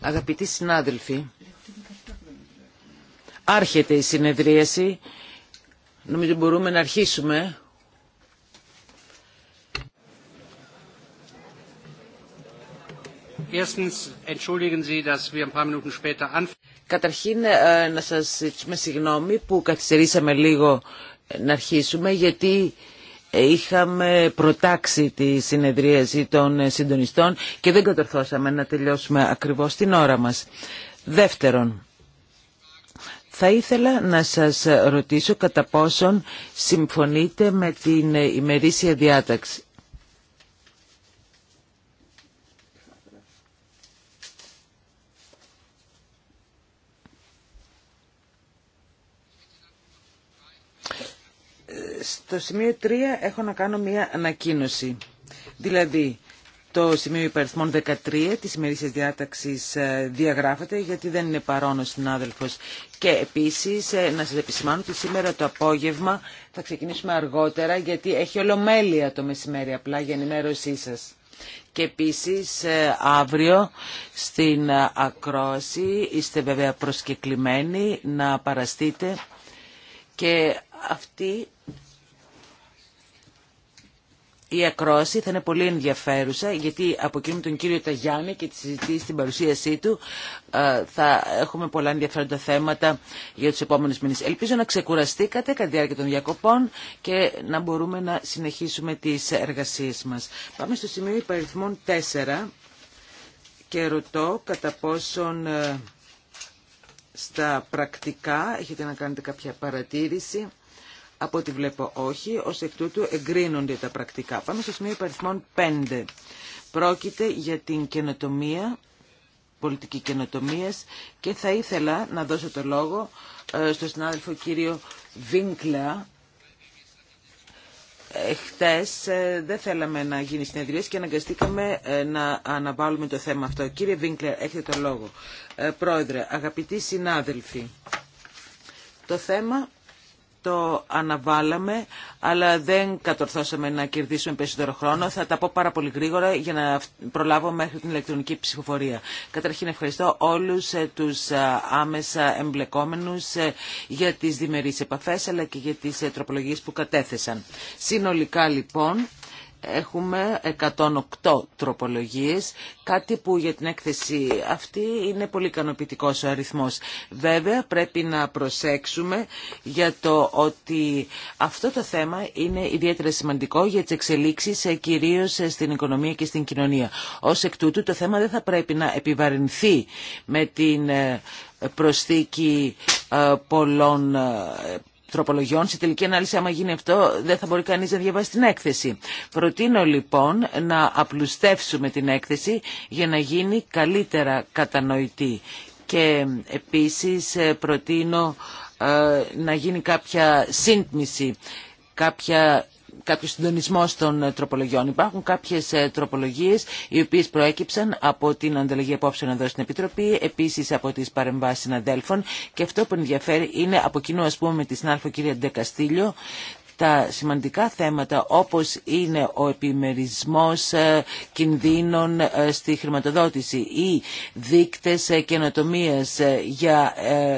Αγαπητοί συνάδελφοι, άρχεται η συνεδρίαση. Νομίζω μπορούμε να αρχίσουμε. Καταρχήν, ε, να σας ζητήσουμε συγγνώμη που καθυστερήσαμε λίγο να αρχίσουμε, γιατί είχαμε προτάξει τη συνεδρίαση των συντονιστών και δεν κατορθώσαμε να τελειώσουμε ακριβώς την ώρα μας. Δεύτερον, θα ήθελα να σας ρωτήσω κατά πόσον συμφωνείτε με την ημερήσια διάταξη. σημείο 3 έχω να κάνω μία ανακοίνωση. Δηλαδή, το σημείο υπαριθμών 13 της ημερήσιας διάταξης ε, διαγράφεται γιατί δεν είναι παρόν ο συνάδελφος. Και επίσης ε, να σας επισημάνω ότι σήμερα το απόγευμα θα ξεκινήσουμε αργότερα γιατί έχει ολομέλεια το μεσημέρι απλά για ενημέρωσή σας. Και επίσης ε, αύριο στην ακρόαση είστε βέβαια προσκεκλημένοι να παραστείτε και αυτή η ακρόαση θα είναι πολύ ενδιαφέρουσα γιατί από τον κύριο Ταγιάννη και τη συζητή στην παρουσίασή του ε, θα έχουμε πολλά ενδιαφέροντα θέματα για τους επόμενους μήνες. Ελπίζω να ξεκουραστήκατε κατά τη διάρκεια των διακοπών και να μπορούμε να συνεχίσουμε τις εργασίες μας. Πάμε στο σημείο υπαριθμών 4 και ρωτώ κατά πόσον ε, στα πρακτικά έχετε να κάνετε κάποια παρατήρηση. Από ό,τι βλέπω όχι, ως εκ τούτου εγκρίνονται τα πρακτικά. Πάμε στο σημείο υπαριθμών 5. Πρόκειται για την καινοτομία, πολιτική καινοτομία και θα ήθελα να δώσω το λόγο ε, στο συνάδελφο κύριο Βίνκλα, ε, Χτες ε, δεν θέλαμε να γίνει συνεδρίες και αναγκαστήκαμε να αναβάλουμε το θέμα αυτό. Κύριε Βίνκλερ, έχετε το λόγο. Πρόεδρε, αγαπητοί συνάδελφοι, το θέμα το αναβάλαμε, αλλά δεν κατορθώσαμε να κερδίσουμε περισσότερο χρόνο. Θα τα πω πάρα πολύ γρήγορα για να προλάβω μέχρι την ηλεκτρονική ψηφοφορία. Καταρχήν ευχαριστώ όλους ε, τους ε, άμεσα εμπλεκόμενους ε, για τις διμερείς επαφές, αλλά και για τις τροπολογίες που κατέθεσαν. Συνολικά λοιπόν... Έχουμε 108 τροπολογίες, κάτι που για την έκθεση αυτή είναι πολύ ικανοποιητικό ο αριθμός. Βέβαια πρέπει να προσέξουμε για το ότι αυτό το θέμα είναι ιδιαίτερα σημαντικό για τις εξελίξεις ε, κυρίως ε, στην οικονομία και στην κοινωνία. Ως εκ τούτου το θέμα δεν θα πρέπει να επιβαρυνθεί με την ε, προσθήκη πολλών τροπολογιών. Σε τελική ανάλυση, άμα γίνει αυτό, δεν θα μπορεί κανείς να διαβάσει την έκθεση. Προτείνω λοιπόν να απλουστεύσουμε την έκθεση για να γίνει καλύτερα κατανοητή. Και επίσης προτείνω ε, να γίνει κάποια σύντμηση, κάποια κάποιο συντονισμό των ε, τροπολογιών. Υπάρχουν κάποιε τροπολογίε οι οποίε προέκυψαν από την ανταλλαγή απόψεων εδώ στην Επιτροπή, επίση από τι παρεμβάσει συναδέλφων και αυτό που ενδιαφέρει είναι από κοινού α πούμε με τη συνάδελφο κυρία Ντεκαστήλιο τα σημαντικά θέματα όπως είναι ο επιμερισμός ε, κινδύνων ε, στη χρηματοδότηση ή δείκτες ε, καινοτομίας για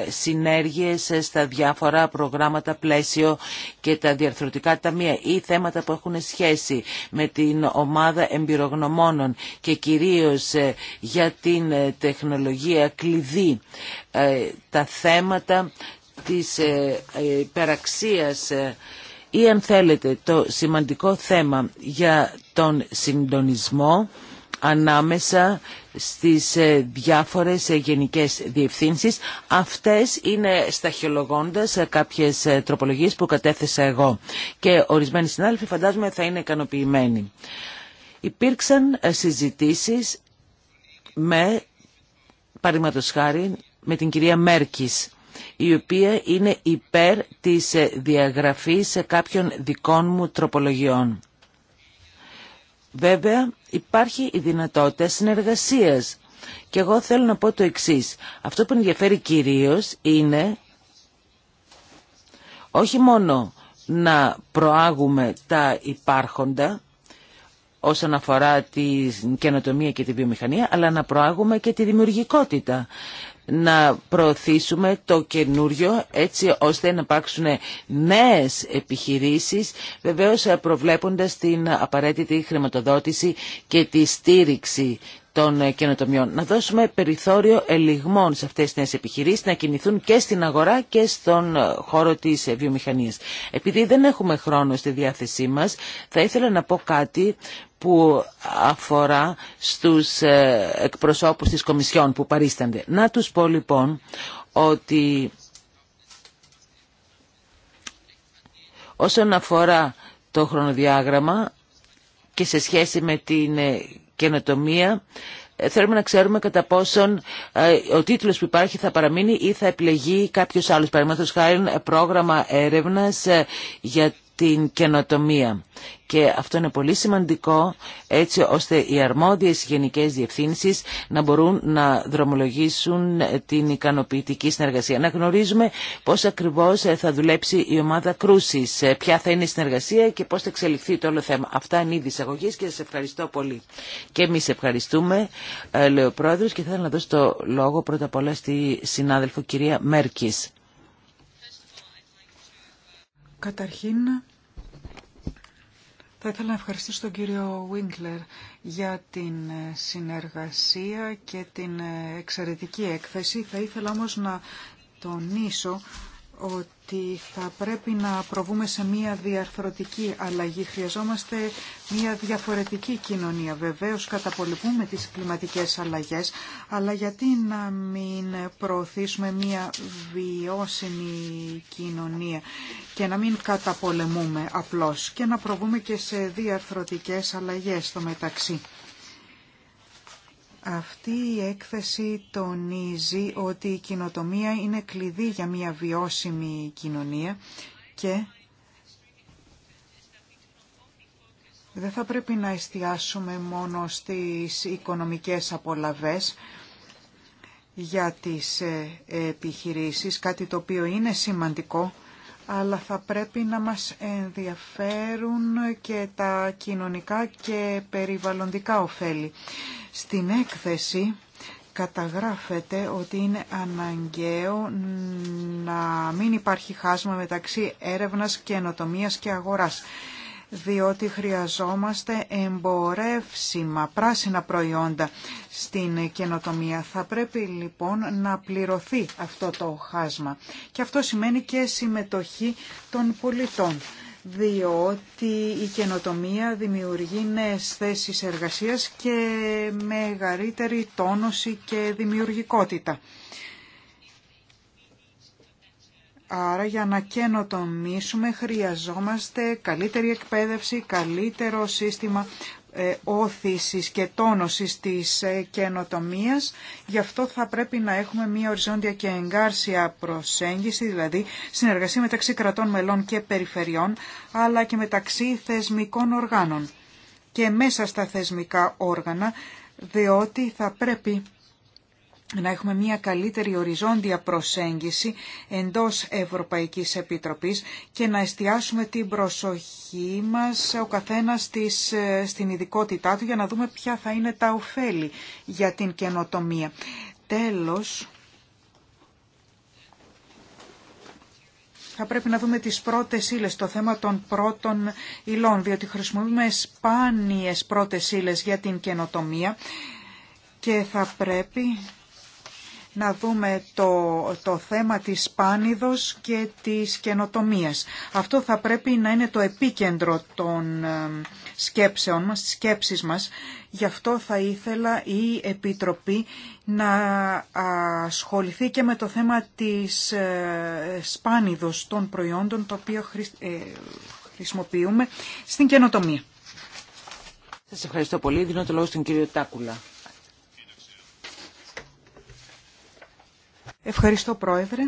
συνέργειες στα διάφορα προγράμματα πλαίσιο και τα διαρθρωτικά ταμεία ή θέματα που έχουν σχέση με την ομάδα εμπειρογνωμόνων και κυρίως για την τεχνολογία κλειδί τα θέματα της υπεραξίας ή αν θέλετε το σημαντικό θέμα για τον συντονισμό ανάμεσα στις ε, διάφορες ε, γενικές διευθύνσεις. Αυτές είναι σταχυολογώντας ε, κάποιες τροπολογίες που κατέθεσα εγώ και ορισμένοι συνάδελφοι φαντάζομαι θα είναι ικανοποιημένοι. Υπήρξαν συζητήσεις με, παραδείγματος με την κυρία Μέρκης η οποία είναι υπέρ της ε, διαγραφής ε, κάποιων δικών μου τροπολογιών. Βέβαια υπάρχει η δυνατότητα συνεργασίας και εγώ θέλω να πω το εξής. Αυτό που ενδιαφέρει κυρίως είναι όχι μόνο να προάγουμε τα υπάρχοντα όσον αφορά την καινοτομία και τη βιομηχανία, αλλά να προάγουμε και τη δημιουργικότητα να προωθήσουμε το καινούριο έτσι ώστε να υπάρξουν νέες επιχειρήσεις βεβαίως προβλέποντας την απαραίτητη χρηματοδότηση και τη στήριξη των ε, καινοτομιών. Να δώσουμε περιθώριο ελιγμών σε αυτές τις νέες επιχειρήσεις να κινηθούν και στην αγορά και στον ε, χώρο της ε, βιομηχανίας. Επειδή δεν έχουμε χρόνο στη διάθεσή μας, θα ήθελα να πω κάτι που αφορά στους εκπροσώπους της Κομισιόν που παρίστανται. Να τους πω λοιπόν ότι όσον αφορά το χρονοδιάγραμμα και σε σχέση με την καινοτομία ε, θέλουμε να ξέρουμε κατά πόσον ε, ο τίτλος που υπάρχει θα παραμείνει ή θα επιλεγεί κάποιος άλλος. Παραδείγματος χάρη ε, πρόγραμμα έρευνας για την καινοτομία. Και αυτό είναι πολύ σημαντικό έτσι ώστε οι αρμόδιες γενικές διευθύνσεις να μπορούν να δρομολογήσουν την ικανοποιητική συνεργασία. Να γνωρίζουμε πώς ακριβώς θα δουλέψει η ομάδα κρούσης, ποια θα είναι η συνεργασία και πώς θα εξελιχθεί το όλο θέμα. Αυτά είναι ήδη εισαγωγή και σας ευχαριστώ πολύ. Και εμείς ευχαριστούμε, ε, λέει ο Πρόεδρος, και θέλω να δώσω το λόγο πρώτα απ' όλα στη συνάδελφο κυρία Μέρκης. Καταρχήν, θα ήθελα να ευχαριστήσω τον κύριο Βίγκλερ για την ε, συνεργασία και την ε, εξαιρετική έκθεση. Θα ήθελα όμως να τονίσω ότι θα πρέπει να προβούμε σε μία διαρθρωτική αλλαγή. Χρειαζόμαστε μία διαφορετική κοινωνία. Βεβαίως καταπολεμούμε τις κλιματικές αλλαγές, αλλά γιατί να μην προωθήσουμε μία βιώσιμη κοινωνία και να μην καταπολεμούμε απλώς και να προβούμε και σε διαρθρωτικές αλλαγές στο μεταξύ. Αυτή η έκθεση τονίζει ότι η κοινοτομία είναι κλειδί για μια βιώσιμη κοινωνία και δεν θα πρέπει να εστιάσουμε μόνο στις οικονομικές απολαβές για τις ε, επιχειρήσεις, κάτι το οποίο είναι σημαντικό, αλλά θα πρέπει να μας ενδιαφέρουν και τα κοινωνικά και περιβαλλοντικά ωφέλη. Στην έκθεση καταγράφεται ότι είναι αναγκαίο να μην υπάρχει χάσμα μεταξύ έρευνας, και καινοτομίας και αγοράς διότι χρειαζόμαστε εμπορεύσιμα πράσινα προϊόντα στην καινοτομία. Θα πρέπει λοιπόν να πληρωθεί αυτό το χάσμα. Και αυτό σημαίνει και συμμετοχή των πολιτών διότι η καινοτομία δημιουργεί νέες θέσεις εργασίας και μεγαλύτερη τόνωση και δημιουργικότητα. Άρα για να καινοτομήσουμε χρειαζόμαστε καλύτερη εκπαίδευση, καλύτερο σύστημα ε, όθησης και τόνωσης της ε, καινοτομίας. Γι' αυτό θα πρέπει να έχουμε μια οριζόντια και εγκάρσια προσέγγιση, δηλαδή συνεργασία μεταξύ κρατών μελών και περιφερειών, αλλά και μεταξύ θεσμικών οργάνων και μέσα στα θεσμικά όργανα, διότι θα πρέπει να έχουμε μια καλύτερη οριζόντια προσέγγιση εντός Ευρωπαϊκής Επιτροπής και να εστιάσουμε την προσοχή μας ο καθένας της ε, στην ειδικότητά του για να δούμε ποια θα είναι τα ωφέλη για την καινοτομία. Τέλος, θα πρέπει να δούμε τις πρώτες ύλε το θέμα των πρώτων υλών, διότι χρησιμοποιούμε σπάνιες πρώτες ύλε για την καινοτομία και θα πρέπει να δούμε το, το θέμα της σπάνιδος και της καινοτομίας. Αυτό θα πρέπει να είναι το επίκεντρο των ε, σκέψεων μας, της σκέψης μας. Γι' αυτό θα ήθελα η Επιτροπή να ασχοληθεί και με το θέμα της ε, σπάνιδος των προϊόντων το οποίο ε, χρησιμοποιούμε στην καινοτομία. Σας ευχαριστώ πολύ. Δίνω το λόγο στον κύριο Τάκουλα. Ευχαριστώ Πρόεδρε.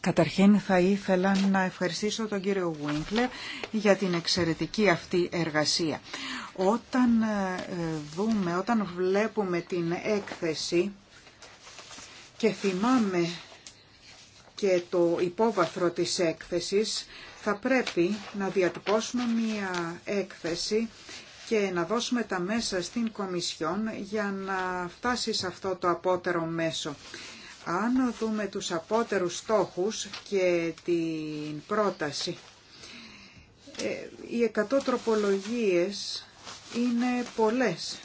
Καταρχήν θα ήθελα να ευχαριστήσω τον κύριο Γουίνκλερ για την εξαιρετική αυτή εργασία. Όταν ε, δούμε, όταν βλέπουμε την έκθεση και θυμάμαι και το υπόβαθρο της έκθεσης, θα πρέπει να διατυπώσουμε μια έκθεση και να δώσουμε τα μέσα στην Κομισιόν για να φτάσει σε αυτό το απότερο μέσο. Αν δούμε τους απότερους στόχους και την πρόταση, ε, οι 100 τροπολογίες είναι πολλές.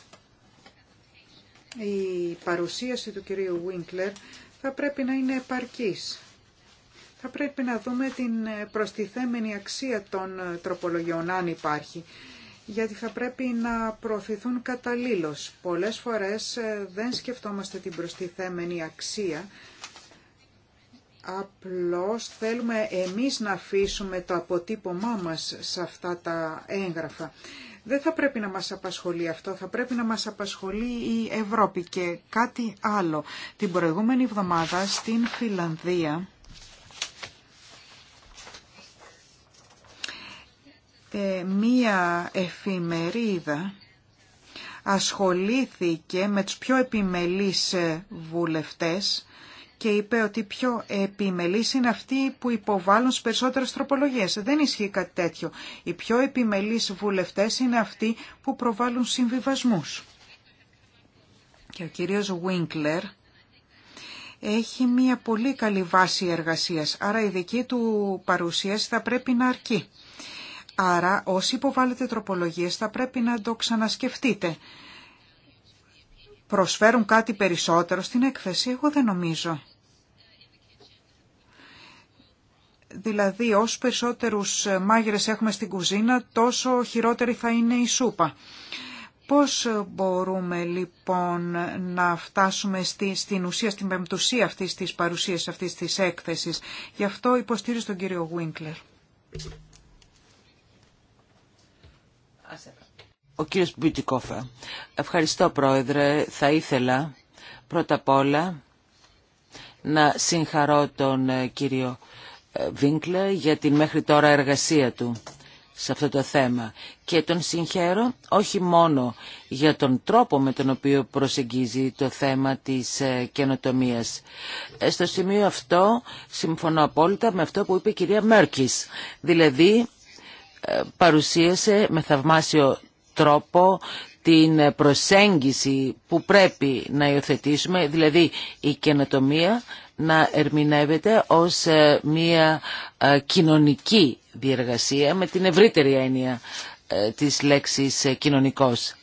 Η παρουσίαση του κυρίου Βίνκλερ θα πρέπει να είναι επαρκής. Θα πρέπει να δούμε την προστιθέμενη αξία των τροπολογιών, αν υπάρχει γιατί θα πρέπει να προωθηθούν καταλήλως. Πολλές φορές ε, δεν σκεφτόμαστε την προστιθέμενη αξία, απλώς θέλουμε εμείς να αφήσουμε το αποτύπωμά μας σε αυτά τα έγγραφα. Δεν θα πρέπει να μας απασχολεί αυτό, θα πρέπει να μας απασχολεί η Ευρώπη και κάτι άλλο. Την προηγούμενη εβδομάδα στην Φιλανδία Ε, μία εφημερίδα ασχολήθηκε με τους πιο επιμελείς ε, βουλευτές και είπε ότι οι πιο επιμελείς είναι αυτοί που υποβάλλουν στις περισσότερες τροπολογίες. Δεν ισχύει κάτι τέτοιο. Οι πιο επιμελείς βουλευτές είναι αυτοί που προβάλλουν συμβιβασμούς. Και ο κύριος Βίνκλερ έχει μια πολύ καλή βάση εργασίας, άρα η δική του παρουσίαση θα πρέπει να αρκεί. Άρα όσοι υποβάλλετε τροπολογίες θα πρέπει να το ξανασκεφτείτε. Προσφέρουν κάτι περισσότερο στην έκθεση, εγώ δεν νομίζω. Δηλαδή, όσοι περισσότερους μάγειρες έχουμε στην κουζίνα, τόσο χειρότερη θα είναι η σούπα. Πώς μπορούμε λοιπόν να φτάσουμε στη, στην ουσία, στην πεμπτουσία αυτής της παρουσίας, αυτής της έκθεσης. Γι' αυτό υποστήριζω τον κύριο Βίνκλερ. Ο κύριος Μπιτικόφα. Ευχαριστώ πρόεδρε. Θα ήθελα πρώτα απ' όλα να συγχαρώ τον ε, κύριο ε, Βίνκλε για την μέχρι τώρα εργασία του σε αυτό το θέμα και τον συγχαίρω όχι μόνο για τον τρόπο με τον οποίο προσεγγίζει το θέμα της ε, καινοτομίας. Στο σημείο αυτό συμφωνώ απόλυτα με αυτό που είπε η κυρία Μέρκης, δηλαδή παρουσίασε με θαυμάσιο τρόπο την προσέγγιση που πρέπει να υιοθετήσουμε, δηλαδή η καινοτομία να ερμηνεύεται ως ε, μια ε, κοινωνική διεργασία με την ευρύτερη έννοια ε, της λέξης κοινωνικός.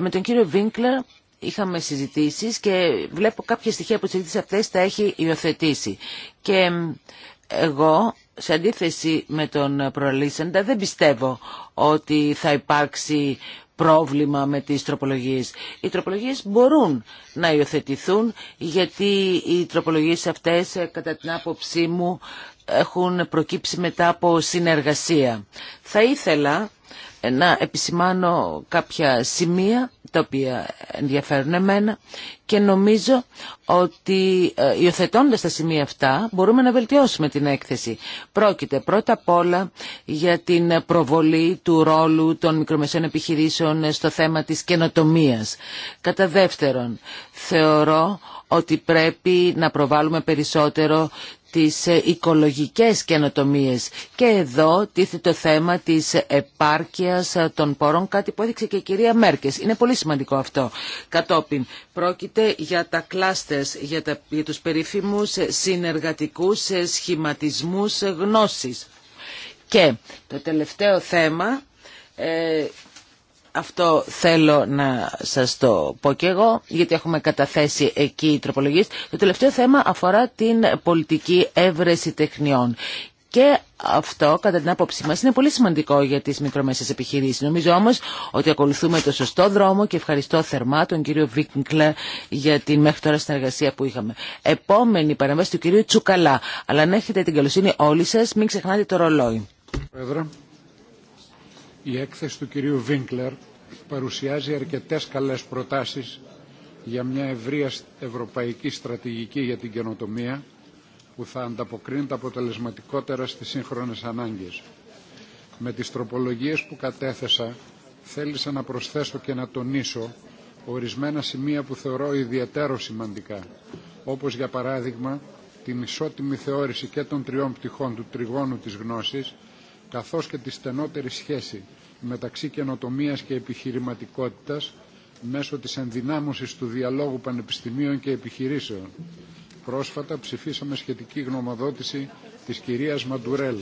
Με τον κύριο Βίνκλερ είχαμε συζητήσεις και βλέπω κάποια στοιχεία που τις συζητήσεις αυτές τα έχει υιοθετήσει. Και εγώ σε αντίθεση με τον προαλήσαντα δεν πιστεύω ότι θα υπάρξει πρόβλημα με τις τροπολογίες. Οι τροπολογίες μπορούν να υιοθετηθούν γιατί οι τροπολογίες αυτές κατά την άποψή μου έχουν προκύψει μετά από συνεργασία. Θα ήθελα να επισημάνω κάποια σημεία τα οποία ενδιαφέρουν εμένα και νομίζω ότι ε, υιοθετώντα τα σημεία αυτά μπορούμε να βελτιώσουμε την έκθεση. Πρόκειται πρώτα απ' όλα για την προβολή του ρόλου των μικρομεσαίων επιχειρήσεων στο θέμα της καινοτομίας. Κατά δεύτερον, θεωρώ ότι πρέπει να προβάλλουμε περισσότερο τις ε, οικολογικές καινοτομίες. Και εδώ τίθεται το θέμα της επάρκειας ε, των πόρων, κάτι που έδειξε και η κυρία Μέρκες. Είναι πολύ σημαντικό αυτό. Κατόπιν, πρόκειται για τα κλάστες, για, τα, για τους περίφημους ε, συνεργατικούς σχηματισμούς γνώσης. Και το τελευταίο θέμα αυτό θέλω να σας το πω και εγώ, γιατί έχουμε καταθέσει εκεί οι τροπολογίες. Το τελευταίο θέμα αφορά την πολιτική έβρεση τεχνιών. Και αυτό, κατά την άποψή μας, είναι πολύ σημαντικό για τις μικρομεσαίες επιχειρήσεις. Νομίζω όμως ότι ακολουθούμε το σωστό δρόμο και ευχαριστώ θερμά τον κύριο Βίκνκλα για την μέχρι τώρα συνεργασία που είχαμε. Επόμενη παρεμβάση του κυρίου Τσουκαλά. Αλλά αν έχετε την καλοσύνη όλοι σας, μην ξεχνάτε το ρολόι η έκθεση του κυρίου Βίνκλερ παρουσιάζει αρκετές καλές προτάσεις για μια ευρεία ευρωπαϊκή στρατηγική για την καινοτομία που θα ανταποκρίνεται αποτελεσματικότερα στις σύγχρονες ανάγκες. Με τις τροπολογίες που κατέθεσα θέλησα να προσθέσω και να τονίσω ορισμένα σημεία που θεωρώ ιδιαίτερο σημαντικά, όπως για παράδειγμα την ισότιμη θεώρηση και των τριών πτυχών του τριγώνου της γνώσης καθώς και τη στενότερη σχέση μεταξύ καινοτομίας και επιχειρηματικότητας μέσω της ενδυνάμωσης του διαλόγου πανεπιστημίων και επιχειρήσεων. Πρόσφατα ψηφίσαμε σχετική γνωμοδότηση της κυρίας Μαντουρέλ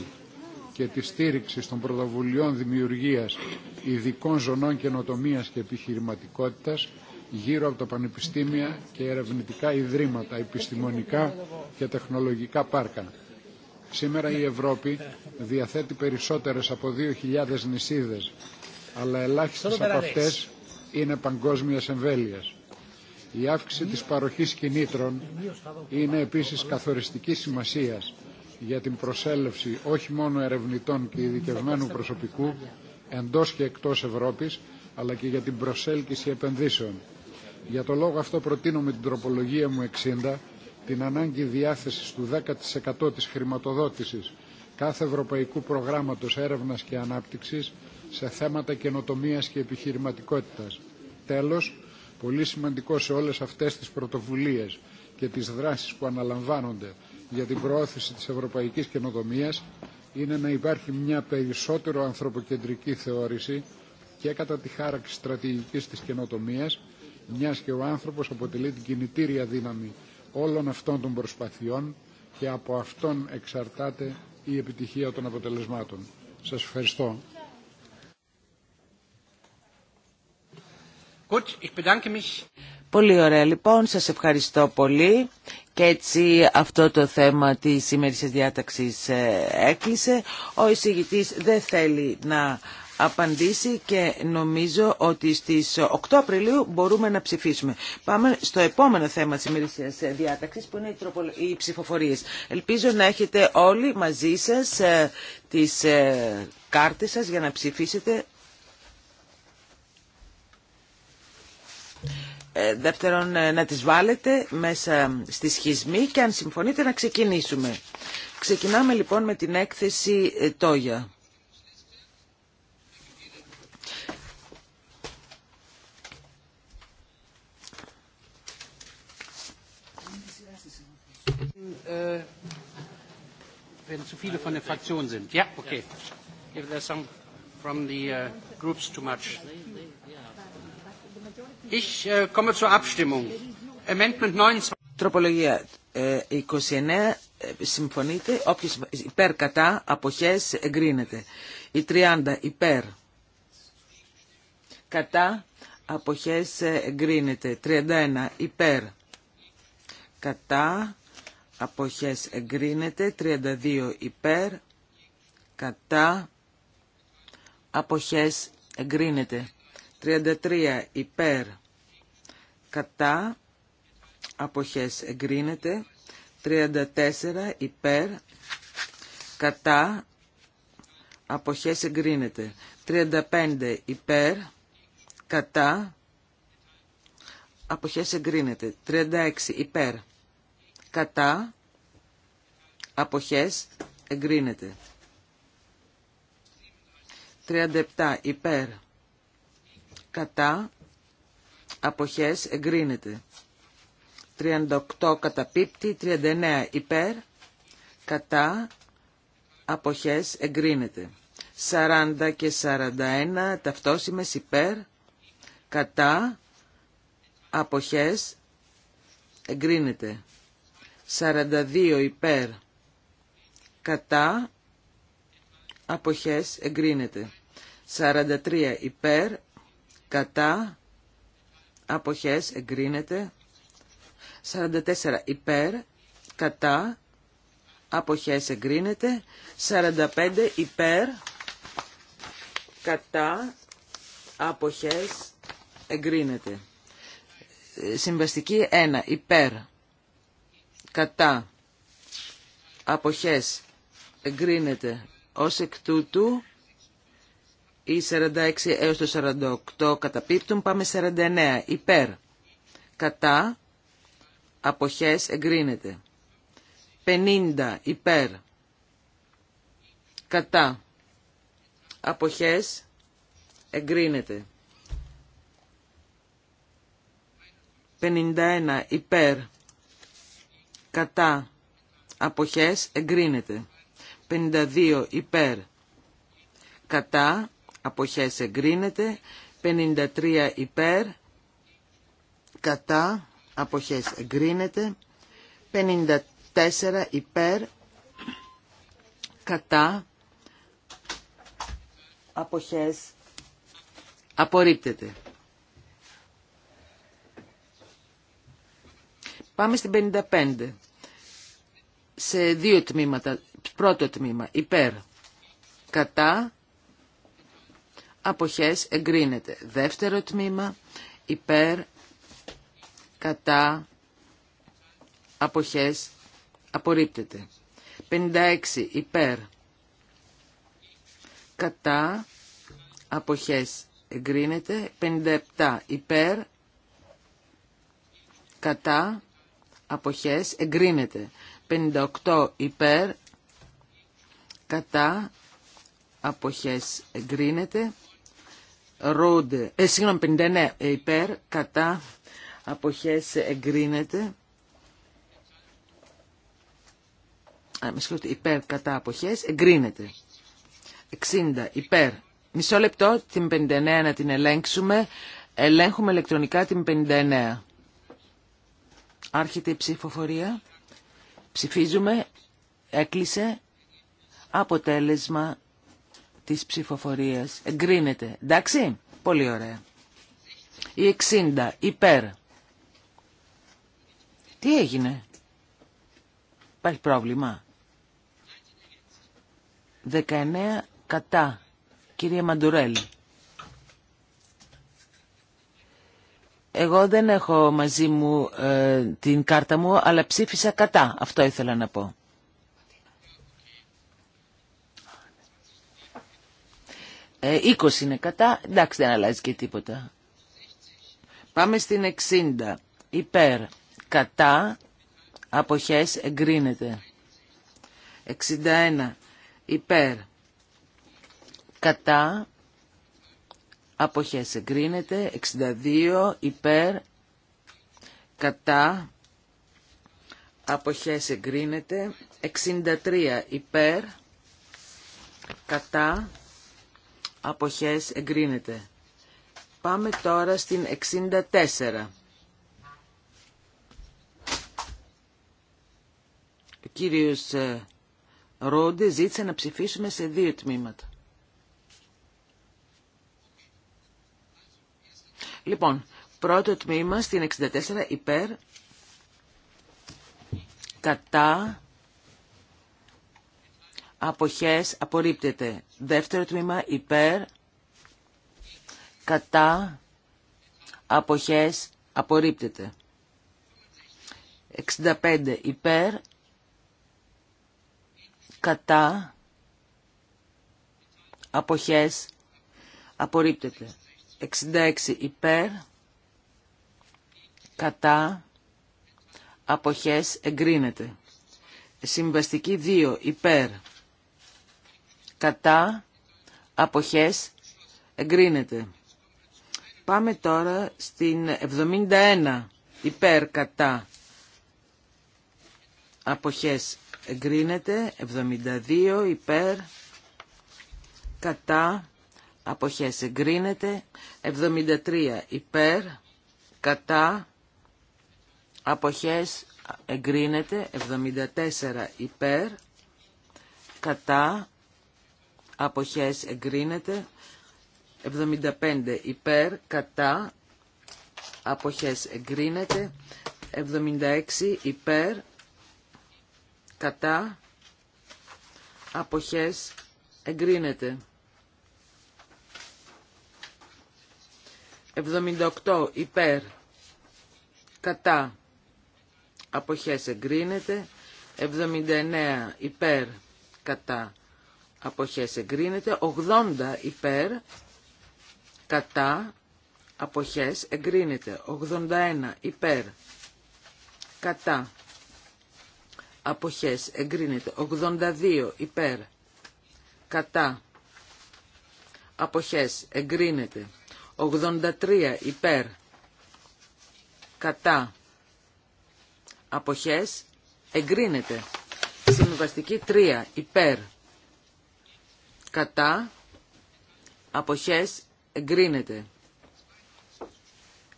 και τη στήριξη των πρωτοβουλειών δημιουργίας ειδικών ζωνών καινοτομίας και επιχειρηματικότητας γύρω από τα πανεπιστήμια και ερευνητικά ιδρύματα, επιστημονικά και τεχνολογικά πάρκα. Σήμερα η Ευρώπη διαθέτει περισσότερες από 2.000 νησίδες, αλλά ελάχιστες από αυτές είναι παγκόσμιας εμβέλειας. Η αύξηση της παροχής κινήτρων είναι επίσης καθοριστική σημασίας για την προσέλευση όχι μόνο ερευνητών και ειδικευμένου προσωπικού εντός και εκτός Ευρώπης, αλλά και για την προσέλκυση επενδύσεων. Για το λόγο αυτό προτείνω με την τροπολογία μου 60 την ανάγκη διάθεσης του 10% της χρηματοδότησης κάθε ευρωπαϊκού προγράμματος έρευνας και ανάπτυξης σε θέματα καινοτομίας και επιχειρηματικότητας. Τέλος, πολύ σημαντικό σε όλες αυτές τις πρωτοβουλίες και τις δράσεις που αναλαμβάνονται για την προώθηση της ευρωπαϊκής καινοτομίας είναι να υπάρχει μια περισσότερο ανθρωποκεντρική θεώρηση και κατά τη χάραξη στρατηγικής της καινοτομία, μιας και ο άνθρωπος αποτελεί την κινητήρια δύναμη όλων αυτών των προσπαθειών και από αυτόν εξαρτάται η επιτυχία των αποτελεσμάτων. Σας ευχαριστώ. Πολύ ωραία λοιπόν, σας ευχαριστώ πολύ και έτσι αυτό το θέμα της σημερινής διάταξης ε, έκλεισε. Ο εισηγητής δεν θέλει να απαντήσει και νομίζω ότι στις 8 Απριλίου μπορούμε να ψηφίσουμε. Πάμε στο επόμενο θέμα της ημερήσιας διάταξης που είναι οι ψηφοφορίες. Ελπίζω να έχετε όλοι μαζί σας ε, τις ε, κάρτες σας για να ψηφίσετε. Ε, δεύτερον, να τις βάλετε μέσα στη σχισμή και αν συμφωνείτε να ξεκινήσουμε. Ξεκινάμε λοιπόν με την έκθεση Τόγια. wenn zu viele von den Fraktionen sind. Ja, okay. If there's some from the groups too much. Ich komme zur Abstimmung. Amendment 29. Τροπολογία 29 συμφωνείτε, όποιος υπέρ κατά αποχές εγκρίνεται. Η 30 υπέρ κατά αποχές εγκρίνεται. 31 υπέρ κατά αποχές εγκρίνεται 32 υπέρ κατά αποχές εγκρίνεται 33 υπέρ κατά αποχές εγκρίνεται 34 υπέρ κατά αποχές εγκρίνεται 35 υπέρ κατά αποχές εγκρίνεται 36 υπέρ κατά, αποχές, εγκρίνεται. 37 υπέρ, κατά, αποχές, εγκρίνεται. 38 καταπίπτει, 39 υπέρ, κατά, αποχές, εγκρίνεται. 40 και 41 ταυτόσιμες υπέρ, κατά, αποχές, εγκρίνεται. 42 υπέρ κατά αποχές εγκρίνεται. 43 υπέρ κατά αποχές εγκρίνεται. 44 υπέρ κατά αποχές εγκρίνεται. 45 υπέρ κατά αποχές εγκρίνεται. Ε, συμβαστική 1 υπέρ κατά αποχές εγκρίνεται ως εκ τούτου οι 46 έως το 48 καταπίπτουν πάμε 49 υπέρ κατά αποχές εγκρίνεται 50 υπέρ κατά αποχές εγκρίνεται 51 υπέρ κατά αποχές εγκρίνεται. 52 υπέρ κατά αποχές εγκρίνεται. 53 υπέρ κατά αποχές εγκρίνεται. 54 υπέρ κατά αποχές απορρίπτεται. Πάμε στην 55. Σε δύο τμήματα. Πρώτο τμήμα. Υπέρ. Κατά. Αποχές εγκρίνεται. Δεύτερο τμήμα. Υπέρ. Κατά. Αποχές απορρίπτεται. 56. Υπέρ. Κατά. Αποχές εγκρίνεται. 57. Υπέρ. Κατά αποχές εγκρίνεται. 58 υπέρ κατά αποχές εγκρίνεται. Ρούντε, ε, συγγνώμη, 59 υπέρ κατά αποχές εγκρίνεται. Α, με συγχωρείτε, υπέρ κατά αποχές εγκρίνεται. 60 υπέρ. Μισό λεπτό, την 59 να την ελέγξουμε. Ελέγχουμε ηλεκτρονικά την 59. Άρχεται η ψηφοφορία. Ψηφίζουμε. Έκλεισε. Αποτέλεσμα της ψηφοφορίας. Εγκρίνεται. Εντάξει. Πολύ ωραία. Η 60. Υπέρ. Τι έγινε. Υπάρχει πρόβλημα. 19 κατά. Κυρία Μαντουρέλη. Εγώ δεν έχω μαζί μου ε, την κάρτα μου, αλλά ψήφισα κατά. Αυτό ήθελα να πω. 20 ε, είναι κατά. Εντάξει, δεν αλλάζει και τίποτα. Πάμε στην 60. Υπέρ. Κατά. Αποχές εγκρίνεται. 61. Υπέρ. Κατά αποχές εγκρίνεται 62 υπέρ κατά αποχές εγκρίνεται 63 υπέρ κατά αποχές εγκρίνεται πάμε τώρα στην 64 ο κύριος ε, Ρόντε ζήτησε να ψηφίσουμε σε δύο τμήματα Λοιπόν, πρώτο τμήμα στην 64 υπέρ κατά αποχές απορρίπτεται. Δεύτερο τμήμα υπέρ κατά αποχές απορρίπτεται. 65 υπέρ κατά αποχές απορρίπτεται. 66 υπέρ, κατά, αποχές εγκρίνεται. Συμβαστική 2 υπέρ, κατά, αποχές εγκρίνεται. Πάμε τώρα στην 71 υπέρ, κατά, αποχές εγκρίνεται. 72 υπέρ, κατά, αποχές εγκρίνεται, 73 υπέρ, κατά, αποχές εγκρίνεται, 74 υπέρ, κατά, αποχές εγκρίνεται, 75 υπέρ, κατά, αποχές εγκρίνεται, 76 υπέρ, κατά, αποχές εγκρίνεται. 78 υπέρ κατά αποχές εγκρίνεται 79 υπέρ κατά αποχές εγκρίνεται 80 υπέρ κατά αποχές εγκρίνεται 81 υπέρ κατά αποχές εγκρίνεται 82 υπέρ κατά αποχές εγκρίνεται 83 υπέρ κατά αποχές εγκρίνεται. Συμβαστική 3 υπέρ κατά αποχές εγκρίνεται.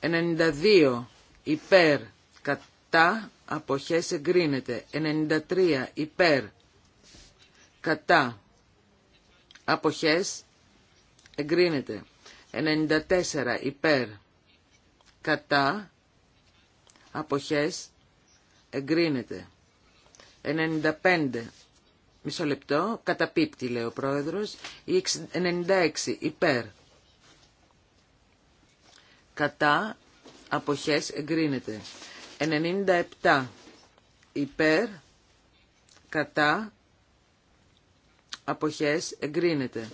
92 υπέρ κατά αποχές εγκρίνεται. 93 υπέρ κατά αποχές εγκρίνεται. 94 υπέρ κατά αποχές εγκρίνεται. 95 μισό λεπτό καταπίπτει λέει ο πρόεδρος. 96 υπέρ κατά αποχές εγκρίνεται. 97 υπέρ κατά αποχές εγκρίνεται.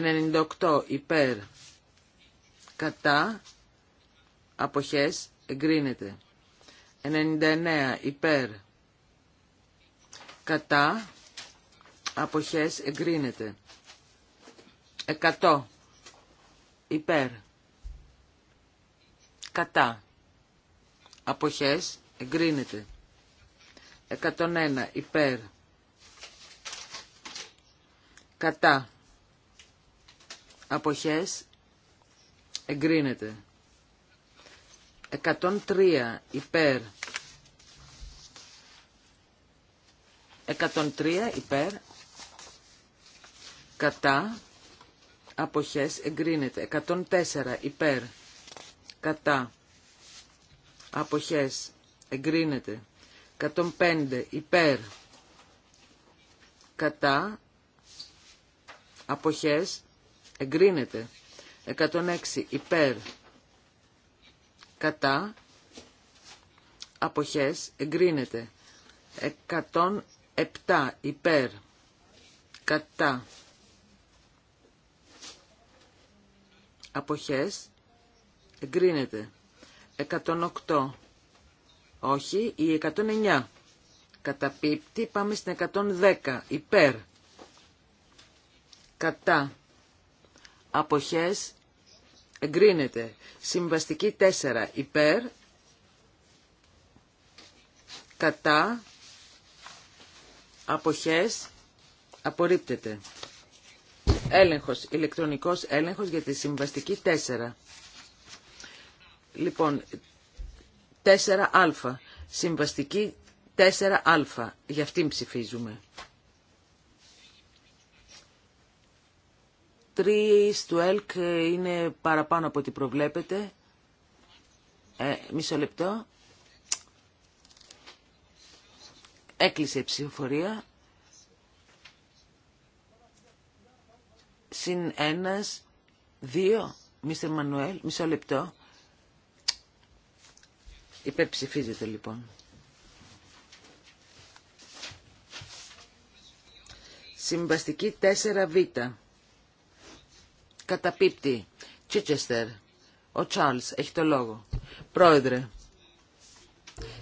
98 υπέρ κατά αποχές εγκρίνεται. 99 υπέρ κατά αποχές εγκρίνεται. 100 υπέρ κατά αποχές εγκρίνεται. 101 υπέρ κατά αποχές εγκρίνεται 103 υπέρ 103 υπέρ κατά αποχές εγκρίνεται 104 υπέρ κατά αποχές εγκρίνεται 105 υπέρ κατά αποχές εγκρίνεται 106 υπέρ κατά αποχές εγκρίνεται 107 υπέρ κατά αποχές εγκρίνεται 108 όχι η 109 καταπίπτει πάμε στην 110 υπέρ κατά αποχές εγκρίνεται. Συμβαστική 4 υπέρ, κατά, αποχές απορρίπτεται. Έλεγχος, ηλεκτρονικός έλεγχος για τη συμβαστική 4. Λοιπόν, 4α, συμβαστική 4α, για αυτήν ψηφίζουμε. τρεις του ΕΛΚ είναι παραπάνω από ό,τι προβλέπετε. Ε, μισό λεπτό. Έκλεισε η ψηφοφορία. Συν ένας, δύο, Μίστερ Μανουέλ, μισό λεπτό. Υπερψηφίζεται λοιπόν. Συμβαστική 4β καταπίπτει. Τσίτσεστερ. Ο Τσάρλς έχει το λόγο. Πρόεδρε,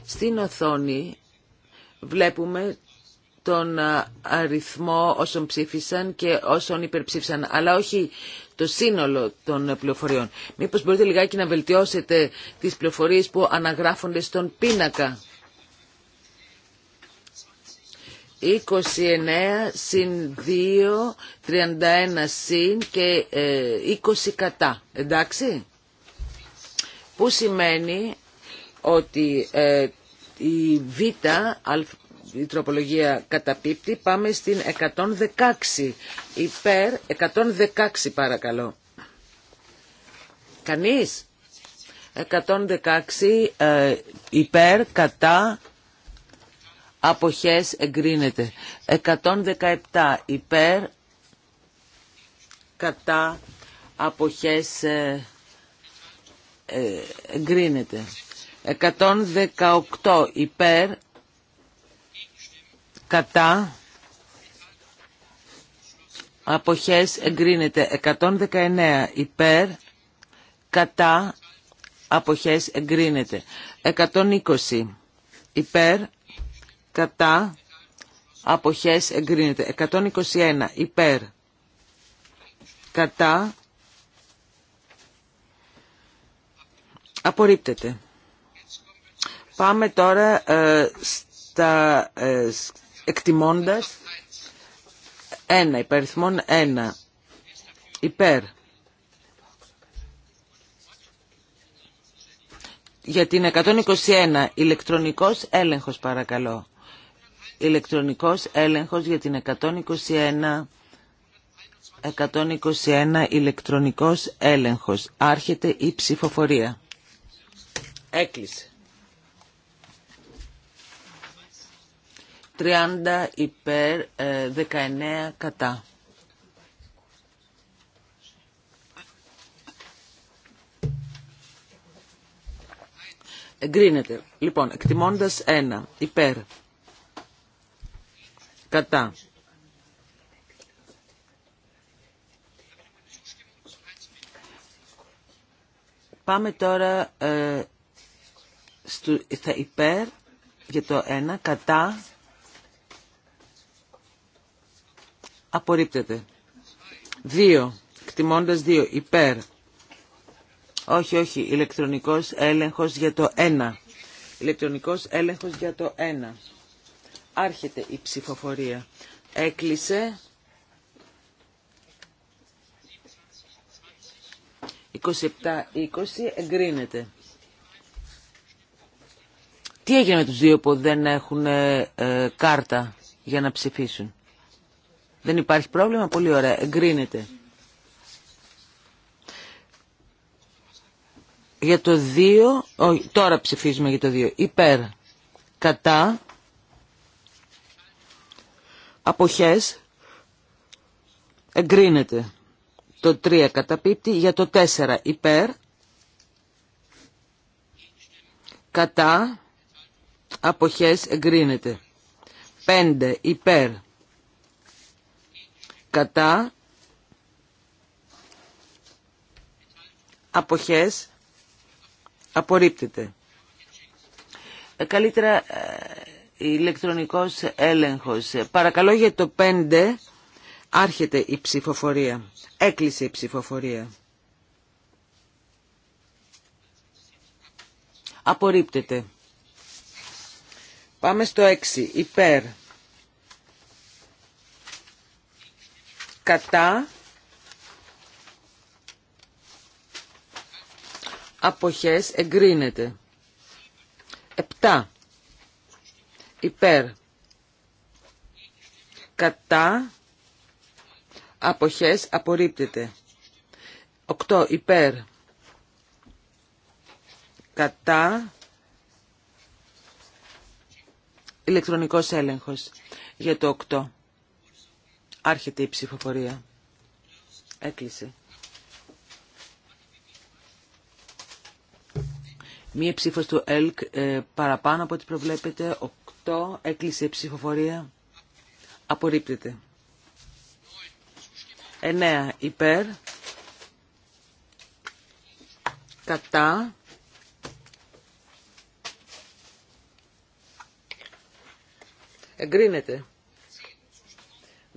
στην οθόνη βλέπουμε τον αριθμό όσων ψήφισαν και όσων υπερψήφισαν, αλλά όχι το σύνολο των πληροφοριών. Μήπως μπορείτε λιγάκι να βελτιώσετε τις πληροφορίες που αναγράφονται στον πίνακα. 29 συν 2, 31 συν και 20 ε, κατά. Εντάξει. Που σημαίνει ότι ε, η Β, η τροπολογία καταπίπτει, πάμε στην 116. Υπέρ 116 παρακαλώ. Κανείς. 116 ε, υπέρ, κατά, αποχές εγκρίνεται. 117 ε, ε, υπέρ, κατά, αποχές εγκρίνεται. 118 υπέρ, κατά, αποχές εγκρίνεται. 119 υπέρ, κατά, αποχές εγκρίνεται. 120 υπέρ, κατά αποχές εγκρίνεται 121 υπέρ κατά απορρίπτεται πάμε τώρα ε, στα ε, εκτιμώντας ένα υπαριθμόν ένα υπέρ για την 121 ηλεκτρονικός έλεγχος παρακαλώ ηλεκτρονικός έλεγχος για την 121, 121 ηλεκτρονικός έλεγχος. Άρχεται η ψηφοφορία. Έκλεισε. 30 υπέρ, 19 ε, κατά. Εγκρίνεται. Λοιπόν, εκτιμώντας 1 υπέρ. Κατά. Πάμε τώρα ε, στα υπέρ για το 1, κατά, απορρίπτεται. 2, Κτιμώντα 2, υπέρ, όχι, όχι, ηλεκτρονικός έλεγχος για το 1, ηλεκτρονικός έλεγχος για το 1. Άρχεται η ψηφοφορία. Έκλεισε. 27-20 εγκρίνεται. Τι έγινε με τους δύο που δεν έχουν ε, ε, κάρτα για να ψηφίσουν. Δεν υπάρχει πρόβλημα. Πολύ ωραία. Εγκρίνεται. Για το δύο... τώρα ψηφίζουμε για το 2. Υπέρ, κατά, αποχές εγκρίνεται. Το 3 καταπίπτει για το 4 υπέρ κατά αποχές εγκρίνεται. 5 υπέρ κατά αποχές απορρίπτεται. Ε, καλύτερα ε, ηλεκτρονικός έλεγχος. Παρακαλώ για το 5 άρχεται η ψηφοφορία. Έκλεισε η ψηφοφορία. Απορρίπτεται. Πάμε στο 6. Υπέρ. Κατά. Αποχές εγκρίνεται. 7 υπέρ κατά αποχές απορρίπτεται Οκτώ υπέρ κατά ηλεκτρονικός έλεγχος για το 8 άρχεται η ψηφοφορία έκλεισε μία ψήφος του ΕΛΚ ε, παραπάνω από ό,τι προβλέπετε, το έκλεισε η ψηφοφορία. Απορρίπτεται. 9 υπέρ. Κατά. Εγκρίνεται.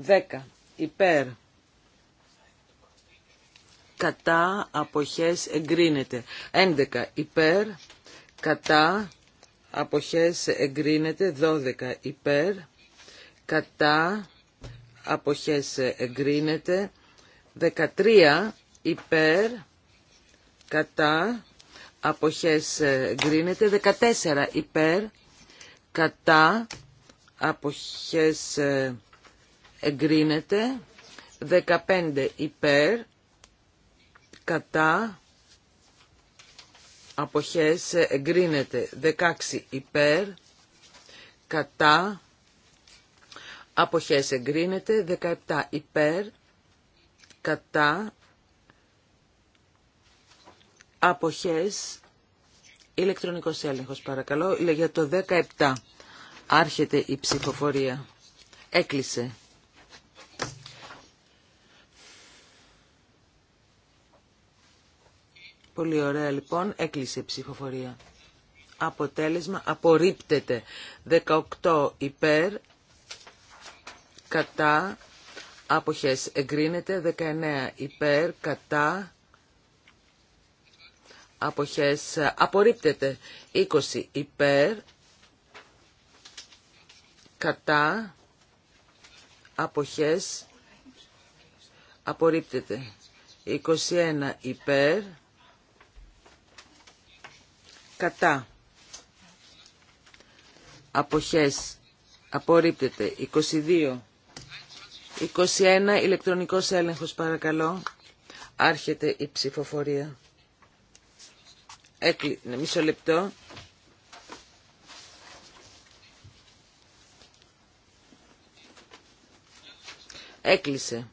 10 υπέρ. Κατά αποχές εγκρίνεται. 11 υπέρ. Κατά αποχές εγκρίνεται 12 υπέρ κατά αποχές εγκρίνεται 13 υπέρ κατά αποχές εγκρίνεται 14 υπέρ κατά αποχές εγκρίνεται 15 υπέρ κατά αποχές εγκρίνεται 16 υπέρ κατά αποχές εγκρίνεται 17 υπέρ κατά αποχές ηλεκτρονικός έλεγχος παρακαλώ για το 17 άρχεται η ψηφοφορία έκλεισε Πολύ ωραία λοιπόν, έκλεισε η ψηφοφορία. Αποτέλεσμα απορρίπτεται. 18 υπέρ, κατά, άποχες εγκρίνεται. 19 υπέρ, κατά, άποχες απορρίπτεται. 20 υπέρ, κατά, αποχές απορρίπτεται. 21 υπέρ, κατά αποχές απορρίπτεται 22 21 ηλεκτρονικός έλεγχος παρακαλώ άρχεται η ψηφοφορία Έκλεισε ναι, μισό λεπτό έκλεισε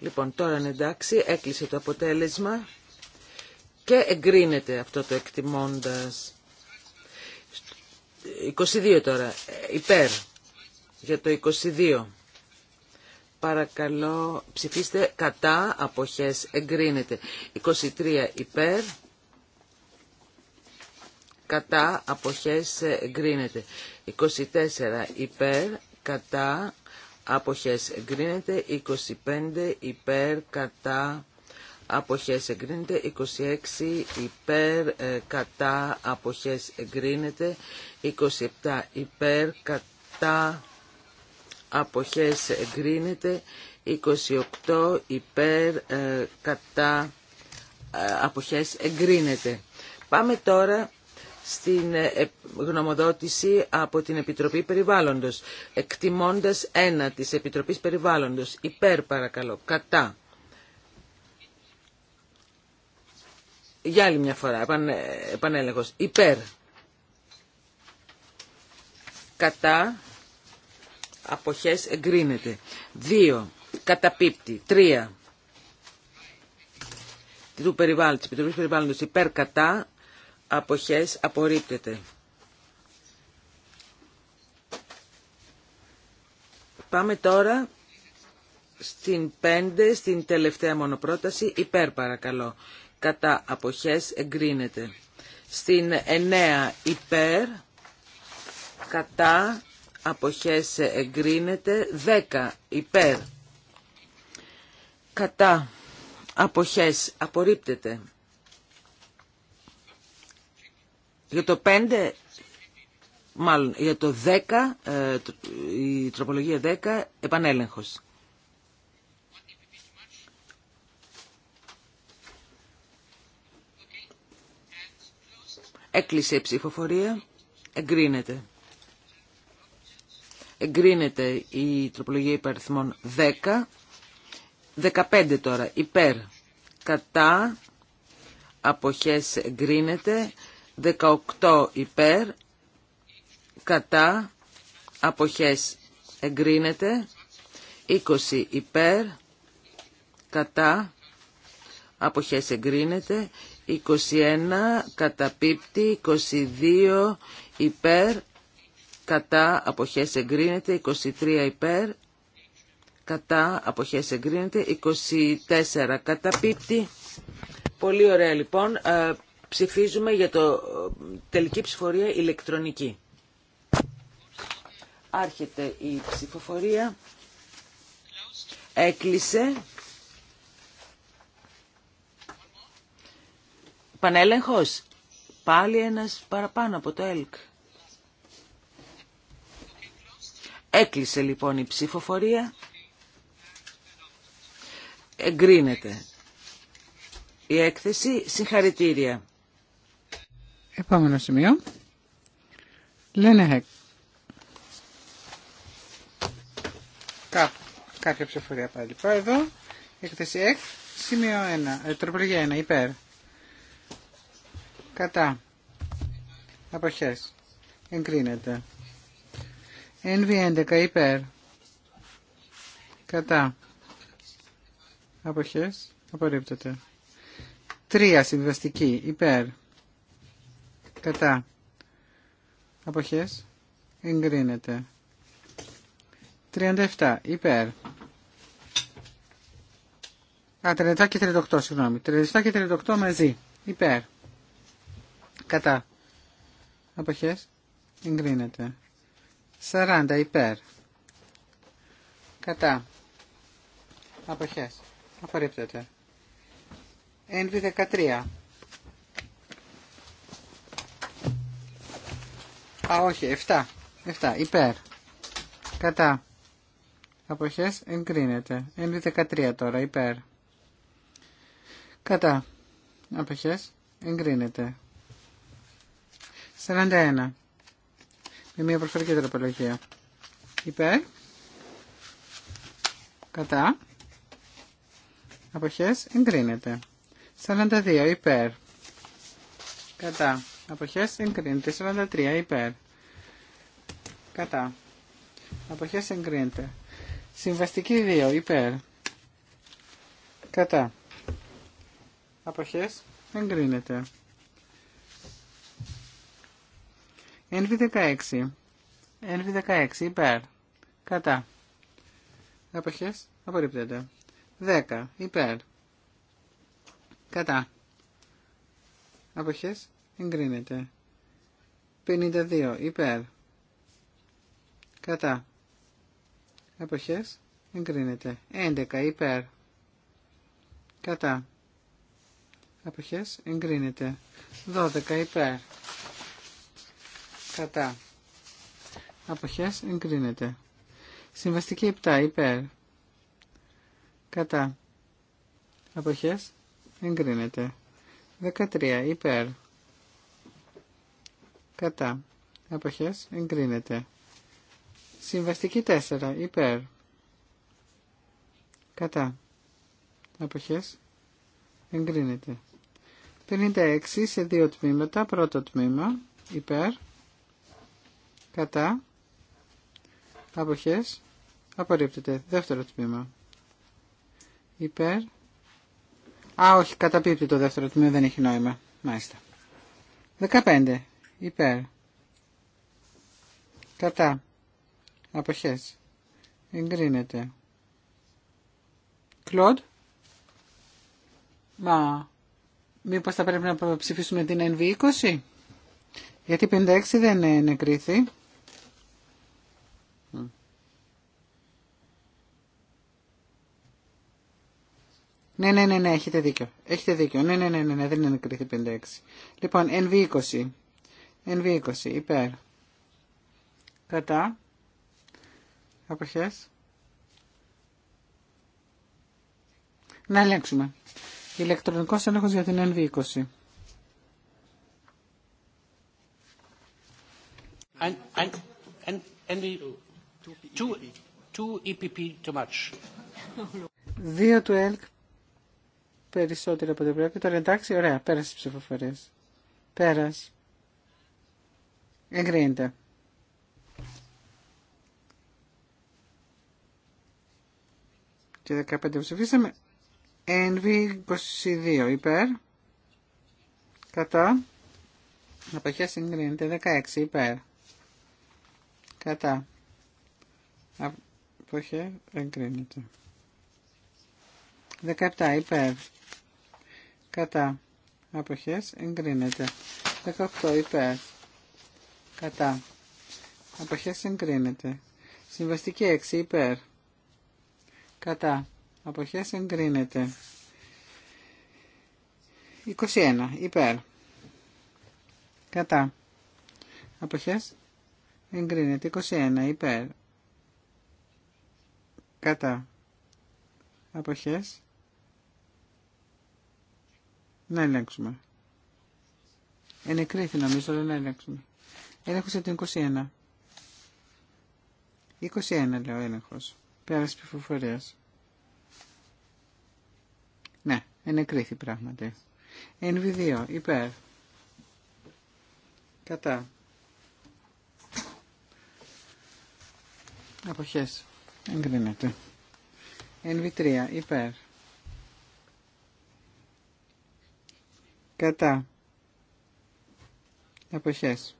Λοιπόν, τώρα είναι εντάξει, έκλεισε το αποτέλεσμα και εγκρίνεται αυτό το εκτιμώντας. 22 τώρα, υπέρ για το 22. Παρακαλώ ψηφίστε κατά αποχές εγκρίνεται. 23 υπέρ, κατά αποχές εγκρίνεται. 24 υπέρ, κατά αποχές εγκρίνεται 25 υπέρ κατά αποχές εγκρίνεται 26 υπέρ ε, κατά αποχές εγκρίνεται 27 υπέρ κατά αποχές εγκρίνεται 28 υπέρ ε, κατά ε, αποχές εγκρίνεται. Πάμε τώρα στην ε, γνωμοδότηση από την Επιτροπή Περιβάλλοντος. Εκτιμώντας ένα της Επιτροπής Περιβάλλοντος. Υπέρ παρακαλώ. Κατά. Για άλλη μια φορά. Επανέλεγχος. Υπέρ. Κατά. Αποχές εγκρίνεται. Δύο. Καταπίπτει. Τρία του περιβάλλοντος, της Επιτροπής Περιβάλλοντος υπέρ κατά αποχές απορρίπτεται. Πάμε τώρα στην 5, στην τελευταία μονοπρόταση, υπέρ παρακαλώ. Κατά αποχές εγκρίνεται. Στην 9 υπέρ, κατά αποχές εγκρίνεται. 10 υπέρ, κατά αποχές απορρίπτεται. Για το 5, μάλλον για το 10, ε, η τροπολογία 10, επανέλεγχος. Έκλεισε η ψηφοφορία. Εγκρίνεται. Εγκρίνεται η τροπολογία υπεριθμών 10. 15 τώρα. Υπέρ. Κατά. Αποχές εγκρίνεται. 18 υπέρ, κατά, αποχές εγκρίνεται, 20 υπέρ, κατά, αποχές εγκρίνεται, 21 καταπίπτει, 22 υπέρ, κατά, αποχές εγκρίνεται, 23 υπέρ, κατά, αποχές εγκρίνεται, 24 καταπίπτει. Πολύ ωραία λοιπόν. Ε, Ψηφίζουμε για το τελική ψηφορία ηλεκτρονική. Άρχεται η ψηφοφορία. Έκλεισε. Πανέλεγχος. Πάλι ένας παραπάνω από το ΕΛΚ. Έκλεισε λοιπόν η ψηφοφορία. Εγκρίνεται. Η έκθεση συγχαρητήρια. Επόμενο σημείο. Λένε Χεκ. κάποια ψηφορία πάλι. Πάω εδώ. Έκθεση ΕΚ. Σημείο 1. Ε, τροπολογία 1. Υπέρ. Κατά. Αποχές. ΕΝΒΙ NV11 υπέρ. Κατά. Αποχές. Απορρίπτεται. Τρία συμβιβαστική υπέρ. Κατά. Αποχές. Εγκρίνεται. 37. Υπέρ. Α, 37 και 38, συγγνώμη. 37 και 38 μαζί. Υπέρ. Κατά. Αποχές. Εγκρίνεται. 40 υπέρ. Κατά. Αποχές. Απορρίπτεται. Ένβη 13. Α, όχι, 7. 7. Υπέρ. Κατά. Αποχέ, εγκρίνεται. Είναι 13 τώρα. Υπέρ. Κατά. αποχέ, εγκρίνεται. 41. Με μια προφορική τροπολογία. Υπέρ. Κατά. Αποχέ, εγκρίνεται. 42. Υπέρ. Κατά. Αποχές εγκρίνεται. 43 υπέρ. Κατά. Αποχές εγκρίνεται. Συμβαστική 2 υπέρ. Κατά. Αποχές εγκρίνεται. NV16. NV16 υπέρ. Κατά. Αποχές απορρίπτεται. 10 υπέρ. Κατά. Αποχές εγκρίνεται. 52 υπέρ. Κατά. Εποχές εγκρίνεται. 11 υπέρ. Κατά. Εποχές εγκρίνεται. 12 υπέρ. Κατά. Αποχές εγκρίνεται. Συμβαστική 7 υπέρ. Κατά. Αποχές εγκρίνεται. 13 υπέρ κατά αποχές εγκρίνεται. Συμβαστική 4 υπέρ κατά αποχές εγκρίνεται. 56 σε δύο τμήματα, πρώτο τμήμα υπέρ κατά αποχές απορρίπτεται. Δεύτερο τμήμα υπέρ Α, όχι, καταπίπτει το δεύτερο τμήμα, δεν έχει νόημα. Μάλιστα. 15 υπέρ κατά αποχές εγκρίνεται Κλοντ μα μήπως θα πρέπει να ψηφίσουμε την NV20 γιατί 56 δεν κρίθη. Ναι, ναι, ναι, ναι, έχετε δίκιο. Έχετε δίκιο. Ναι, ναι, ναι, ναι, ναι δεν είναι κρίθη 56. Λοιπόν, NV20 nv υπέρ κατά αποχές να ελέγξουμε ηλεκτρονικός έλεγχος για την nv EPP too much. Δύο του ΕΛΚ περισσότερο από το πρέπει. Τώρα εντάξει, ωραία, πέρασε τι ψηφοφορίε. Πέρασε. Εγκρίνεται. Και 15 ψηφίσαμε. NV22 υπέρ. Κατά. αποχέ εγκρίνεται. 16 υπέρ. Κατά. Αποχέ εγκρίνεται. 17 υπέρ. Κατά. Αποχές εγκρίνεται. 18 υπέρ κατά. Αποχές εγκρίνεται. Συμβαστική 6 υπέρ. Κατά. Αποχές εγκρίνεται. 21 υπέρ. Κατά. Αποχές εγκρίνεται. 21 υπέρ. Κατά. Αποχές. Να ελέγξουμε. Ενεκρίθη νομίζω, αλλά να ελέγξουμε. Έλεγχος από το 21. 21 λέω έλεγχος. Πέρας ψηφοφορίας. Ναι, ενεκρίθη πράγματι. NV2, υπέρ. Κατά. Αποχές. Εγκρίνεται. NV3, υπέρ. Κατά. Αποχές.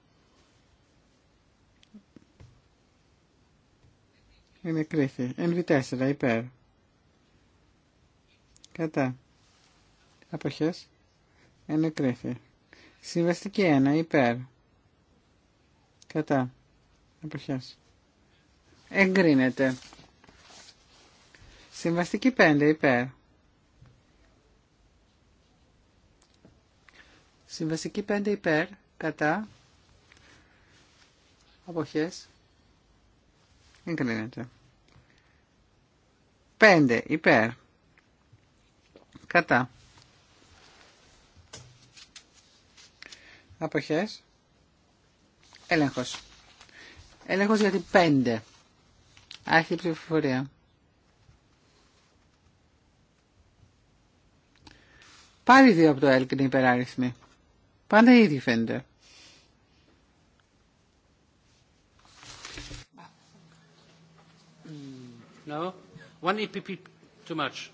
Είναι κρίθη. NV4 υπέρ. Κατά. Αποχές. Είναι κρίθη. Συμβαστική 1 υπέρ. Κατά. Αποχές. Εγκρίνεται. Συμβαστική 5 υπέρ. Συμβαστική 5 υπέρ. Κατά. Αποχές. Εγκρίνεται. 5 υπέρ. Κατά. Αποχές. Έλεγχος. Έλεγχος γιατί την 5. Άρχη ψηφοφορία. Πάλι δύο από το έλκυνο υπεράριθμοι. Πάντα ήδη φαίνεται. No? One EPP too much.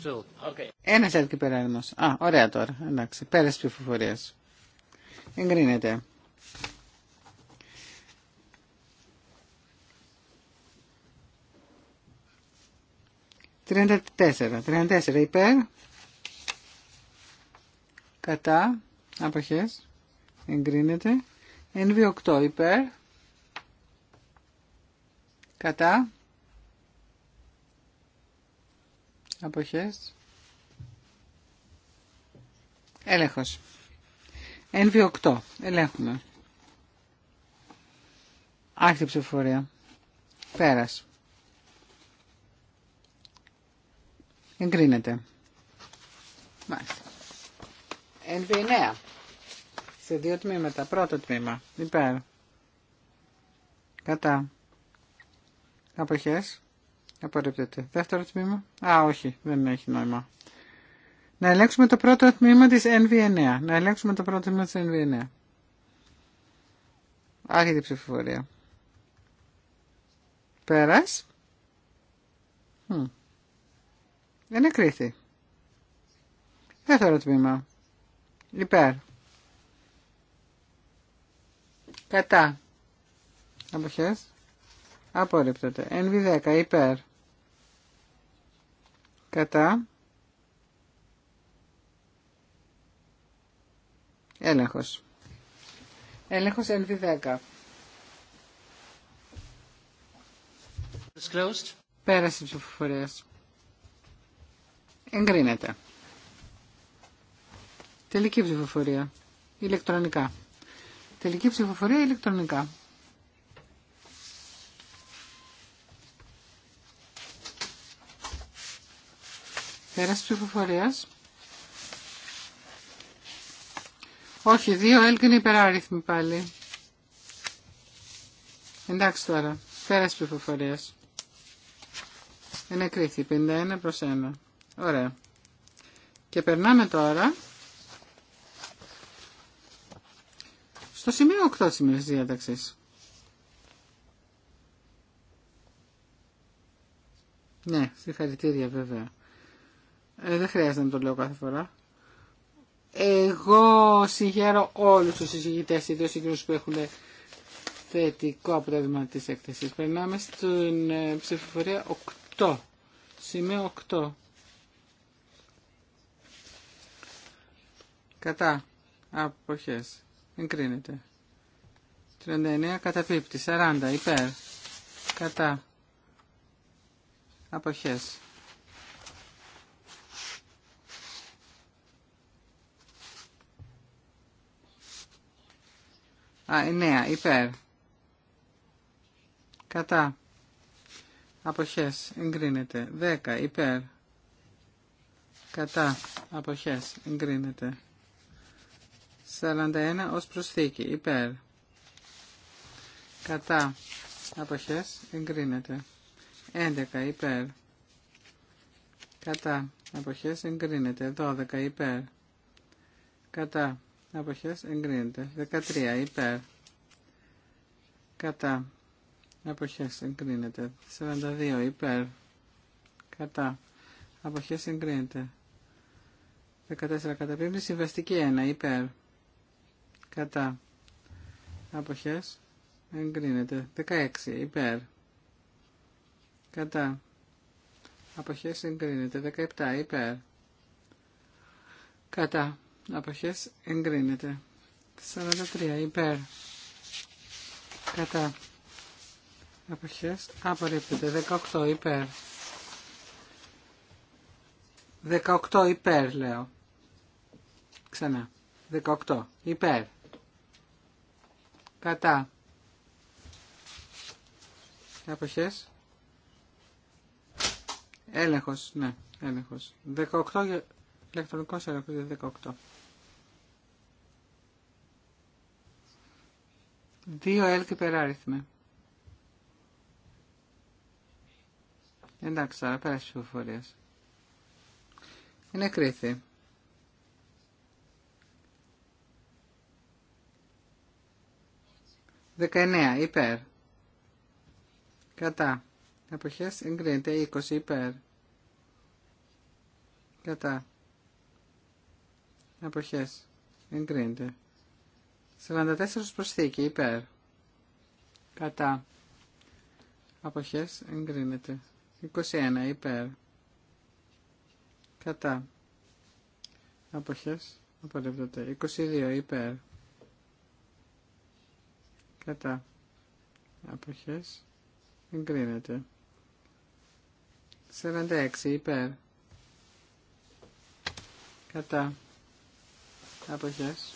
Still. Okay. Ένας έτσι Α, ωραία τώρα. Εντάξει. Πέρας ψηφοφορίας. Εγκρίνεται. Τριάντα τέσσερα. Τριάντα τέσσερα υπέρ. Κατά. Αποχές. Εγκρίνεται. οκτώ υπέρ. Κατά. Αποχές. Έλεγχος. NV8. Ελέγχουμε. Άρχιτε ψηφοφορία. Πέρας. Εγκρίνεται. Μάλιστα. NV9. Σε δύο τμήματα. Πρώτο τμήμα. Υπέρ. Κατά. Αποχές. Απορρίπτεται. Δεύτερο τμήμα. Α, όχι. Δεν έχει νόημα. Να ελέγξουμε το πρώτο τμήμα της NV9. Να ελέγξουμε το πρώτο τμήμα της NV9. Άρχεται ψηφοφορία. Δεν εκριθη κρίθη. Δεύτερο τμήμα. Υπέρ. Κατά. Αποχές. Απορρίπτεται. NV10. Υπέρ. Κατά. Έλεγχος. Έλεγχος NV10. Πέραση ψηφοφορία. Εγκρίνεται. Τελική ψηφοφορία. Ηλεκτρονικά. Τελική ψηφοφορία ηλεκτρονικά. Πέρας ψηφοφορίας. Όχι, δύο έλκυνε υπεράριθμοι πάλι. Εντάξει τώρα. Πέρας ψηφοφορίας. Ενεκρίθη. 51 προς 1. Ωραία. Και περνάμε τώρα στο σημείο 8 της διάταξης. Ναι, συγχαρητήρια βέβαια. Ε, δεν χρειάζεται να το λέω κάθε φορά. Εγώ συγχαίρω όλους τους συζητητές, δύο εκείνους που έχουν θετικό αποτέλεσμα της έκθεσης. Περνάμε στην ε, ψηφοφορία 8, σημείο 8. Κατά αποχές. Εγκρίνεται. 39 καταπίπτει. 40 υπέρ. Κατά αποχές. Α, 9 υπέρ. Κατά. Αποχές. Εγκρίνεται. 10 υπέρ. Κατά. Αποχές. Εγκρίνεται. 41 ως προσθήκη. Υπέρ. Κατά. Αποχές. Εγκρίνεται. 11 υπέρ. Κατά. Αποχές εγκρίνεται. 12 υπέρ. Κατά αποχές εγκρίνεται. 13 υπέρ κατά αποχές εγκρίνεται. 42 υπέρ κατά αποχές εγκρίνεται. 14 καταπίπτει συμβαστική 1 υπέρ κατά αποχές εγκρίνεται. 16 υπέρ κατά αποχές εγκρίνεται. 17 υπέρ κατά αποχές εγκρίνεται. 43 υπέρ κατά αποχές απορρίπτεται. 18 υπέρ 18 υπέρ λέω. Ξανά. 18 υπέρ κατά αποχές έλεγχος, ναι, έλεγχος. 18 ηλεκτρονικός έλεγχος, 18. Δύο και περάριθμε. Εντάξει, τώρα πέρασε η Είναι κρίθη. Δεκαεννέα, υπέρ. Κατά. Εποχές εγκρίνεται 20 υπέρ. Κατά. Εποχές εγκρίνεται. 44 προσθήκη υπέρ. Κατά. Αποχές εγκρίνεται. 21 υπέρ. Κατά. Αποχές απορρίπτεται. 22 υπέρ. Κατά. Αποχές εγκρίνεται. 46 υπέρ. Κατά. Αποχές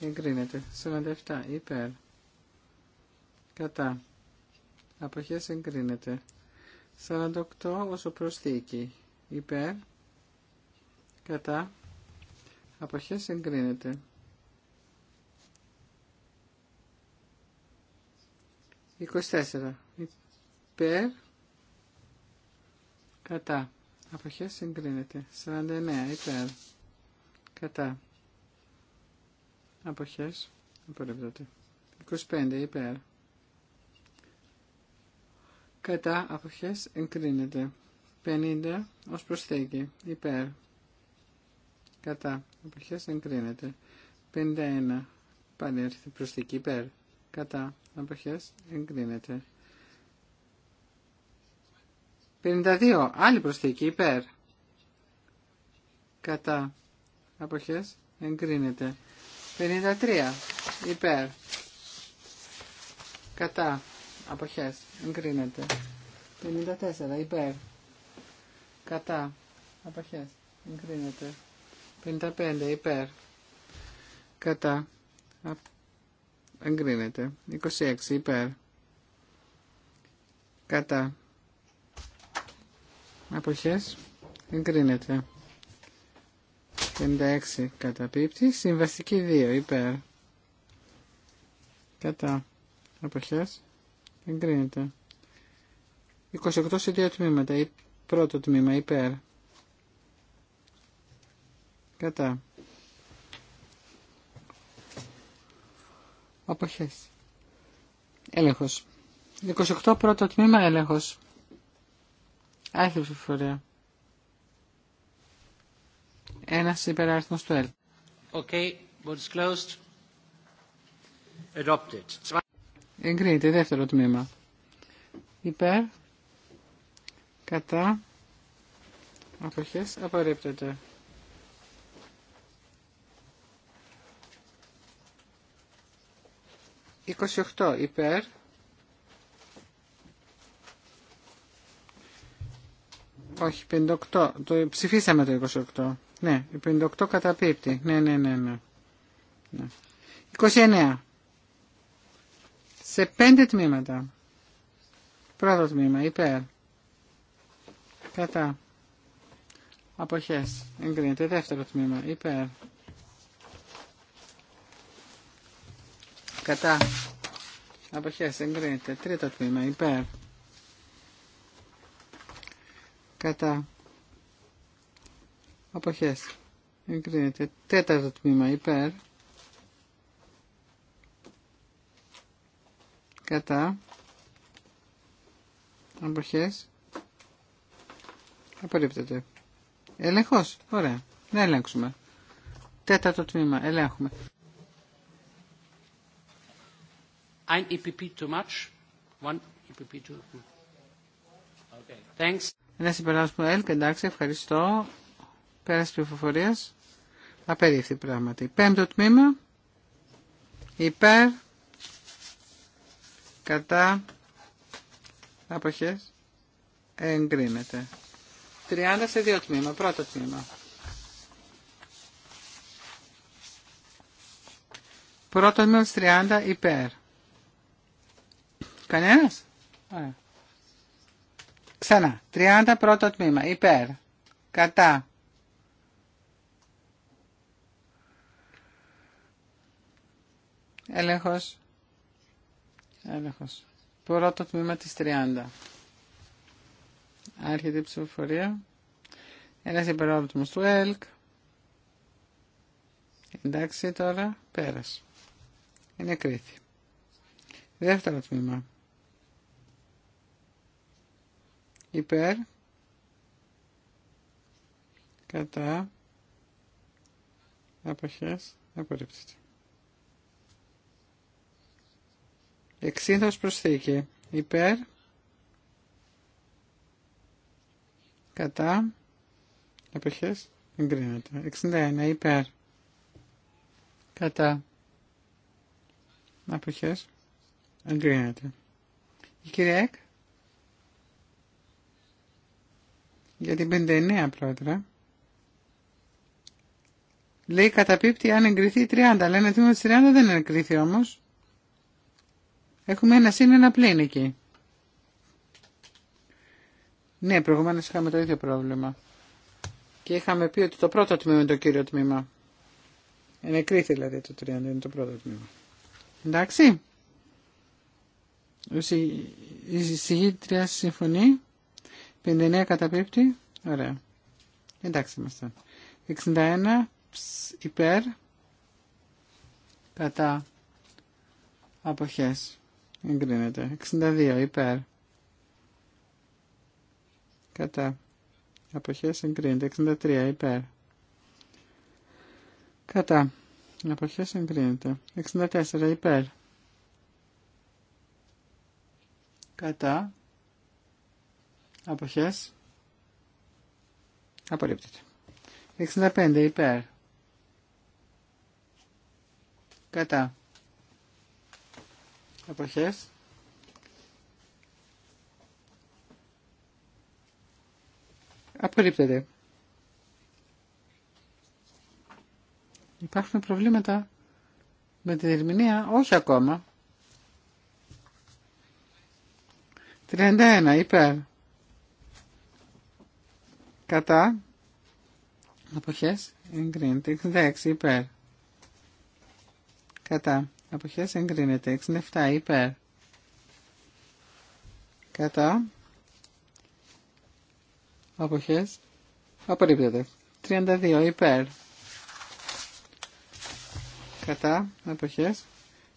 εγκρίνεται. 47 υπέρ. Κατά. Αποχές εγκρίνεται. 48 Όσο προσθήκη. Υπέρ. Κατά. Αποχές εγκρίνεται. 24. Υπέρ. Κατά. Αποχές εγκρίνεται. 49. Υπέρ. Κατά. Αποχές. Απορρίπτεται. 25 υπέρ. Κατά αποχές εγκρίνεται. 50 ως προσθήκη. Υπέρ. Κατά αποχές εγκρίνεται. 51 πάλι έρθει προσθήκη. Υπέρ. Κατά αποχές εγκρίνεται. 52 άλλη προσθήκη. Υπέρ. Κατά αποχές εγκρίνεται. 53 υπέρ κατά αποχές εγκρίνεται 54 υπέρ κατά αποχές εγκρίνεται 55 υπέρ κατά εγκρίνεται 26 υπέρ κατά αποχές εγκρίνεται 56 καταπίπτει. Συμβαστική 2 υπέρ. Κατά. Αποχές. Εγκρίνεται. 28 σε δύο τμήματα. Πρώτο τμήμα υπέρ. Κατά. Αποχές. Έλεγχος. 28 πρώτο τμήμα έλεγχος. Άρχιψη φορεία. Ένας υπεράριθμος του ΕΛ. Εγκρίνεται, δεύτερο τμήμα. Υπέρ. Κατά. Αποχές απορρίπτεται. 28. υπέρ. Όχι, 58. ψηφίσαμε το 28. Ναι, 58 58 καταπίπτει. Ναι, ναι, ναι, ναι. 29. Ναι. Σε πέντε τμήματα. Πρώτο τμήμα, υπέρ. Κατά. Αποχές. Εγκρίνεται. Δεύτερο τμήμα, υπέρ. Κατά. Αποχές. Εγκρίνεται. Τρίτο τμήμα, υπέρ. Κατά αποχές εγκρίνεται τέταρτο τμήμα υπέρ κατά αποχές απορρίπτεται έλεγχος ωραία να ελέγξουμε τέταρτο τμήμα ελέγχουμε Ein EPP too much. One EPP too much. Okay. Thanks. Ένας συμπεράσμα, ΕΛΚ, εντάξει, ευχαριστώ. Πέρας πληροφορίας. Απερίφθη πράγματι. Πέμπτο τμήμα. Υπέρ. Κατά. Αποχές. Εγκρίνεται. 30 σε δύο τμήμα. Πρώτο τμήμα. Πρώτο τμήμα 30 υπέρ. Κανένας. Ξανά. 30 πρώτο τμήμα. Υπέρ. Κατά. Έλεγχος. Έλεγχος. Πρώτο τμήμα της 30. Άρχεται η ψηφοφορία. Ένας υπερόπτυμος του ΕΛΚ. Εντάξει τώρα, πέρας. Είναι κρίθη. Δεύτερο τμήμα. Υπέρ. Κατά. Αποχές. Απορρίπτεται. εξήνθος προσθήκη. Υπέρ. Κατά. Εποχές. Εγκρίνεται. 61. Υπέρ. Κατά. εποχές, Εγκρίνεται. Η κυρία Εκ. Για την 59 πρόεδρε. Λέει καταπίπτει αν εγκριθεί 30. Λένε ότι 30 δεν εγκριθεί όμως. Έχουμε ένα σύν ένα πλήν εκεί. Ναι, προηγουμένω είχαμε το ίδιο πρόβλημα. Και είχαμε πει ότι το πρώτο τμήμα είναι το κύριο τμήμα. Ενεκρίθη δηλαδή το 30, είναι το πρώτο τμήμα. Εντάξει. Η συγγήτρια συμφωνεί. 59 καταπίπτει. Ωραία. Εντάξει είμαστε. 61 υπέρ κατά αποχές. Εγκρίνεται. 62 υπέρ. Κατά. Αποχές εγκρίνεται. 63 υπέρ. Κατά. Αποχές εγκρίνεται. 64 υπέρ. Κατά. Αποχές. Απορρίπτεται. 65 υπέρ. Κατά αποχές απορρίπτεται. Υπάρχουν προβλήματα με τη διερμηνία, όχι ακόμα. 31 υπέρ. Κατά. Αποχές. Εγκρίνεται. 66 υπέρ. Κατά. Αποχές εγκρίνεται. 67 υπέρ. Κατά. Αποχές. Απορρίπτεται. 32 υπέρ. Κατά. Αποχές.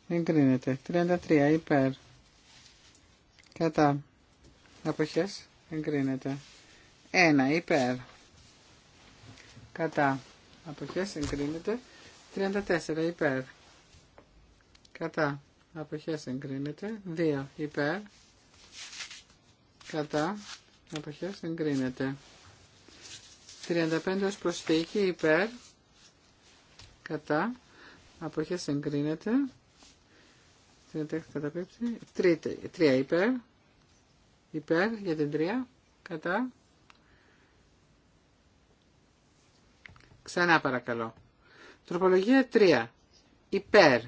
Εγκρίνεται. 33 υπέρ. Κατά. Αποχές. Εγκρίνεται. 1 υπέρ. Κατά. Αποχές. Εγκρίνεται. 34 υπέρ κατά χε συγκρίνεται, 2 υπέρ κατά χε συγκρίνεται, 35 ως προσθήκη υπέρ κατά αποχές εγκρίνεται 36 καταπέψη 3 υπέρ υπέρ για την 3 κατά ξανά παρακαλώ τροπολογία 3 υπέρ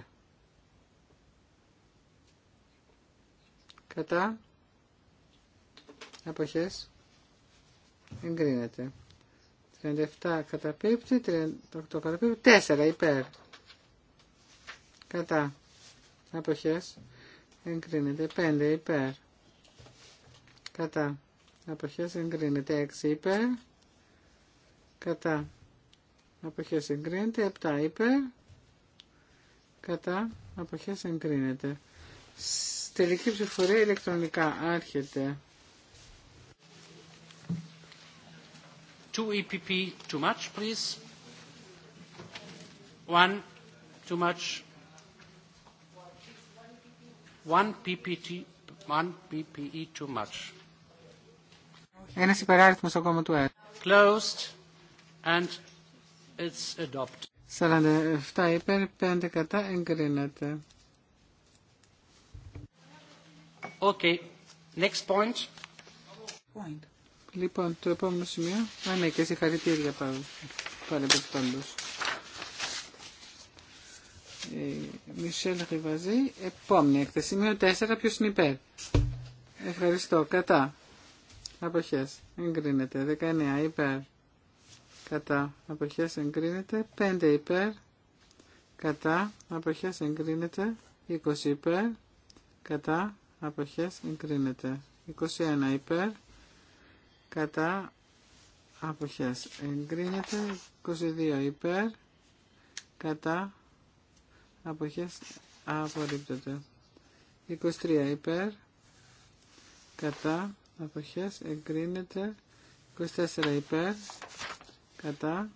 κατά αποχές εγκρίνεται 37 καταπίπτει 38 καταπίπτει 4 υπέρ κατά αποχές εγκρίνεται 5 υπέρ κατά αποχές εγκρίνεται 6 υπέρ κατά αποχές εγκρίνεται 7 υπέρ κατά αποχές εγκρίνεται Τελική ψηφορία ηλεκτρονικά. Άρχεται. Two EPP too much, please. One too much. One PPT, one PPE too much. Ένας υπεράριθμος ακόμα του ΕΡ. Closed and it's adopted. 47 υπέρ, 5 κατά εγκρίνεται. Okay. Next point. point. Λοιπόν, το επόμενο σημείο. Α, ναι, και συγχαρητήρια παρεμπιπτόντως. Μισελ Ριβαζή, επόμενη έκθεση. Σημείο 4, ποιος είναι υπέρ. Ευχαριστώ. Κατά. Αποχέ. Εγκρίνεται. 19 υπέρ. Κατά. Αποχές εγκρίνεται. 5 υπέρ. Κατά. Αποχέ εγκρίνεται. 20 υπέρ. Κατά αποχές εγκρίνεται. 21 υπέρ κατά αποχές εγκρίνεται. 22 υπέρ κατά αποχές απορρίπτεται. 23 υπέρ κατά αποχές εγκρίνεται. 24 υπέρ κατά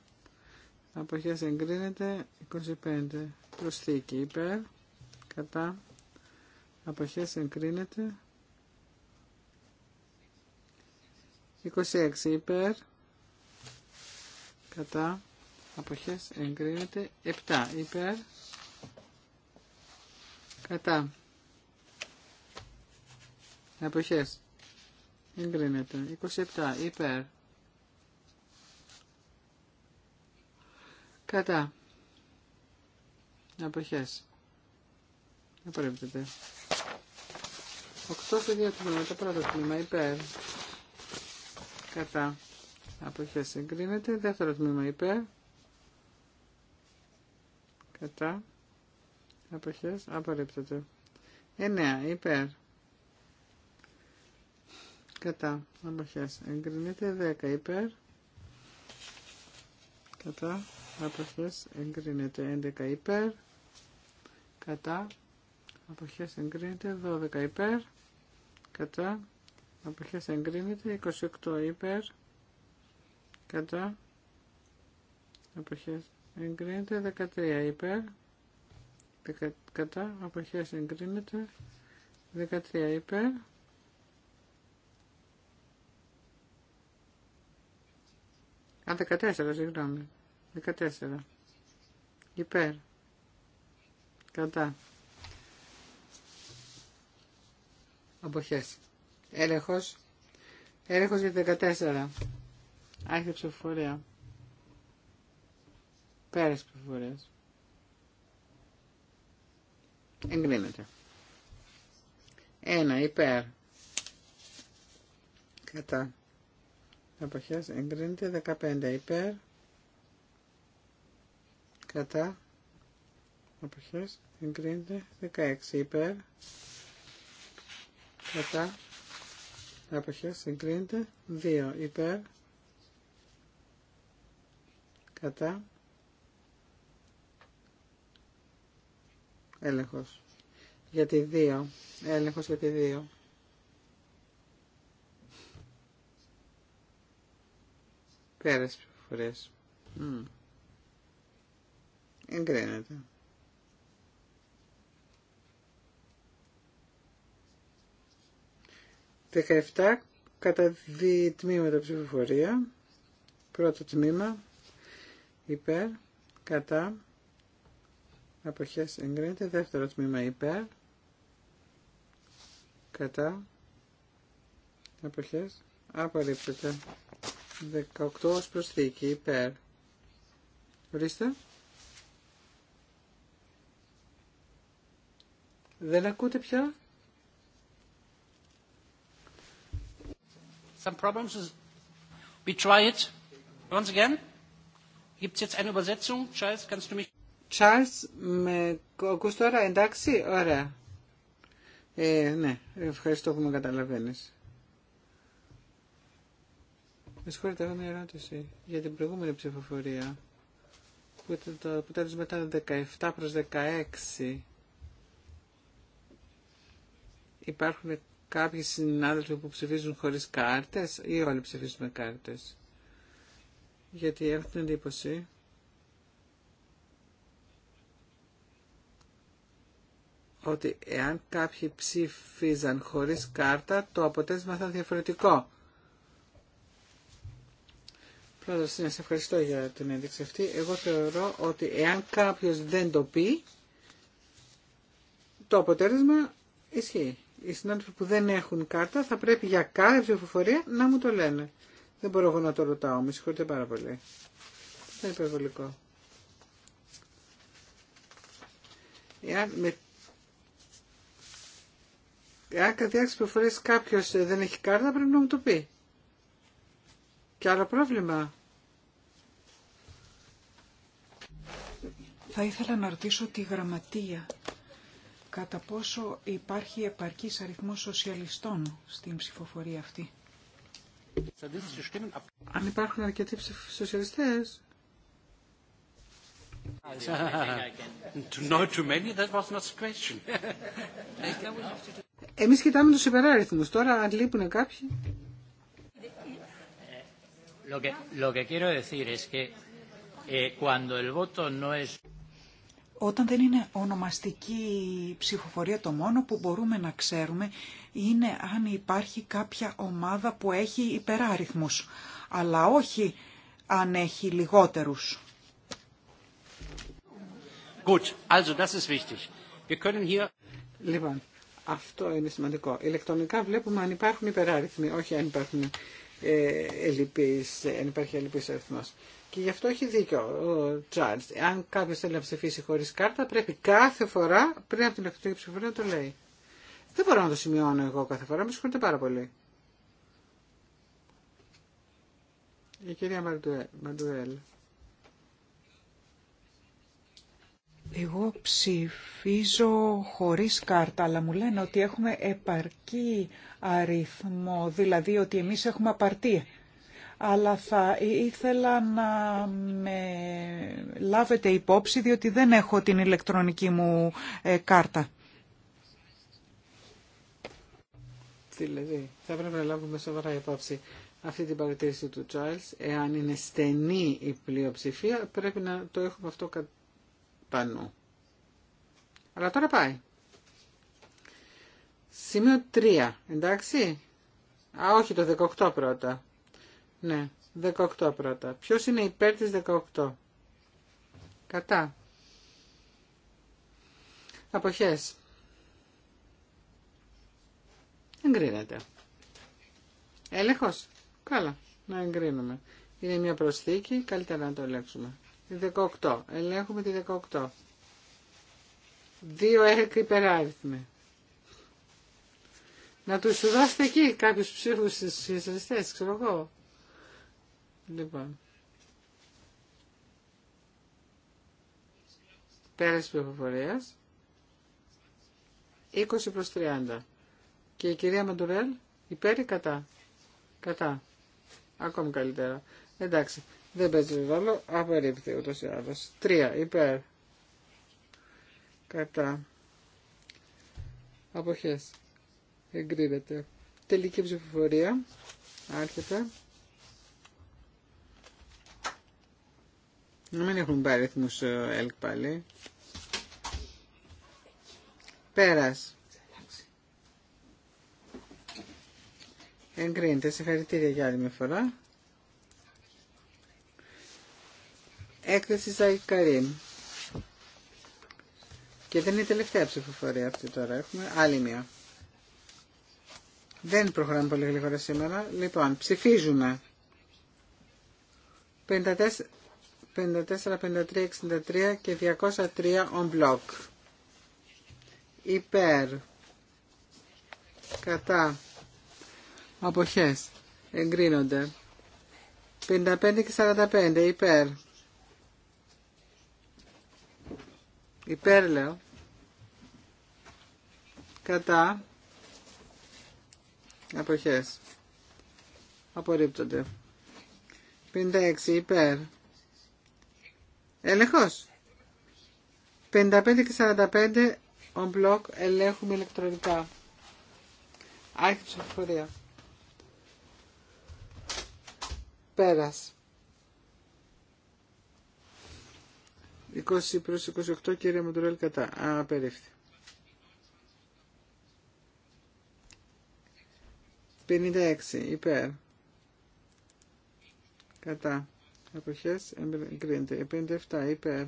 αποχές εγκρίνεται. 25 προσθήκη υπέρ κατά αποχές εγκρίνεται 26 υπέρ κατά αποχές εγκρίνεται 7 υπέρ κατά αποχές εγκρίνεται 27 υπέρ κατά αποχές Απορρίπτεται. 8 σε δύο τμήματα. Πρώτο τμήμα υπέρ. Κατά. Αποχέ εγκρίνεται. Δεύτερο τμήμα υπέρ. Κατά. Αποχέ. Απορρίπτεται. 9 υπέρ. Κατά. Αποχέ εγκρίνεται. 10 υπέρ. Κατά. Αποχέ εγκρίνεται. 11 υπέρ. Κατά αποχές εγκρίνεται 12 υπέρ κατά αποχές εγκρίνεται 28 υπέρ κατά αποχές εγκρίνεται 13 υπέρ κατά αποχές εγκρίνεται 13 υπέρ Α, 14, συγγνώμη. 14. Υπέρ. Κατά. Αποχές. Έλεγχος. Έλεγχος για 14. Άρχιε ψηφοφορία. Πέρας ψηφοφορίας. Εγκρίνεται. Ένα υπέρ. Κατά. Αποχές. Εγκρίνεται 15 υπέρ. Κατά. Αποχές. Εγκρίνεται 16 υπέρ κατά αποχές εγκρίνεται 2 υπέρ κατά έλεγχος για τη 2 έλεγχος για τη 2 πέρας φορές mm. εγκρίνεται 17 κατά δύο τμήματα ψηφοφορία. Πρώτο τμήμα υπέρ, κατά, αποχές εγκρίνεται. Δεύτερο τμήμα υπέρ, κατά, αποχές απορρίπτεται. 18 ως προσθήκη υπέρ. Ορίστε. Δεν ακούτε πια. Some problems? We try it. Once again. με ακούς τώρα, εντάξει, ωραία. Ε, ναι, ευχαριστώ που με καταλαβαίνεις. μια ερώτηση για την προηγούμενη ψηφοφορία Υπάρχουν κάποιοι συνάδελφοι που ψηφίζουν χωρίς κάρτες ή όλοι ψηφίζουν με κάρτες. Γιατί έχω την εντύπωση ότι εάν κάποιοι ψήφιζαν χωρίς κάρτα, το αποτέλεσμα θα ήταν διαφορετικό. Πρόεδρος, να ευχαριστώ για την ένδειξη αυτή. Εγώ θεωρώ ότι εάν κάποιος δεν το πει, το αποτέλεσμα ισχύει οι συνάδελφοι που δεν έχουν κάρτα θα πρέπει για κάθε ψηφοφορία να μου το λένε. Δεν μπορώ εγώ να το ρωτάω, με συγχωρείτε πάρα πολύ. Δεν είναι υπερβολικό. Εάν με Εάν κάποιο δεν έχει κάρτα, πρέπει να μου το πει. Και άλλο πρόβλημα. Θα ήθελα να ρωτήσω τη γραμματεία κατά πόσο υπάρχει επαρκής αριθμός σοσιαλιστών στην ψηφοφορία αυτή. Αν υπάρχουν αρκετοί σοσιαλιστές. Εμείς κοιτάμε τους υπεράριθμους. Τώρα αν λείπουν κάποιοι... Όταν δεν είναι ονομαστική ψηφοφορία, το μόνο που μπορούμε να ξέρουμε είναι αν υπάρχει κάποια ομάδα που έχει υπεράριθμους, αλλά όχι αν έχει λιγότερους. Gut, also das ist wichtig. Wir können hier... Λοιπόν, αυτό είναι σημαντικό. Ηλεκτρονικά βλέπουμε αν υπάρχουν υπεράριθμοι, όχι αν υπάρχουν ε, ελλειπείς, αν υπάρχει ελλειπής αριθμός. Και γι' αυτό έχει δίκιο ο Τσάρλς. Αν κάποιος θέλει να ψηφίσει χωρίς κάρτα, πρέπει κάθε φορά πριν από την ηλεκτρονική ψηφοφορία να το λέει. Δεν μπορώ να το σημειώνω εγώ κάθε φορά, με συγχωρείτε πάρα πολύ. Η κυρία Μαντουέλ. Εγώ ψηφίζω χωρίς κάρτα, αλλά μου λένε ότι έχουμε επαρκή αριθμό, δηλαδή ότι εμείς έχουμε απαρτία αλλά θα ήθελα να με λάβετε υπόψη διότι δεν έχω την ηλεκτρονική μου ε, κάρτα. Τι Δηλαδή, θα πρέπει να λάβουμε σοβαρά υπόψη αυτή την παρατήρηση του Τσάιλς. Εάν είναι στενή η πλειοψηφία, πρέπει να το έχουμε αυτό κατά νου. Αλλά τώρα πάει. Σημείο 3, εντάξει. Α, όχι το 18 πρώτα. Ναι, 18 πρώτα. Ποιος είναι υπέρ της 18. Κατά. Αποχές. Εγκρίνεται. Έλεγχος. Καλά. Να εγκρίνουμε. Είναι μια προσθήκη. Καλύτερα να το ελέγξουμε. 18. Ελέγχουμε τη 18. Δύο έκρη υπεράριθμοι. Να τους δώσετε εκεί κάποιους ψήφους στις ξέρω εγώ. Λοιπόν. τη πληροφορία. 20 προς 30. Και η κυρία Μαντουρέλ υπέρ ή κατά. Κατά. Ακόμη καλύτερα. Εντάξει. Δεν παίζει ρόλο. απερίπτει ούτως ή άλλως. Τρία, υπέρ. Κατά. Αποχές. Εγκρίνεται. Τελική ψηφοφορία. Άρχεται. Να μην έχουν πάρει αριθμούς ε, ΕΛΚ πάλι. Πέρας. Εγκρίνεται. Συγχαρητήρια για άλλη μια φορά. Έκθεση Ζαϊκαρίν. Και δεν είναι η τελευταία ψηφοφορία αυτή τώρα. Έχουμε άλλη μια. Δεν προχωράμε πολύ γρήγορα σήμερα. Λοιπόν, ψηφίζουμε. 54, 54, 53, 63 και 203 on block. Υπέρ. Κατά. Αποχές. Εγκρίνονται. 55 και 45. Υπέρ. Υπέρ λέω. Κατά. Αποχές. Απορρίπτονται. 56. Υπέρ. Έλεγχος. 55 και 45 on block ελέγχουμε ηλεκτρονικά. Άρχιψη φορεία. Πέρας. 20 προς 28 κύριε Μοντουρέλ κατά. Α, απερίφθη. 56 υπέρ. Κατά αποχές εγκρίνεται. 57 υπέρ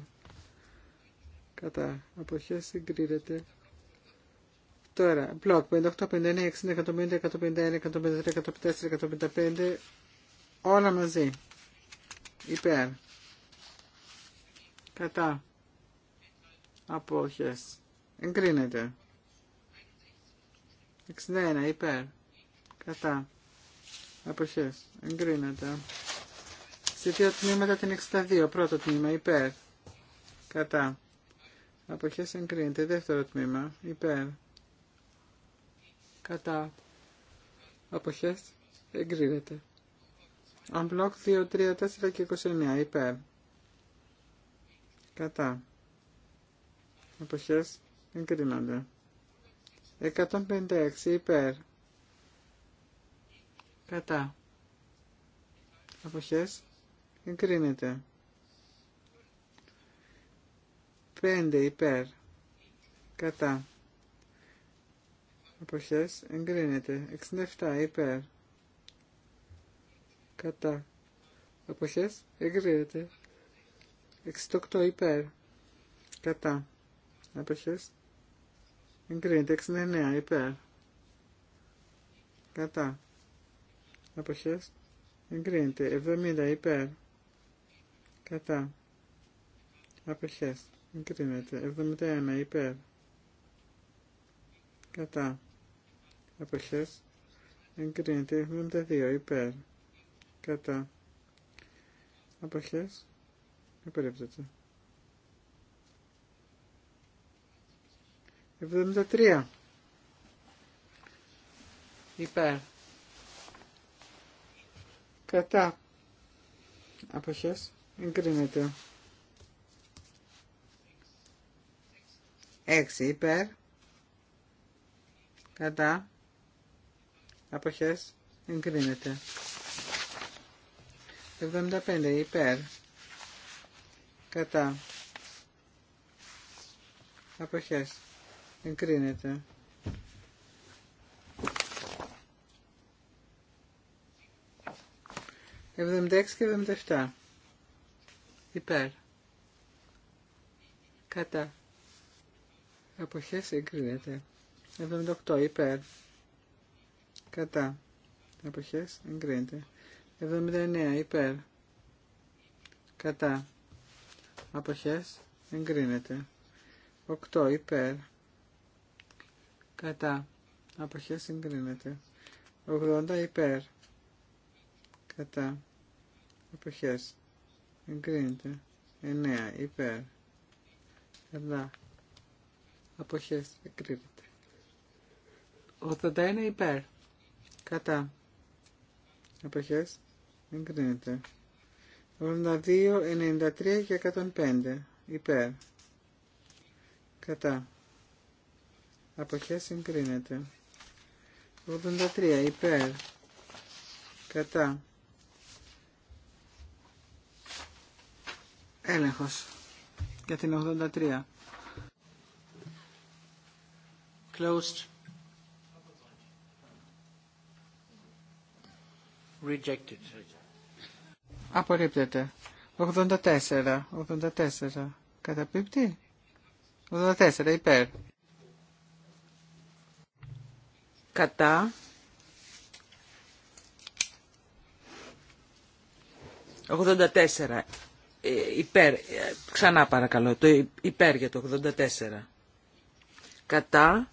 κατά αποχές εγκρίνεται. Τώρα, μπλοκ 58, 59, 60, 150, 151, 153, 154, 155, όλα μαζί. Υπέρ. Κατά. Απόχες. Εγκρίνεται. 61, υπέρ. Κατά. Αποχές. Εγκρίνεται σε δύο τμήματα την 62. Πρώτο τμήμα υπέρ. Κατά. Αποχές εγκρίνεται. Δεύτερο τμήμα υπέρ. Κατά. Αποχές εγκρίνεται. Unblock 2, 3, 4 και 29 υπέρ. Κατά. Αποχές εγκρίνονται. 156 υπέρ. Κατά. Αποχές Εγκρίνεται. 5 υπέρ. Κατά. Αποχές. Εγκρίνεται. 67 υπέρ. Κατά. Αποχές. Εγκρίνεται. 68 υπέρ. Κατά. Αποχές. Εγκρίνεται. 69 υπέρ. Κατά. Αποχές. Εγκρίνεται. 70 υπέρ. Κατά. Απεχές. Εγκρίνεται. 71. Υπέρ. Κατά. Απεχές. Εγκρίνεται. 72. Υπέρ. Κατά. Απεχές. Απερίπτεται. 73. Υπέρ. Κατά. Αποχές. Εγκρίνεται. 6 υπέρ. Κατά. Αποχές. Εγκρίνεται. 75 υπέρ. Κατά. Αποχές. Εγκρίνεται. 76 και 77 υπέρ κατά αποχές εγκρίνεται 78 υπέρ κατά αποχές εγκρίνεται 79 υπέρ κατά Αποχέ εγκρίνεται 8 υπέρ κατά Αποχέ εγκρίνεται 80 υπέρ κατά αποχές Εγκρίνεται. 9. Υπέρ. Εδώ. Αποχές. Εγκρίνεται. 81. Υπέρ. Κατά. Αποχές. Εγκρίνεται. 82, 93 και 105. Υπέρ. Κατά. Αποχές Εγκρίνεται. 83. Υπέρ. Κατά. Έλεγχος για την 83. Closed. Rejected. Απορρίπτεται. 84. 84. Καταπίπτει. 84. Υπέρ. Κατά. 84. Ε, υπέρ, ε, ξανά παρακαλώ, το υπέρ για το 84. Κατά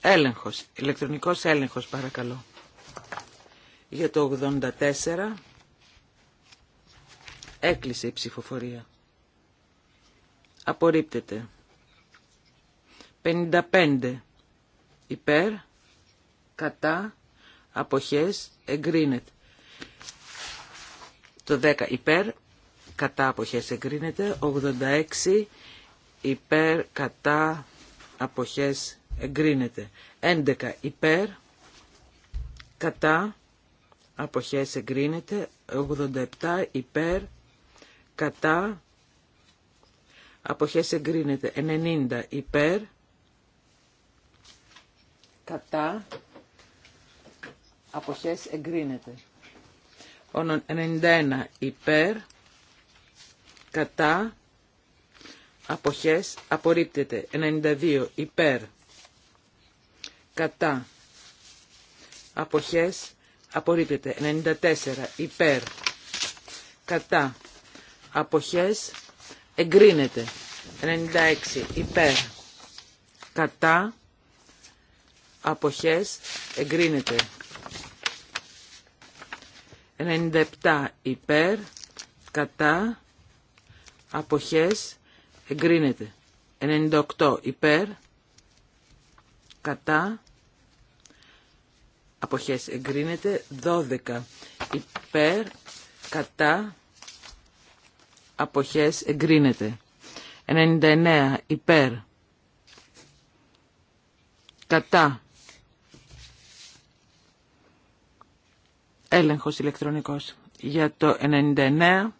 έλεγχος, ηλεκτρονικός έλεγχος παρακαλώ. Για το 84 έκλεισε η ψηφοφορία. Απορρίπτεται. 55 υπέρ, κατά, αποχές, εγκρίνεται. Το 10 υπέρ, κατά αποχές εγκρίνεται. 86 υπέρ, κατά αποχές εγκρίνεται. 11 υπέρ, κατά αποχές εγκρίνεται. 87 υπέρ, κατά αποχές εγκρίνεται. 90 υπέρ, κατά αποχές εγκρίνεται. 91 υπέρ, κατά, αποχές, απορρίπτεται. 92 υπέρ, κατά, αποχές, απορρίπτεται. 94 υπέρ, κατά, αποχές, εγκρίνεται. 96 υπέρ, κατά, αποχές, εγκρίνεται. 97 υπέρ, κατά, αποχές, εγκρίνεται. 98 υπέρ, κατά, αποχές, εγκρίνεται. 12 υπέρ, κατά, αποχές, εγκρίνεται. 99 υπέρ, κατά, Έλεγχος ηλεκτρονικός. Για το 99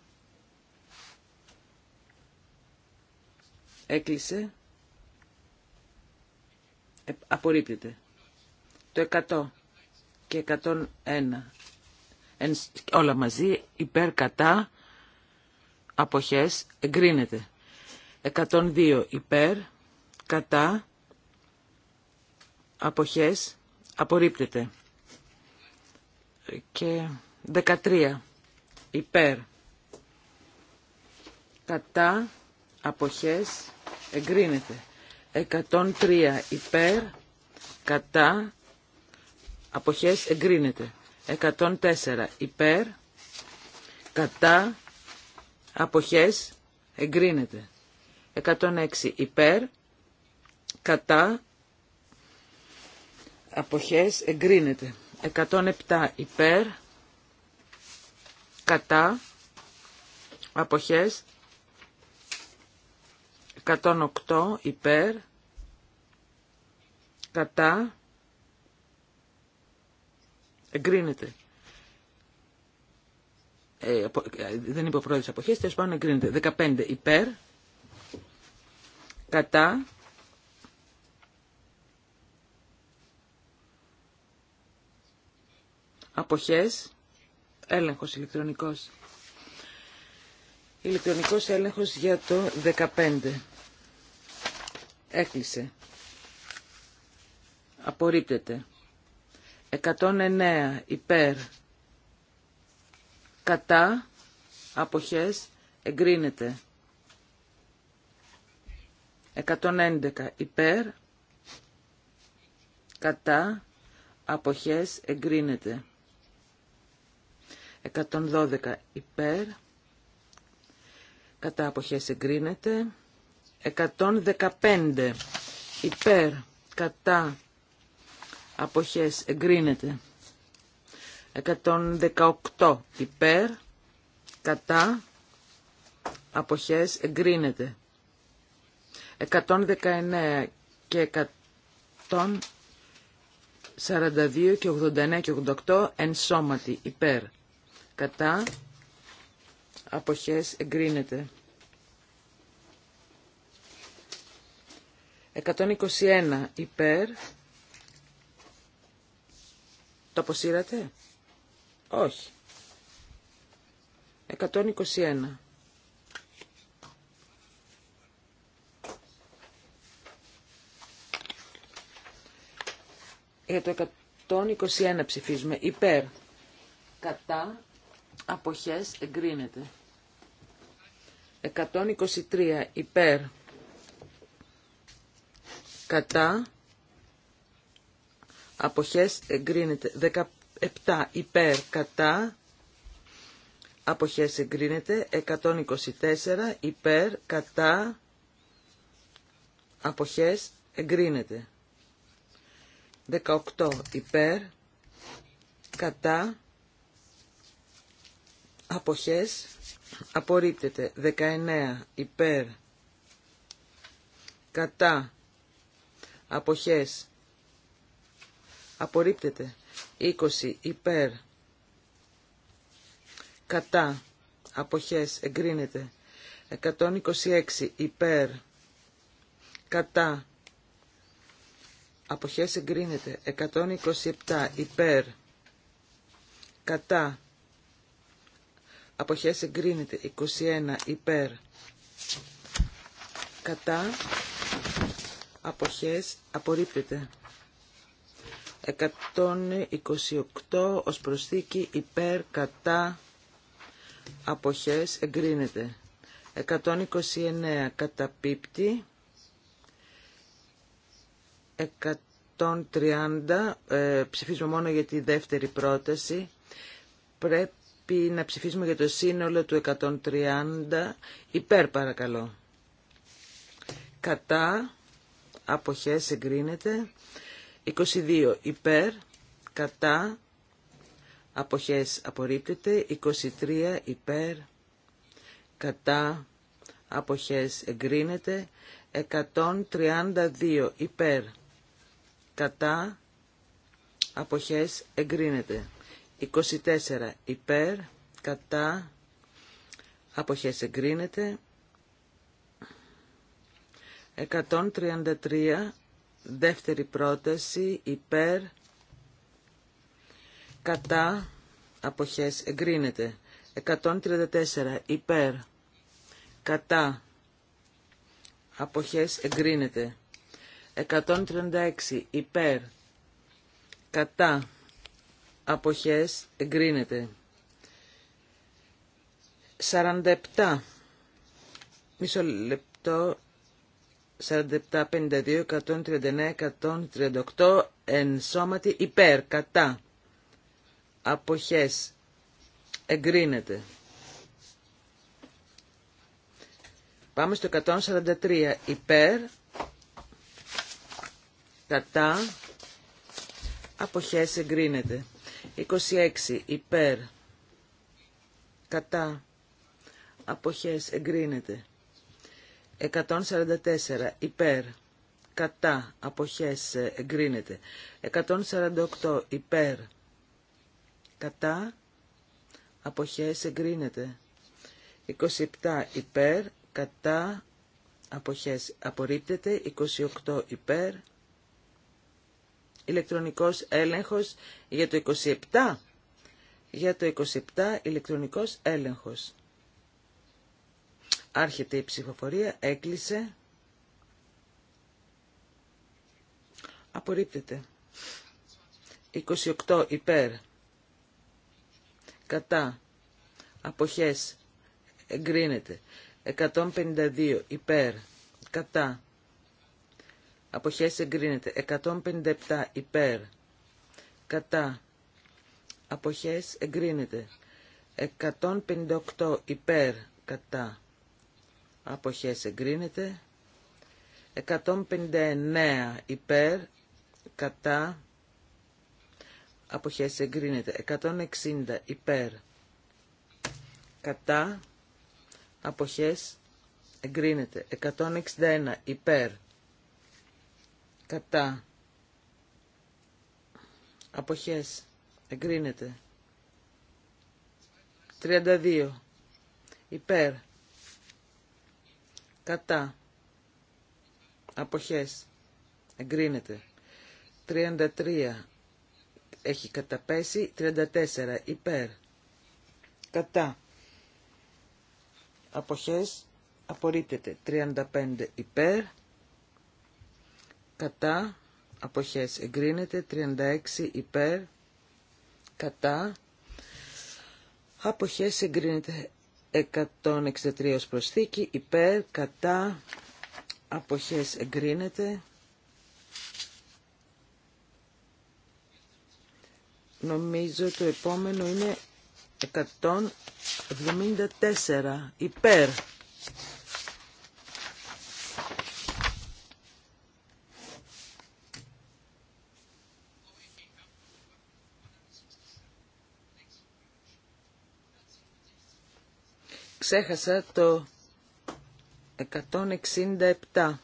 έκλεισε. Ε, απορρίπτεται. Το 100 και 101. Όλα μαζί υπέρ κατά αποχές εγκρίνεται. 102 υπέρ κατά αποχές απορρίπτεται και 13 υπέρ κατά αποχές εγκρίνεται 103 υπέρ κατά αποχές εγκρίνεται 104 υπέρ κατά αποχές εγκρίνεται 106 υπέρ κατά αποχές εγκρίνεται 107 υπέρ, κατά, αποχές, 108 υπέρ, κατά, εγκρίνεται. Ε, ε, δεν είπε ο πρόεδρος αποχές, τέλος πάντων εγκρίνεται. 15 υπέρ, κατά, αποχές, έλεγχος ηλεκτρονικός. Ηλεκτρονικός έλεγχος για το 15. Έκλεισε. Απορρίπτεται. 109 υπέρ. Κατά. Αποχές. Εγκρίνεται. 111 υπέρ. Κατά. Αποχές. Εγκρίνεται. 112 υπέρ, κατά αποχές εγκρίνεται. 115 υπέρ, κατά αποχές εγκρίνεται. 118 υπέρ, κατά αποχές εγκρίνεται. 119 και 142 και 89 και 88 ενσώματι υπέρ κατά αποχές εγκρίνεται. 121 υπέρ. Το αποσύρατε. Όχι. 121. Για το 121 ψηφίζουμε υπέρ, κατά, αποχές εγκρίνεται. 123 υπέρ κατά αποχές εγκρίνεται. 17 υπέρ κατά αποχές εγκρίνεται. 124 υπέρ κατά αποχές εγκρίνεται. 18 υπέρ κατά αποχές απορρίπτεται 19 υπέρ κατά αποχές απορρίπτεται 20 υπέρ κατά αποχές εγκρίνεται 126 υπέρ κατά αποχές εγκρίνεται 127 υπέρ κατά αποχές εγκρίνεται 21 υπέρ κατά αποχές απορρίπτεται 128 ως προσθήκη υπέρ κατά αποχές εγκρίνεται 129 καταπίπτει 130 ε, ψηφίζουμε μόνο για τη δεύτερη πρόταση πρέπει πρέπει να ψηφίσουμε για το σύνολο του 130 υπέρ παρακαλώ. Κατά αποχές εγκρίνεται 22 υπέρ κατά αποχές απορρίπτεται 23 υπέρ κατά αποχές εγκρίνεται 132 υπέρ κατά αποχές εγκρίνεται 24 υπέρ, κατά, αποχές εγκρίνεται. 133 δεύτερη πρόταση υπέρ, κατά, αποχές εγκρίνεται. 134 υπέρ, κατά, αποχές εγκρίνεται. 136 υπέρ, κατά, αποχές εγκρίνεται. 47 μισό λεπτό 47, 52, 139, 138 ενσώματι υπέρ, κατά αποχές εγκρίνεται. Πάμε στο 143 υπέρ, κατά αποχές εγκρίνεται. 26 υπέρ κατά αποχές εγκρίνεται 144 υπέρ κατά αποχές εγκρίνεται 148 υπέρ κατά αποχές εγκρίνεται 27 υπέρ κατά αποχές απορρίπτεται 28 υπέρ ηλεκτρονικός έλεγχος για το 27. Για το 27 ηλεκτρονικός έλεγχος. Άρχεται η ψηφοφορία, έκλεισε. Απορρίπτεται. 28 υπέρ. Κατά. Αποχές. Εγκρίνεται. 152 υπέρ. Κατά αποχές εγκρίνεται 157 υπέρ κατά αποχές εγκρίνεται 158 υπέρ κατά αποχές εγκρίνεται 159 υπέρ κατά αποχές εγκρίνεται 160 υπέρ κατά αποχές εγκρίνεται 161 υπέρ κατά αποχές εγκρίνεται 32 υπέρ κατά αποχές εγκρίνεται 33 έχει καταπέσει 34 υπέρ κατά αποχές απορρίπτεται 35 υπέρ κατά αποχές εγκρίνεται 36 υπέρ κατά αποχές εγκρίνεται 163 ως προσθήκη υπέρ κατά αποχές εγκρίνεται νομίζω το επόμενο είναι 174 υπέρ Ξέχασα το 167.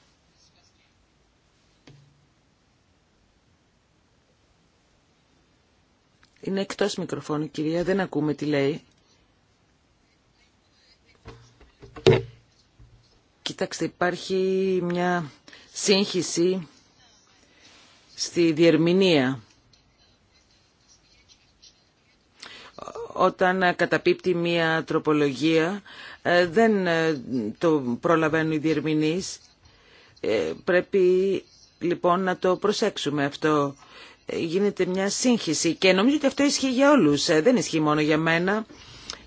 Είναι εκτός μικροφώνου, κυρία. Δεν ακούμε τι λέει. Κοιτάξτε, υπάρχει μια σύγχυση στη διερμηνία. όταν καταπίπτει μία τροπολογία ε, δεν ε, το προλαβαίνουν οι διερμηνείς. Ε, πρέπει λοιπόν να το προσέξουμε αυτό. Γίνεται μια σύγχυση και νομίζω ότι αυτό ισχύει για όλους, δεν ισχύει μόνο για μένα.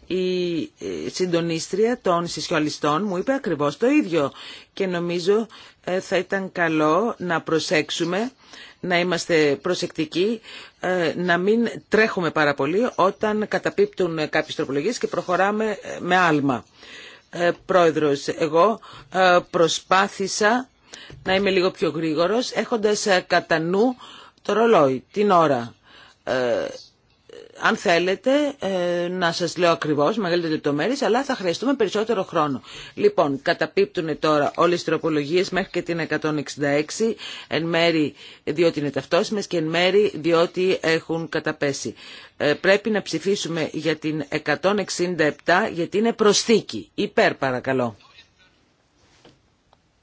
Η συντονίστρια των συσχολιστών μου είπε ακριβώς το ίδιο και νομίζω ε, θα ήταν καλό να προσέξουμε, να είμαστε προσεκτικοί, ε, να μην τρέχουμε πάρα πολύ όταν καταπίπτουν κάποιες τροπολογίες και προχωράμε ε, με άλμα. Πρόεδρος, εγώ προσπάθησα να είμαι λίγο πιο γρήγορος έχοντας κατά νου το ρολόι, την ώρα αν θέλετε ε, να σας λέω ακριβώς μεγαλύτερες λεπτομέρειες, αλλά θα χρειαστούμε περισσότερο χρόνο. Λοιπόν, καταπίπτουν τώρα όλες οι τροπολογίες μέχρι και την 166, εν μέρη διότι είναι ταυτόσιμες και εν μέρη διότι έχουν καταπέσει. Ε, πρέπει να ψηφίσουμε για την 167 γιατί είναι προσθήκη. Υπέρ παρακαλώ.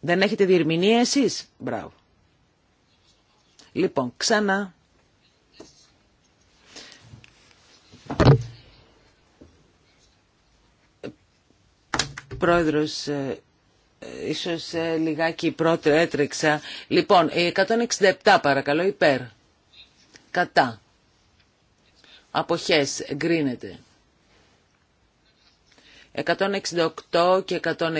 Δεν έχετε διερμηνία εσείς. Μπράβο. Λοιπόν, ξανά. Πρόεδρος, ε, ίσως ε, λιγάκι πρώτο έτρεξα. Λοιπόν, 167 παρακαλώ υπέρ. Κατά. Αποχές εγκρίνεται. 168 και 169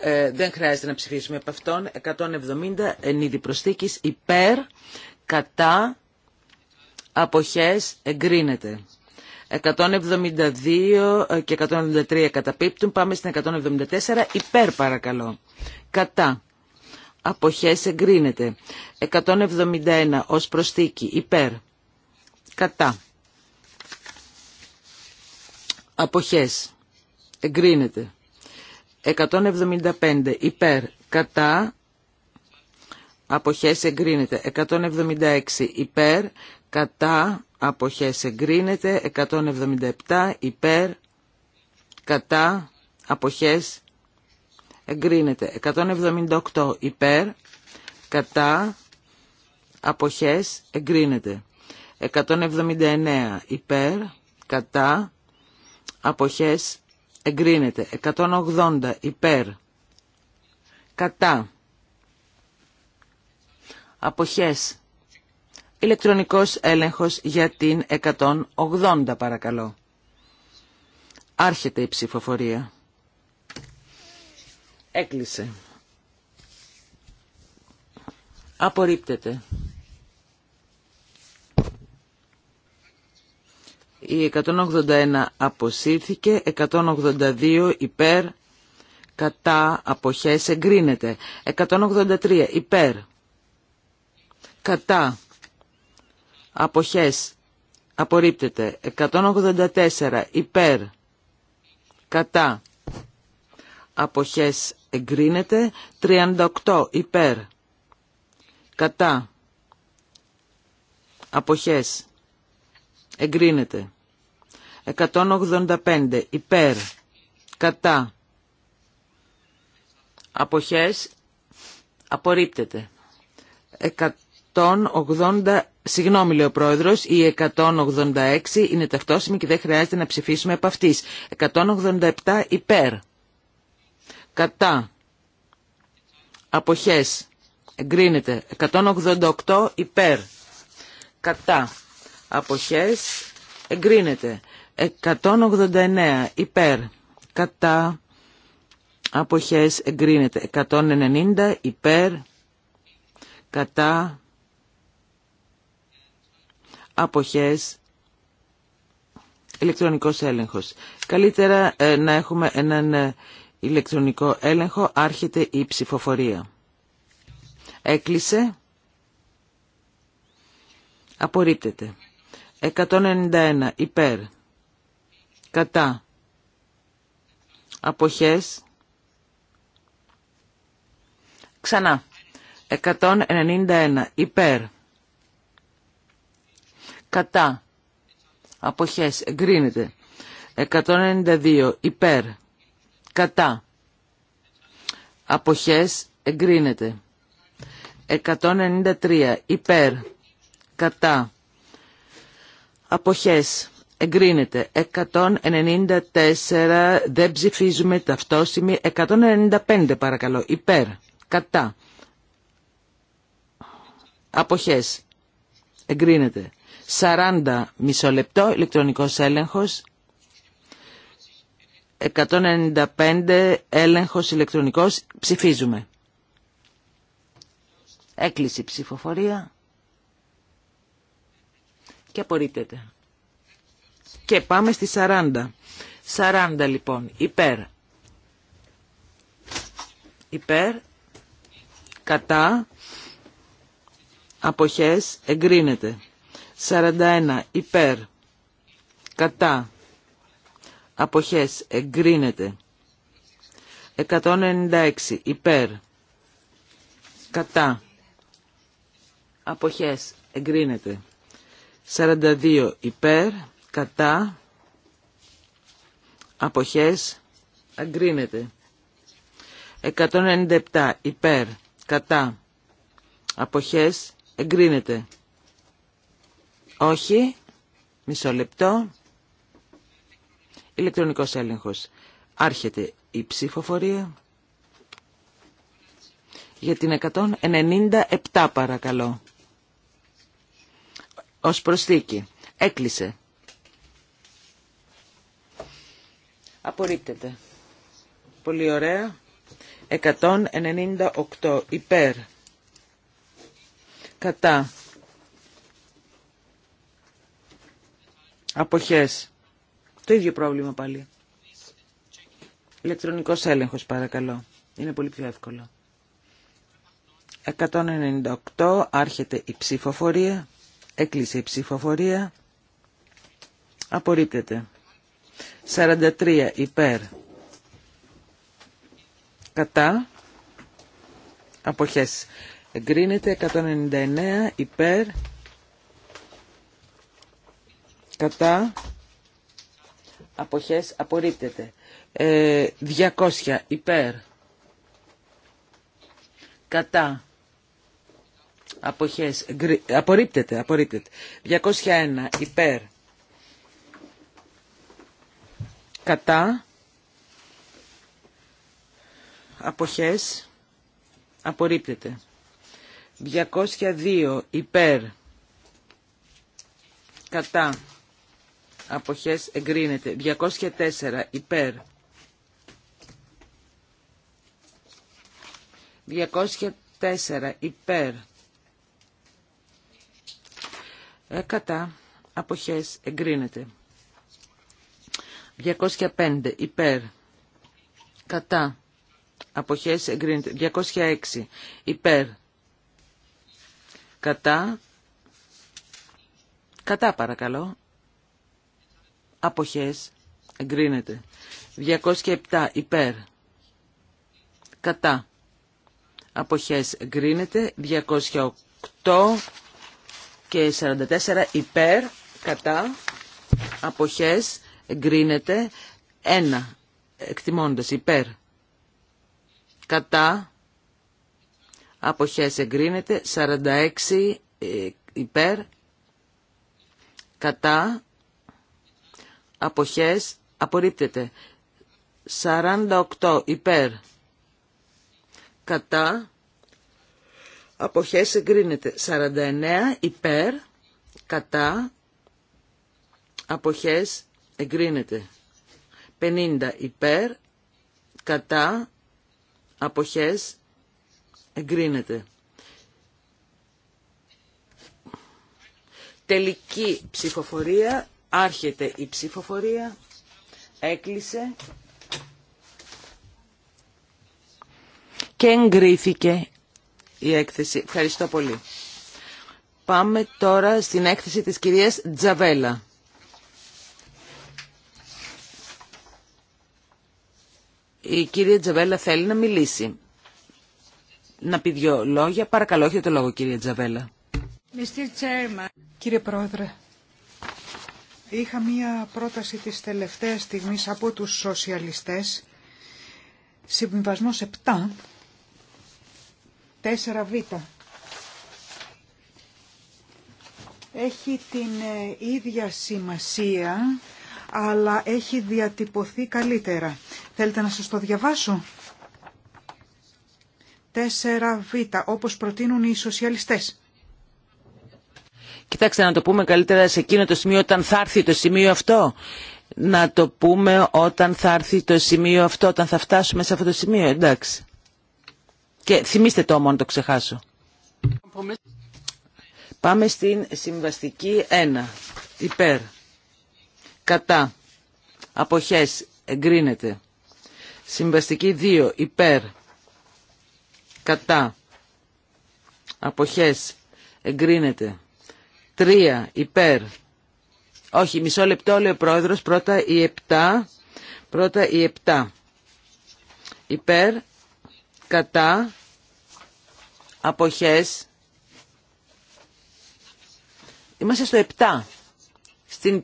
ε, δεν χρειάζεται να ψηφίσουμε από αυτόν. 170 ενίδη προσθήκης υπέρ, κατά, αποχές εγκρίνεται. 172 και 173 καταπίπτουν. Πάμε στην 174. Υπέρ παρακαλώ. Κατά. Αποχές εγκρίνεται. 171 ως προστίκη. Υπέρ. Κατά. Αποχές. Εγκρίνεται. 175 υπέρ. Κατά. Αποχές εγκρίνεται. 176 υπέρ. Κατά αποχές εγκρίνεται 177 υπέρ κατά αποχές εγκρίνεται 178 υπέρ κατά αποχές εγκρίνεται 179 υπέρ κατά αποχές εγκρίνεται 180 υπέρ κατά αποχές Ηλεκτρονικός έλεγχος για την 180 παρακαλώ. Άρχεται η ψηφοφορία. Έκλεισε. Απορρίπτεται. Η 181 αποσύρθηκε, 182 υπέρ, κατά αποχές εγκρίνεται. 183 υπέρ, κατά αποχές απορρίπτεται 184 υπέρ κατά αποχές εγκρίνεται 38 υπέρ κατά αποχές εγκρίνεται 185 υπέρ κατά αποχές απορρίπτεται 186 Συγγνώμη, λέει ο πρόεδρο, η 186 είναι ταυτόσιμη και δεν χρειάζεται να ψηφίσουμε από αυτή. 187 υπέρ. Κατά. Αποχές. Εγκρίνεται. 188 υπέρ. Κατά. Αποχές. Εγκρίνεται. 189 υπέρ. Κατά. Αποχές. Εγκρίνεται. 190 υπέρ. Κατά αποχές ηλεκτρονικός έλεγχος. Καλύτερα ε, να έχουμε έναν ε, ηλεκτρονικό έλεγχο, άρχεται η ψηφοφορία. Έκλεισε. Απορρίπτεται. 191 υπέρ. Κατά. Αποχές. Ξανά. 191 υπέρ κατά, αποχές, εγκρίνεται. 192 υπέρ, κατά, αποχές, εγκρίνεται. 193 υπέρ, κατά, αποχές, εγκρίνεται 194, δεν ψηφίζουμε ταυτόσημη, 195 παρακαλώ, υπέρ, κατά, αποχές, εγκρίνεται 40 μισό λεπτό ηλεκτρονικός έλεγχος. 195 έλεγχος ηλεκτρονικός. Ψηφίζουμε. Έκλεισε η ψηφοφορία και απορρίπτεται. Και πάμε στη 40. 40 λοιπόν. Υπέρ. Υπέρ. Κατά. Αποχές. Εγκρίνεται. 41 υπέρ κατά αποχές εγκρίνεται 196 υπέρ κατά αποχές εγκρίνεται 42 υπέρ κατά αποχές εγκρίνεται 197 υπέρ κατά αποχές εγκρίνεται όχι. Μισό λεπτό. Ηλεκτρονικός έλεγχος. Άρχεται η ψηφοφορία. Για την 197 παρακαλώ. Ως προσθήκη. Έκλεισε. Απορρίπτεται. Πολύ ωραία. 198 υπέρ. Κατά. Αποχές. Το ίδιο πρόβλημα πάλι. Ηλεκτρονικός έλεγχος παρακαλώ. Είναι πολύ πιο εύκολο. 198 άρχεται η ψηφοφορία. Έκλεισε η ψηφοφορία. Απορρίπτεται. 43 υπέρ. Κατά. Αποχές. Εγκρίνεται 199 υπέρ κατά αποχές απορρίπτεται. 200 ε, υπέρ κατά αποχές απορρίπτεται, απορρίπτεται. 201 υπέρ κατά αποχές απορρίπτεται. 202 υπέρ κατά αποχές εγκρίνεται. 204 υπέρ. 204 ε, υπέρ. κατά αποχές εγκρίνεται. 205 υπέρ. Κατά αποχές εγκρίνεται. 206 υπέρ. Κατά. Κατά παρακαλώ αποχές εγκρίνεται. 207 υπέρ κατά αποχές εγκρίνεται. 208 και 44 υπέρ κατά αποχές εγκρίνεται. 1 εκτιμώντας υπέρ κατά αποχές εγκρίνεται. 46 ε, υπέρ κατά αποχές απορρίπτεται. 48 υπέρ κατά αποχές εγκρίνεται. 49 υπέρ κατά αποχές εγκρίνεται. 50 υπέρ κατά αποχές εγκρίνεται. Τελική ψηφοφορία Άρχεται η ψηφοφορία. Έκλεισε. Και εγκρίθηκε η έκθεση. Ευχαριστώ πολύ. Πάμε τώρα στην έκθεση της κυρίας Τζαβέλα. Η κυρία Τζαβέλα θέλει να μιλήσει. Να πει δυο λόγια. Παρακαλώ, έχετε το λόγο κυρία Τζαβέλα. Κύριε Πρόεδρε, Είχα μία πρόταση της τελευταίας στιγμής από τους σοσιαλιστές, συμβιβασμός 7, 4β. Έχει την ε, ίδια σημασία, αλλά έχει διατυπωθεί καλύτερα. Θέλετε να σας το διαβάσω. 4β, όπως προτείνουν οι σοσιαλιστές. Κοιτάξτε να το πούμε καλύτερα σε εκείνο το σημείο όταν θα έρθει το σημείο αυτό. Να το πούμε όταν θα έρθει το σημείο αυτό, όταν θα φτάσουμε σε αυτό το σημείο, εντάξει. Και θυμίστε το να το ξεχάσω. Πάμε στην συμβαστική 1. Υπέρ. Κατά. Αποχές. Εγκρίνεται. Συμβαστική 2. Υπέρ. Κατά. Αποχές. Εγκρίνεται. Τρία, υπέρ. Όχι, μισό λεπτό λέει ο πρόεδρος. Πρώτα η επτά, Πρώτα η επτά, Υπέρ. Κατά. Αποχές. Είμαστε στο επτά, Στην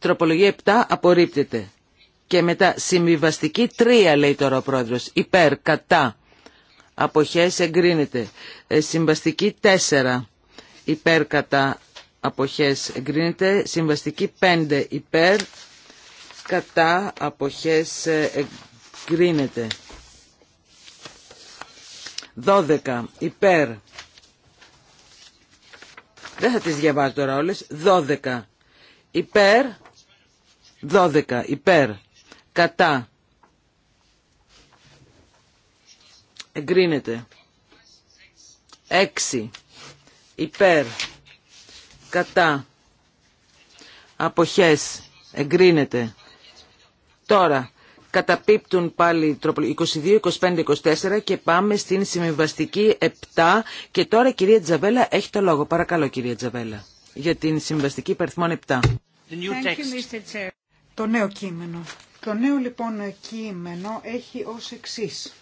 τροπολογία επτά απορρίπτεται. Και μετά συμβιβαστική τρία λέει τώρα ο πρόεδρος. Υπέρ. Κατά αποχές εγκρίνεται. Ε, συμβαστική 4 υπέρ κατά αποχές εγκρίνεται. Συμβαστική 5 υπέρ κατά αποχές ε, εγκρίνεται. 12 υπέρ. Δεν θα τις διαβάζω τώρα όλες. 12 υπέρ. 12 υπέρ. Κατά εγκρίνεται. 6 υπέρ κατά αποχές εγκρίνεται. Τώρα καταπίπτουν πάλι 22, 25, 24 και πάμε στην συμβιβαστική 7 και τώρα κυρία Τζαβέλα έχει το λόγο. Παρακαλώ κυρία Τζαβέλα για την συμβαστική υπερθμών 7. το νέο κείμενο. Το νέο λοιπόν κείμενο έχει ως εξής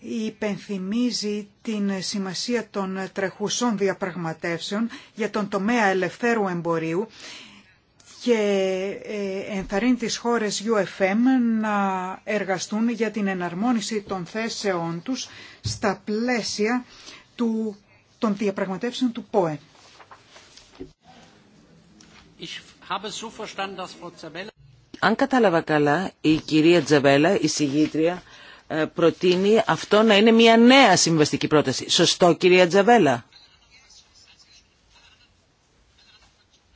υπενθυμίζει την σημασία των τρεχουσών διαπραγματεύσεων για τον τομέα ελευθέρου εμπορίου και ε, ενθαρρύνει τις χώρες UFM να εργαστούν για την εναρμόνιση των θέσεών τους στα πλαίσια του, των διαπραγματεύσεων του ΠΟΕ. Αν κατάλαβα καλά, η κυρία Τζαβέλα, η συγγήτρια, ε, προτείνει αυτό να είναι μια νέα συμβαστική πρόταση. Σωστό κυρία Τζαβέλα.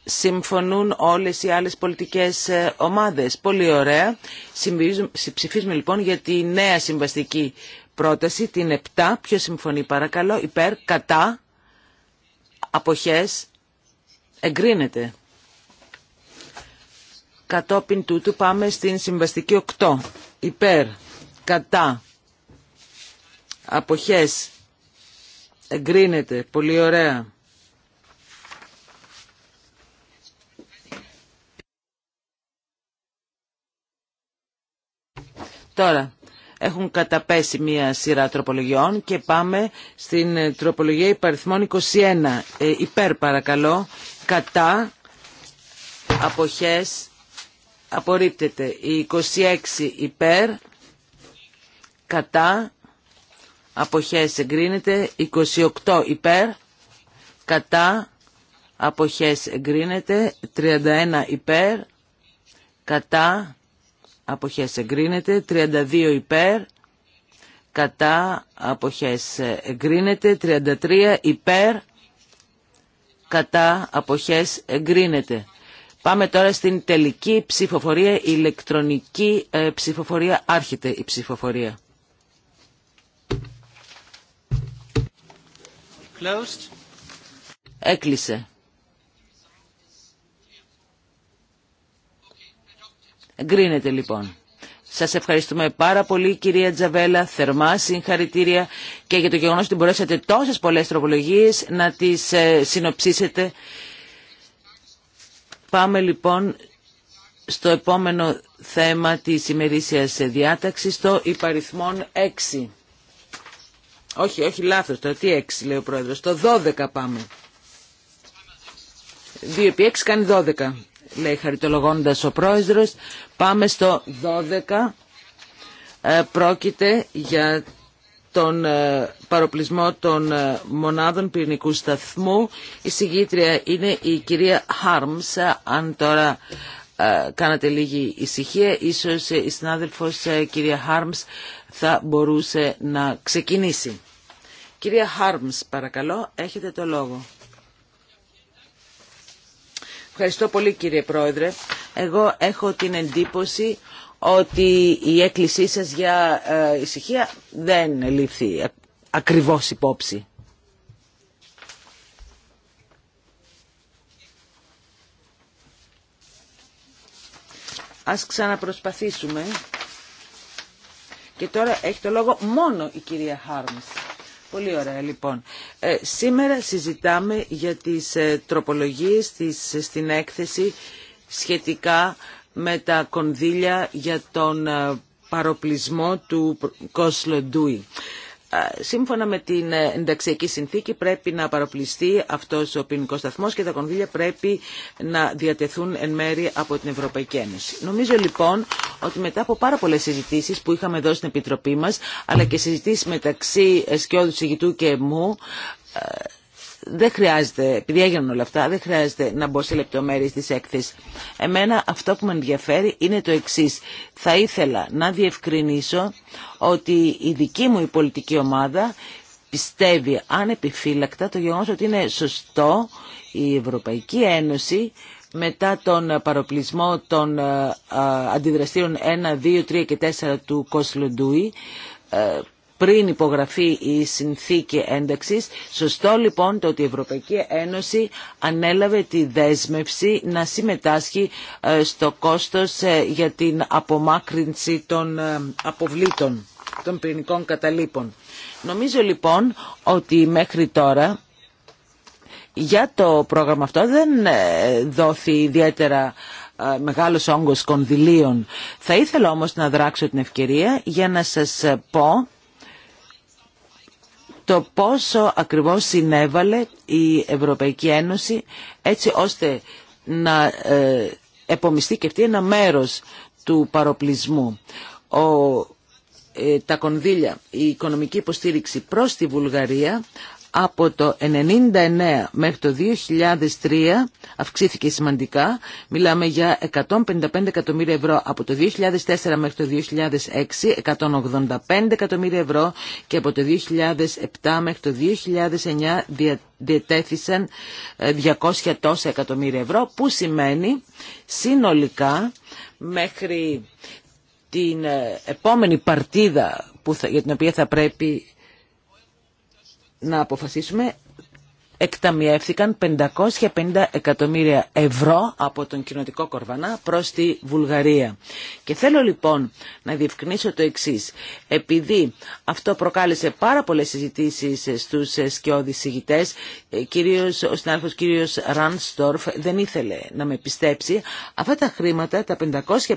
Συμφωνούν όλες οι άλλες πολιτικές ε, ομάδες. Πολύ ωραία. Ψηφίζουμε λοιπόν για τη νέα συμβαστική πρόταση, την 7. Ποιο συμφωνεί παρακαλώ, υπέρ, κατά, αποχές, εγκρίνεται. Κατόπιν τούτου πάμε στην συμβαστική 8. Υπέρ κατά αποχές εγκρίνεται πολύ ωραία Τώρα, έχουν καταπέσει μία σειρά τροπολογιών και πάμε στην τροπολογία υπαριθμών 21. Ε, υπέρ παρακαλώ, κατά, αποχές, απορρίπτεται. Η 26 υπέρ, κατά αποχές εγκρίνεται 28 υπέρ κατά αποχές εγκρίνεται 31 υπέρ κατά αποχές εγκρίνεται 32 υπέρ κατά αποχές εγκρίνεται 33 υπέρ κατά αποχές εγκρίνεται Πάμε τώρα στην τελική ψηφοφορία, ηλεκτρονική ε, ψηφοφορία, άρχεται η ψηφοφορία. Έκλεισε. Εγκρίνεται λοιπόν. Σας ευχαριστούμε πάρα πολύ κυρία Τζαβέλα, θερμά συγχαρητήρια και για το γεγονός ότι μπορέσατε τόσες πολλές τροπολογίες να τις ε, συνοψίσετε. Πάμε λοιπόν στο επόμενο θέμα της ημερήσιας διάταξης, το υπαριθμόν 6. Όχι, όχι, λάθος, το τι έξι λέει ο πρόεδρος, το 12 πάμε. 2 επί κάνει 12, λέει χαριτολογώντας ο πρόεδρος. Πάμε στο 12, ε, πρόκειται για τον ε, παροπλισμό των ε, μονάδων πυρηνικού σταθμού. Η συγγήτρια είναι η κυρία Χάρμς, αν τώρα ε, κάνατε λίγη ησυχία, ίσως η συνάδελφος ε, κυρία Χάρμς θα μπορούσε να ξεκινήσει. Κυρία Χάρμς, παρακαλώ, έχετε το λόγο. Ευχαριστώ πολύ κύριε Πρόεδρε. Εγώ έχω την εντύπωση ότι η έκκλησή σας για ε, ησυχία δεν λήφθη ε, ακριβώς υπόψη. Ας ξαναπροσπαθήσουμε. Και τώρα έχει το λόγο μόνο η κυρία Χάρμς. Πολύ ωραία λοιπόν. Ε, σήμερα συζητάμε για τις ε, τροπολογίες της, ε, στην έκθεση σχετικά με τα κονδύλια για τον ε, παροπλισμό του Κόσλο Ντούι. Ε, σύμφωνα με την ενταξιακή συνθήκη πρέπει να παροπληστεί αυτός ο ποινικός σταθμός και τα κονδύλια πρέπει να διατεθούν εν μέρη από την Ευρωπαϊκή Ένωση. Νομίζω λοιπόν ότι μετά από πάρα πολλές συζητήσεις που είχαμε εδώ στην Επιτροπή μας αλλά και συζητήσεις μεταξύ Σκιώδου Σιγητού και μου ε, δεν χρειάζεται, επειδή έγιναν όλα αυτά, δεν χρειάζεται να μπω σε λεπτομέρειε τη έκθεση. Εμένα αυτό που με ενδιαφέρει είναι το εξή. Θα ήθελα να διευκρινίσω ότι η δική μου η πολιτική ομάδα πιστεύει ανεπιφύλακτα το γεγονός ότι είναι σωστό η Ευρωπαϊκή Ένωση μετά τον παροπλισμό των ε, ε, αντιδραστήρων 1, 2, 3 και 4 του Κοσλοντούι ε, πριν υπογραφεί η συνθήκη ένταξης. Σωστό λοιπόν το ότι η Ευρωπαϊκή Ένωση ανέλαβε τη δέσμευση να συμμετάσχει ε, στο κόστος ε, για την απομάκρυνση των ε, αποβλήτων, των πυρηνικών καταλήπων. Νομίζω λοιπόν ότι μέχρι τώρα για το πρόγραμμα αυτό δεν δόθη ιδιαίτερα μεγάλος όγκος κονδυλίων. Θα ήθελα όμως να δράξω την ευκαιρία για να σας πω το πόσο ακριβώς συνέβαλε η Ευρωπαϊκή Ένωση έτσι ώστε να ε, επομιστεί και αυτή ένα μέρος του παροπλισμού. Ο, ε, τα κονδύλια, η οικονομική υποστήριξη προς τη Βουλγαρία από το 1999 μέχρι το 2003 αυξήθηκε σημαντικά. Μιλάμε για 155 εκατομμύρια ευρώ από το 2004 μέχρι το 2006, 185 εκατομμύρια ευρώ και από το 2007 μέχρι το 2009 διατέθησαν 200 ε, τόσα εκατομμύρια ευρώ που σημαίνει συνολικά μέχρι την ε, επόμενη παρτίδα που θα, για την οποία θα πρέπει να αποφασίσουμε εκταμιεύθηκαν 550 εκατομμύρια ευρώ από τον κοινοτικό κορβανά προς τη Βουλγαρία. Και θέλω λοιπόν να διευκρινίσω το εξής. Επειδή αυτό προκάλεσε πάρα πολλές συζητήσεις στους σκιώδεις συγητές, ε, κυρίως, ο συνάδελφος κύριος Ρανστόρφ δεν ήθελε να με πιστέψει, αυτά τα χρήματα, τα 550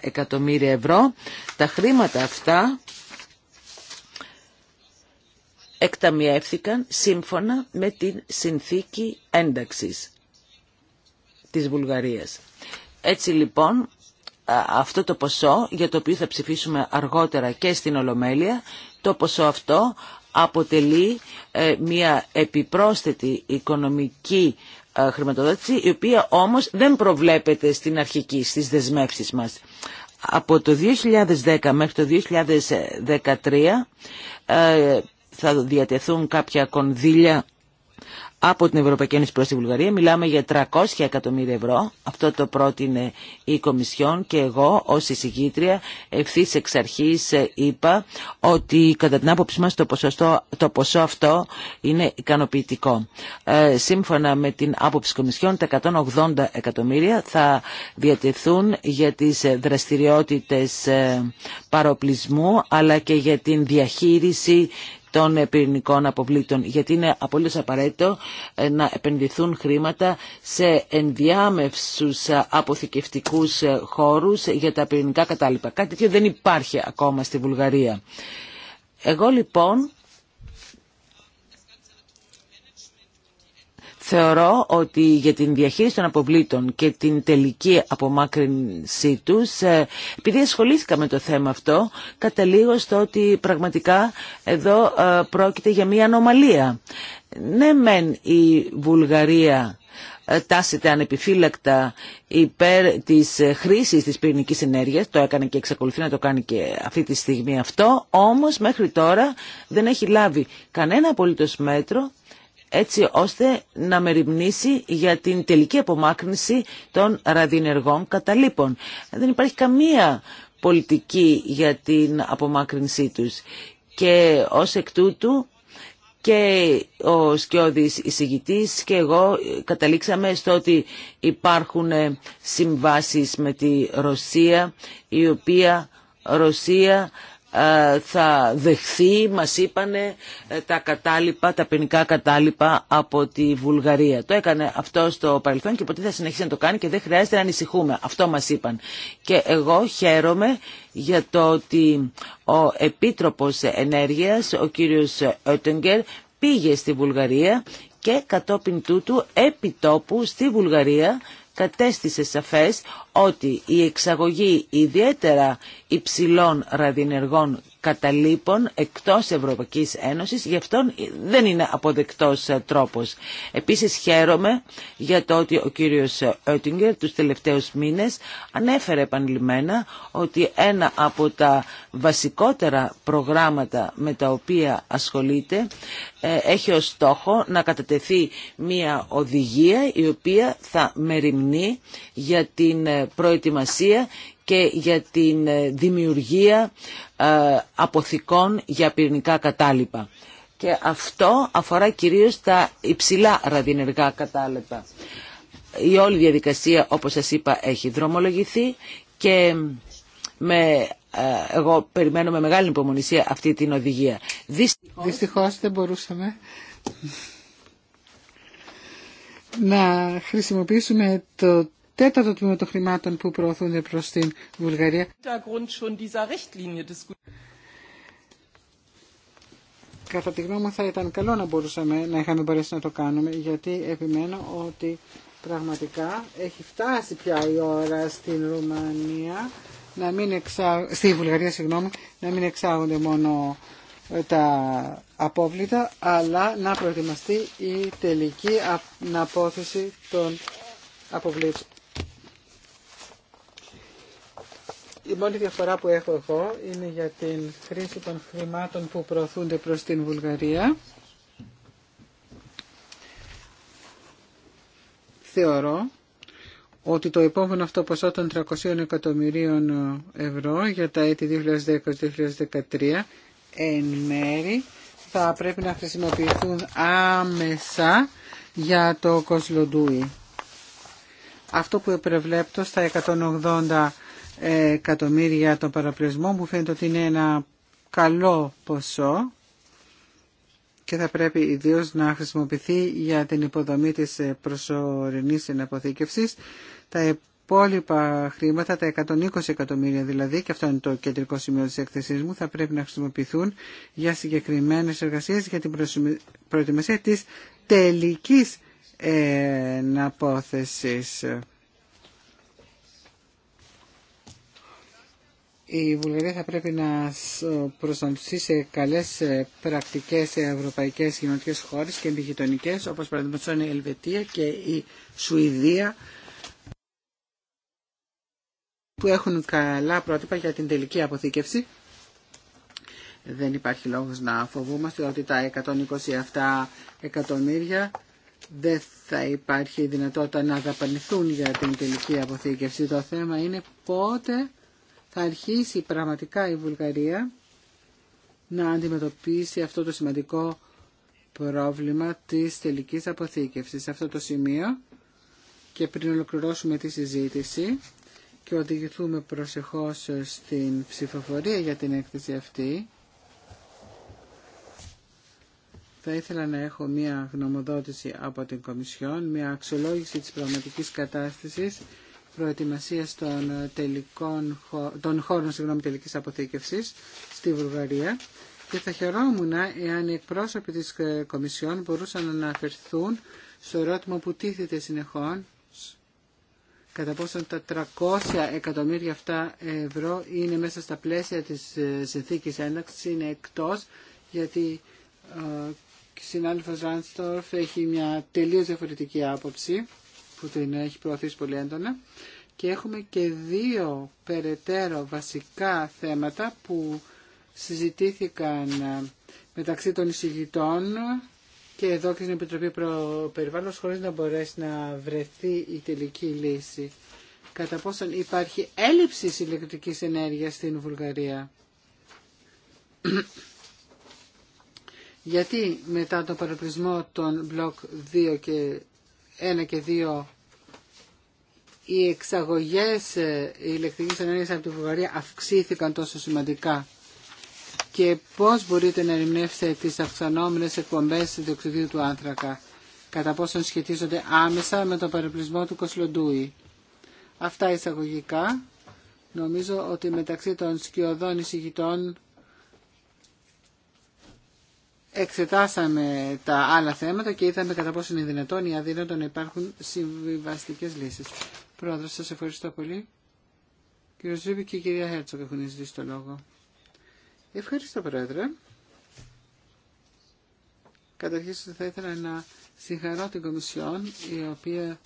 εκατομμύρια ευρώ, τα χρήματα αυτά εκταμιεύθηκαν σύμφωνα με την συνθήκη ένταξης της Βουλγαρίας. Έτσι λοιπόν αυτό το ποσό για το οποίο θα ψηφίσουμε αργότερα και στην Ολομέλεια, το ποσό αυτό αποτελεί ε, μια επιπρόσθετη οικονομική ε, χρηματοδότηση η οποία όμως δεν προβλέπεται στην αρχική, στις δεσμεύσεις μας. Από το 2010 μέχρι το 2013 θα διατεθούν κάποια κονδύλια από την Ευρωπαϊκή Ένωση προς τη Βουλγαρία. Μιλάμε για 300 εκατομμύρια ευρώ. Αυτό το πρότεινε η Κομισιόν και εγώ ως εισηγήτρια ευθύ εξ αρχής ε, είπα ότι κατά την άποψή μας το, ποσοστό, το ποσό αυτό είναι ικανοποιητικό. Ε, σύμφωνα με την άποψη Κομισιόν τα 180 εκατομμύρια θα διατεθούν για τις ε, δραστηριότητες παροπλισμού αλλά και για την διαχείριση των πυρηνικών αποβλήτων γιατί είναι απολύτως απαραίτητο ε, να επενδυθούν χρήματα σε ενδιάμευσους ε, αποθηκευτικούς ε, χώρους για τα πυρηνικά κατάλοιπα. Κάτι τέτοιο δεν υπάρχει ακόμα στη Βουλγαρία. Εγώ λοιπόν Θεωρώ ότι για την διαχείριση των αποβλήτων και την τελική απομάκρυνσή τους, ε, επειδή ασχολήθηκα με το θέμα αυτό, καταλήγω στο ότι πραγματικά εδώ ε, πρόκειται για μια ανομαλία. Ναι μεν η Βουλγαρία ε, τάσεται ανεπιφύλακτα υπέρ της χρήσης της πυρηνικής ενέργειας, το έκανε και εξακολουθεί να το κάνει και αυτή τη στιγμή αυτό, όμως μέχρι τώρα δεν έχει λάβει κανένα απολύτως μέτρο έτσι ώστε να μεριμνήσει για την τελική απομάκρυνση των ραδινεργών καταλήπων. Δεν υπάρχει καμία πολιτική για την απομάκρυνσή τους. Και ως εκ τούτου και ο Σκιώδης εισηγητής και εγώ καταλήξαμε στο ότι υπάρχουν ε, συμβάσεις με τη Ρωσία η οποία Ρωσία ε, θα δεχθεί, μας είπανε, ε, τα κατάλοιπα, τα ποινικά κατάλοιπα από τη Βουλγαρία. Το έκανε αυτό στο παρελθόν και ποτέ θα συνεχίσει να το κάνει και δεν χρειάζεται να ανησυχούμε. Αυτό μας είπαν. Και εγώ χαίρομαι για το ότι ο Επίτροπος Ενέργειας, ο κύριος Ότεγκερ, πήγε στη Βουλγαρία και κατόπιν τούτου επιτόπου στη Βουλγαρία κατέστησε σαφές ότι η εξαγωγή ιδιαίτερα υψηλών ραδινεργών καταλήπων εκτός Ευρωπαϊκής Ένωσης, γι' αυτό δεν είναι αποδεκτός ε, τρόπος. Επίσης χαίρομαι για το ότι ο κύριος Ότιγκερ τους τελευταίους μήνες ανέφερε επανειλημμένα ότι ένα από τα βασικότερα προγράμματα με τα οποία ασχολείται ε, έχει ως στόχο να κατατεθεί μια οδηγία η οποία θα μεριμνεί για την ε, προετοιμασία και για την ε, δημιουργία ε, αποθηκών για πυρηνικά κατάλοιπα. Και αυτό αφορά κυρίως τα υψηλά ραδιενεργά κατάλοιπα. Η όλη διαδικασία, όπως σας είπα, έχει δρομολογηθεί και με, ε, εγώ περιμένω με μεγάλη υπομονησία αυτή την οδηγία. Δυστυχώς, Δυστυχώς δεν μπορούσαμε να χρησιμοποιήσουμε το τέταρτο τμήμα των χρημάτων που προωθούνται προ την Βουλγαρία. Κατά τη γνώμη μου θα ήταν καλό να μπορούσαμε να είχαμε μπορέσει να το κάνουμε γιατί επιμένω ότι πραγματικά έχει φτάσει πια η ώρα στην Ρουμανία να μην εξά... στη Βουλγαρία συγγνώμη, να μην εξάγονται μόνο ε, τα απόβλητα αλλά να προετοιμαστεί η τελική αναπόθεση των αποβλήτων. η μόνη διαφορά που έχω εγώ είναι για την χρήση των χρημάτων που προωθούνται προς την Βουλγαρία. Θεωρώ ότι το επόμενο αυτό ποσό των 300 εκατομμυρίων ευρώ για τα έτη 2010-2013 εν μέρη θα πρέπει να χρησιμοποιηθούν άμεσα για το Κοσλοντούι. Αυτό που προβλέπτω στα 180 εκατομμύρια των παραπλησμό, που φαίνεται ότι είναι ένα καλό ποσό και θα πρέπει ιδίω να χρησιμοποιηθεί για την υποδομή της προσωρινής συναποθήκευσης. Τα υπόλοιπα χρήματα, τα 120 εκατομμύρια δηλαδή, και αυτό είναι το κεντρικό σημείο της έκθεσής μου, θα πρέπει να χρησιμοποιηθούν για συγκεκριμένες εργασίες για την προετοιμασία της τελικής ε, εναπόθεσης. η Βουλγαρία θα πρέπει να προσανατολιστεί σε καλές ε, πρακτικέ σε ευρωπαϊκές κοινωνικέ χώρες και επιγειτονικέ, όπω παραδείγματο είναι η Ελβετία και η Σουηδία που έχουν καλά πρότυπα για την τελική αποθήκευση. Δεν υπάρχει λόγος να φοβούμαστε ότι τα 127 εκατομμύρια δεν θα υπάρχει δυνατότητα να δαπανηθούν για την τελική αποθήκευση. Το θέμα είναι πότε θα αρχίσει πραγματικά η Βουλγαρία να αντιμετωπίσει αυτό το σημαντικό πρόβλημα της τελικής αποθήκευσης. Σε αυτό το σημείο και πριν ολοκληρώσουμε τη συζήτηση και οδηγηθούμε προσεχώς στην ψηφοφορία για την έκθεση αυτή, θα ήθελα να έχω μία γνωμοδότηση από την Κομισιόν, μία αξιολόγηση της πραγματικής κατάστασης προετοιμασίας των, τελικών, των χώρων συγγνώμη, τελικής αποθήκευσης στη Βουλγαρία και θα χαιρόμουν εάν οι εκπρόσωποι της ε, Κομισιόν μπορούσαν να αναφερθούν στο ερώτημα που τίθεται συνεχών κατά πόσο τα 300 εκατομμύρια αυτά ευρώ είναι μέσα στα πλαίσια της ε, συνθήκης ένταξης, είναι εκτός, γιατί ε, ο συνάδελφος Ράνστορφ έχει μια τελείως διαφορετική άποψη που την έχει προωθήσει πολύ έντονα και έχουμε και δύο περαιτέρω βασικά θέματα που συζητήθηκαν ε, μεταξύ των εισηγητών και εδώ και στην Επιτροπή Περιβάλλοντος χωρίς να μπορέσει να βρεθεί η τελική λύση. Κατά πόσον υπάρχει έλλειψη ηλεκτρικής ενέργειας στην Βουλγαρία. Γιατί μετά τον παραπλησμό των μπλοκ 2 και ένα και δύο, οι εξαγωγές ε, ηλεκτρικής ενέργειας από τη Βουλγαρία αυξήθηκαν τόσο σημαντικά και πώς μπορείτε να ερμηνεύσετε τις αυξανόμενες εκπομπές διοξιδίου του άνθρακα κατά πόσον σχετίζονται άμεσα με τον παρεπλισμό του Κοσλοντούι. Αυτά εισαγωγικά. Νομίζω ότι μεταξύ των σκιωδών εισηγητών εξετάσαμε τα άλλα θέματα και είδαμε κατά πόσο είναι δυνατόν ή αδύνατο να υπάρχουν συμβιβαστικές λύσεις. Πρόεδρο, σας ευχαριστώ πολύ. Κύριο Ζήμπη και η κυρία Χέρτσοκ έχουν ζητήσει το λόγο. Ευχαριστώ, Πρόεδρε. Καταρχήν θα ήθελα να συγχαρώ την Κομισιόν, η οποία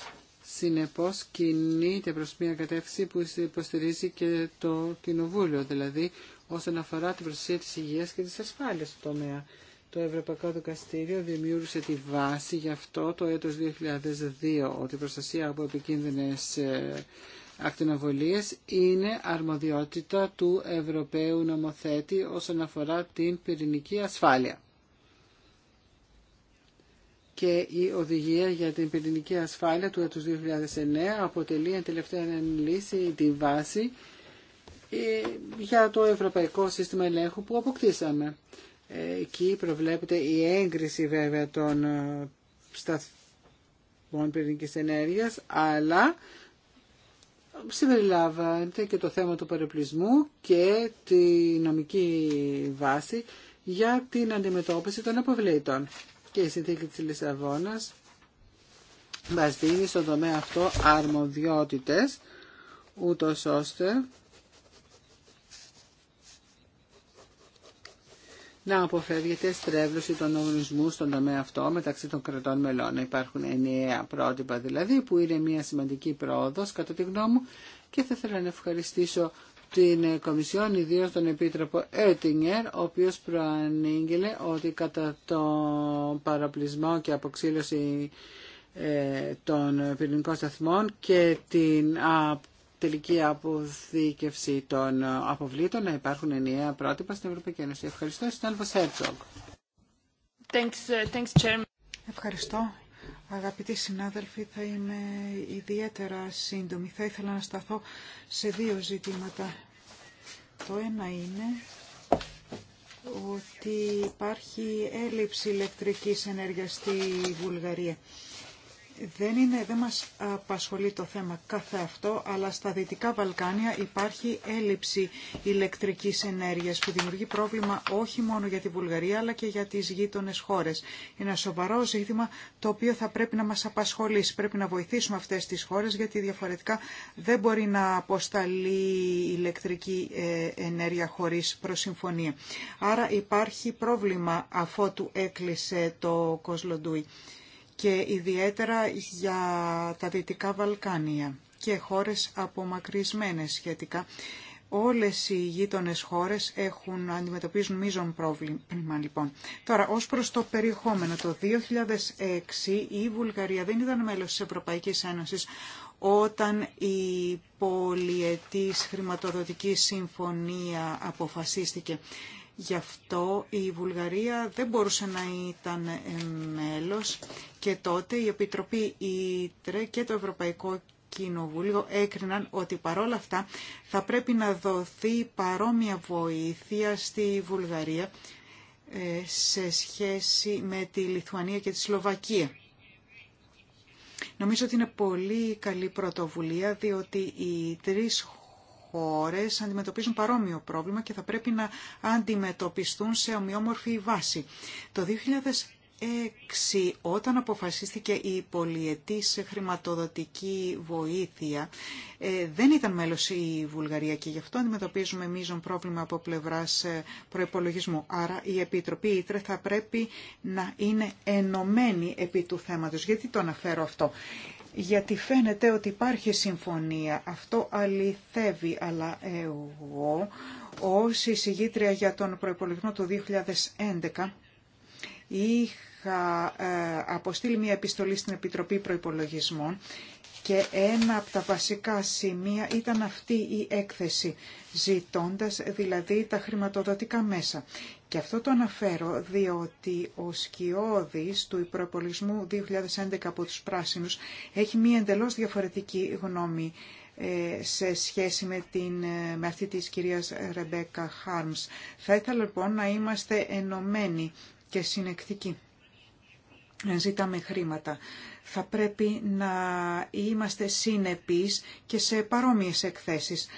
συνεπώς κινείται προς μια κατεύθυνση που υποστηρίζει και το Κοινοβούλιο, δηλαδή όσον αφορά την προστασία της υγείας και της ασφάλειας του τομέα. Το Ευρωπαϊκό Δικαστήριο δημιούργησε τη βάση γι' αυτό το έτος 2002, ότι η προστασία από επικίνδυνες ε, ακτινοβολίες είναι αρμοδιότητα του Ευρωπαίου νομοθέτη όσον αφορά την πυρηνική ασφάλεια. Και η οδηγία για την πυρηνική ασφάλεια του έτους 2009 αποτελεί εν τελευταία λύση τη βάση ε, για το Ευρωπαϊκό Σύστημα Ελέγχου που αποκτήσαμε. Εκεί προβλέπεται η έγκριση βέβαια των ε, σταθμών πυρηνικής ενέργειας, αλλά συμπεριλάβατε και το θέμα του παρεπλισμού και τη νομική βάση για την αντιμετώπιση των αποβλήτων. Και η συνθήκη της Λισαβόνας μας δίνει στον τομέα αυτό αρμοδιότητες, ούτως ώστε να αποφεύγεται στρέβλωση των οργανισμού στον τομέα αυτό μεταξύ των κρατών μελών. Υπάρχουν ενιαία πρότυπα δηλαδή που είναι μια σημαντική πρόοδος κατά τη γνώμη μου και θα ήθελα να ευχαριστήσω την Κομισιόν, ιδίω τον Επίτροπο Έτινγκερ, ο οποίος προανήγγειλε ότι κατά τον παραπλισμό και αποξήλωση ε, των πυρηνικών σταθμών και την τελική αποθήκευση των αποβλήτων να υπάρχουν ενιαία πρότυπα στην Ευρωπαϊκή Ένωση. Ευχαριστώ, στον uh, Ευχαριστώ. Αγαπητοί συνάδελφοι, θα είμαι ιδιαίτερα σύντομη. Θα ήθελα να σταθώ σε δύο ζητήματα. Το ένα είναι ότι υπάρχει έλλειψη ηλεκτρικής ενέργειας στη Βουλγαρία δεν, είναι, δεν μας απασχολεί το θέμα κάθε αυτό, αλλά στα Δυτικά Βαλκάνια υπάρχει έλλειψη ηλεκτρικής ενέργειας που δημιουργεί πρόβλημα όχι μόνο για τη Βουλγαρία αλλά και για τις γείτονες χώρες. Είναι ένα σοβαρό ζήτημα το οποίο θα πρέπει να μας απασχολήσει. Πρέπει να βοηθήσουμε αυτές τις χώρες γιατί διαφορετικά δεν μπορεί να αποσταλεί ηλεκτρική ε, ενέργεια χωρίς προσυμφωνία. Άρα υπάρχει πρόβλημα αφότου έκλεισε το Κοσλοντούι και ιδιαίτερα για τα Δυτικά Βαλκάνια και χώρες απομακρυσμένες σχετικά. Όλες οι γείτονε χώρες έχουν, αντιμετωπίζουν μείζον πρόβλημα λοιπόν. Τώρα, ως προς το περιεχόμενο, το 2006 η Βουλγαρία δεν ήταν μέλος της Ευρωπαϊκής Ένωσης όταν η πολιετής χρηματοδοτική συμφωνία αποφασίστηκε. Γι' αυτό η Βουλγαρία δεν μπορούσε να ήταν μέλος και τότε η Επιτροπή Ήτρε και το Ευρωπαϊκό Κοινοβούλιο έκριναν ότι παρόλα αυτά θα πρέπει να δοθεί παρόμοια βοήθεια στη Βουλγαρία ε, σε σχέση με τη Λιθουανία και τη Σλοβακία. Νομίζω ότι είναι πολύ καλή πρωτοβουλία διότι οι τρεις χώρες αντιμετωπίζουν παρόμοιο πρόβλημα και θα πρέπει να αντιμετωπιστούν σε ομοιόμορφη βάση. Το 2006 όταν αποφασίστηκε η σε χρηματοδοτική βοήθεια ε, δεν ήταν μέλος η Βουλγαρία και γι' αυτό αντιμετωπίζουμε μείζον πρόβλημα από πλευράς ε, προϋπολογισμού. Άρα η Επιτροπή Ήτρε θα πρέπει να είναι ενωμένη επί του θέματος. Γιατί το αναφέρω αυτό γιατί φαίνεται ότι υπάρχει συμφωνία. Αυτό αληθεύει, αλλά εγώ ως εισηγήτρια για τον προϋπολογισμό του 2011 είχα ε, αποστείλει μια επιστολή στην Επιτροπή Προϋπολογισμών και ένα από τα βασικά σημεία ήταν αυτή η έκθεση, ζητώντας δηλαδή τα χρηματοδοτικά μέσα. Και αυτό το αναφέρω διότι ο Σκιώδης του Υπροπολισμού 2011 από τους Πράσινους έχει μία εντελώς διαφορετική γνώμη ε, σε σχέση με, την, ε, με αυτή της κυρίας Ρεμπέκα Χάρμς. Θα ήθελα λοιπόν να είμαστε ενωμένοι και συνεκτικοί ζητάμε χρήματα. Θα πρέπει να είμαστε συνεπείς και σε παρόμοιες εκθέσεις.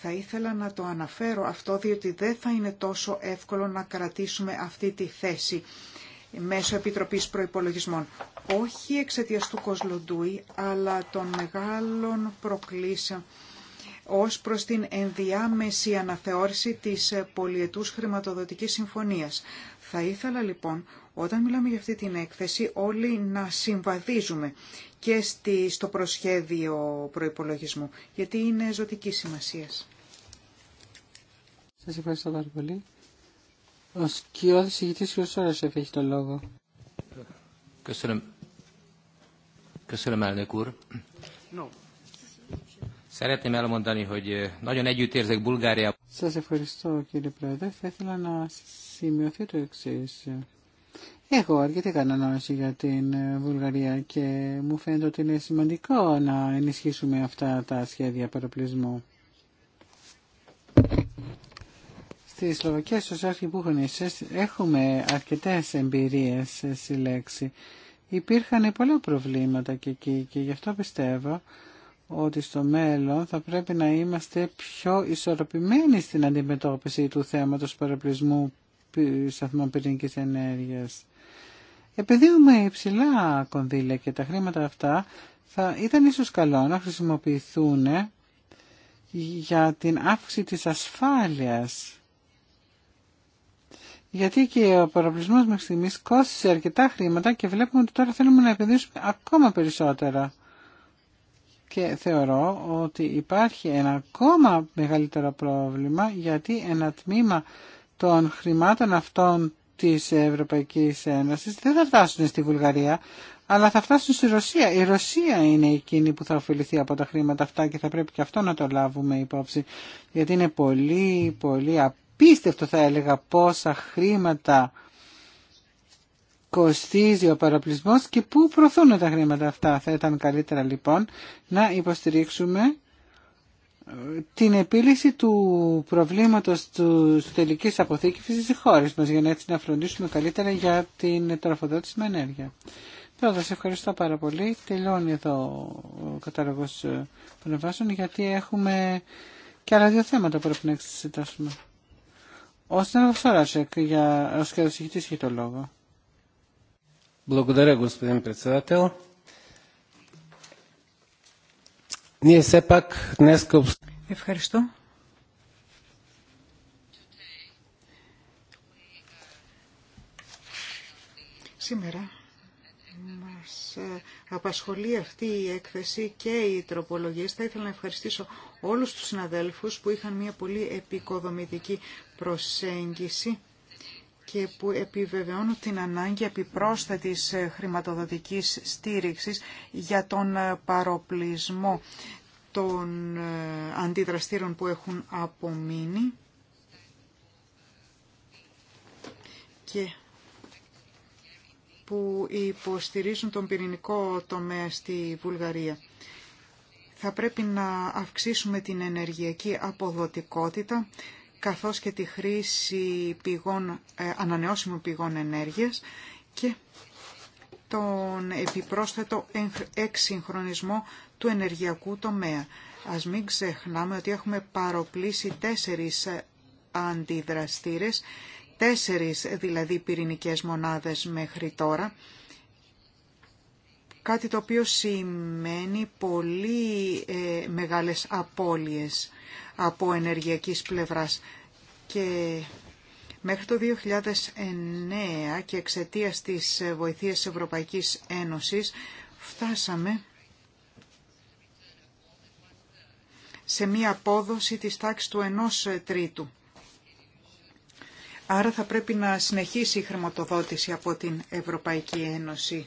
Θα ήθελα να το αναφέρω αυτό διότι δεν θα είναι τόσο εύκολο να κρατήσουμε αυτή τη θέση μέσω Επιτροπής Προϋπολογισμών. Όχι εξαιτίας του Κοσλοντούι, αλλά των μεγάλων προκλήσεων ως προς την ενδιάμεση αναθεώρηση της πολιετούς χρηματοδοτικής συμφωνίας. Θα ήθελα λοιπόν όταν μιλάμε για αυτή την έκθεση όλοι να συμβαδίζουμε και στη, στο προσχέδιο προϋπολογισμού, γιατί είναι ζωτική σημασία. Σας ευχαριστώ πάρα πολύ. Ο σκιώδης ηγητής ο Σόρας έχει το λόγο. Köszönöm, elnök úr. Szeretném elmondani, hogy eh, nagyon Σας ευχαριστώ κύριε Πρόεδρε. Θα ήθελα να σημειωθεί το εξής. Έχω αρκετή κατανόηση για την ε, Βουλγαρία και μου φαίνεται ότι είναι σημαντικό να ενισχύσουμε αυτά τα σχέδια παροπλισμού. Στη Σλοβακία, στους αρχιπούχονες, έχουμε αρκετές εμπειρίες λέξη. Υπήρχαν πολλά προβλήματα και εκεί και γι' αυτό πιστεύω ότι στο μέλλον θα πρέπει να είμαστε πιο ισορροπημένοι στην αντιμετώπιση του θέματος παροπλισμού σταθμών πυρηνικής ενέργειας. Επειδή έχουμε υψηλά κονδύλια και τα χρήματα αυτά θα ήταν ίσως καλό να χρησιμοποιηθούν για την αύξηση της ασφάλειας. Γιατί και ο παραπλησμός μέχρι στιγμής κόστησε αρκετά χρήματα και βλέπουμε ότι τώρα θέλουμε να επενδύσουμε ακόμα περισσότερα. Και θεωρώ ότι υπάρχει ένα ακόμα μεγαλύτερο πρόβλημα γιατί ένα τμήμα των χρημάτων αυτών της Ευρωπαϊκής Ένωσης δεν θα φτάσουν στη Βουλγαρία, αλλά θα φτάσουν στη Ρωσία. Η Ρωσία είναι εκείνη που θα ωφεληθεί από τα χρήματα αυτά και θα πρέπει και αυτό να το λάβουμε υπόψη, γιατί είναι πολύ, πολύ απίστευτο θα έλεγα πόσα χρήματα κοστίζει ο παραπλησμός και πού προθούν τα χρήματα αυτά. Θα ήταν καλύτερα λοιπόν να υποστηρίξουμε την επίλυση του προβλήματος του τελικής αποθήκευσης στις χώρες μας για να έτσι να φροντίσουμε καλύτερα για την τροφοδότηση με ενέργεια. Πρώτα, σε ευχαριστώ πάρα πολύ. Τελειώνει εδώ ο κατάλογος ε, εμβάσεων, γιατί έχουμε και άλλα δύο θέματα που πρέπει να εξετάσουμε. Ο Στένος για ο σχεδοσυχητής έχει το λόγο. господин Ευχαριστώ. Σήμερα μας ε, απασχολεί αυτή η έκθεση και οι τροπολογία, Θα ήθελα να ευχαριστήσω όλους τους συναδέλφους που είχαν μια πολύ επικοδομητική προσέγγιση και που επιβεβαιώνουν την ανάγκη επιπρόσθετης ε, χρηματοδοτικής στήριξης για τον ε, παροπλισμό των ε, αντιδραστήρων που έχουν απομείνει και που υποστηρίζουν τον πυρηνικό τομέα στη Βουλγαρία. Θα πρέπει να αυξήσουμε την ενεργειακή αποδοτικότητα, καθώς και τη χρήση πηγών, ε, ανανεώσιμων πηγών ενέργειας και τον επιπρόσθετο εξυγχρονισμό του ενεργειακού τομέα. Ας μην ξεχνάμε ότι έχουμε παροπλήσει τέσσερις ε, αντιδραστήρες, τέσσερις δηλαδή πυρηνικές μονάδες μέχρι τώρα κάτι το οποίο σημαίνει πολύ ε, μεγάλες απώλειες από ενεργειακής πλευράς. Και μέχρι το 2009 και εξαιτία της βοηθείας Ευρωπαϊκής Ένωσης φτάσαμε σε μία απόδοση της τάξης του ενός τρίτου. Άρα θα πρέπει να συνεχίσει η χρηματοδότηση από την Ευρωπαϊκή Ένωση.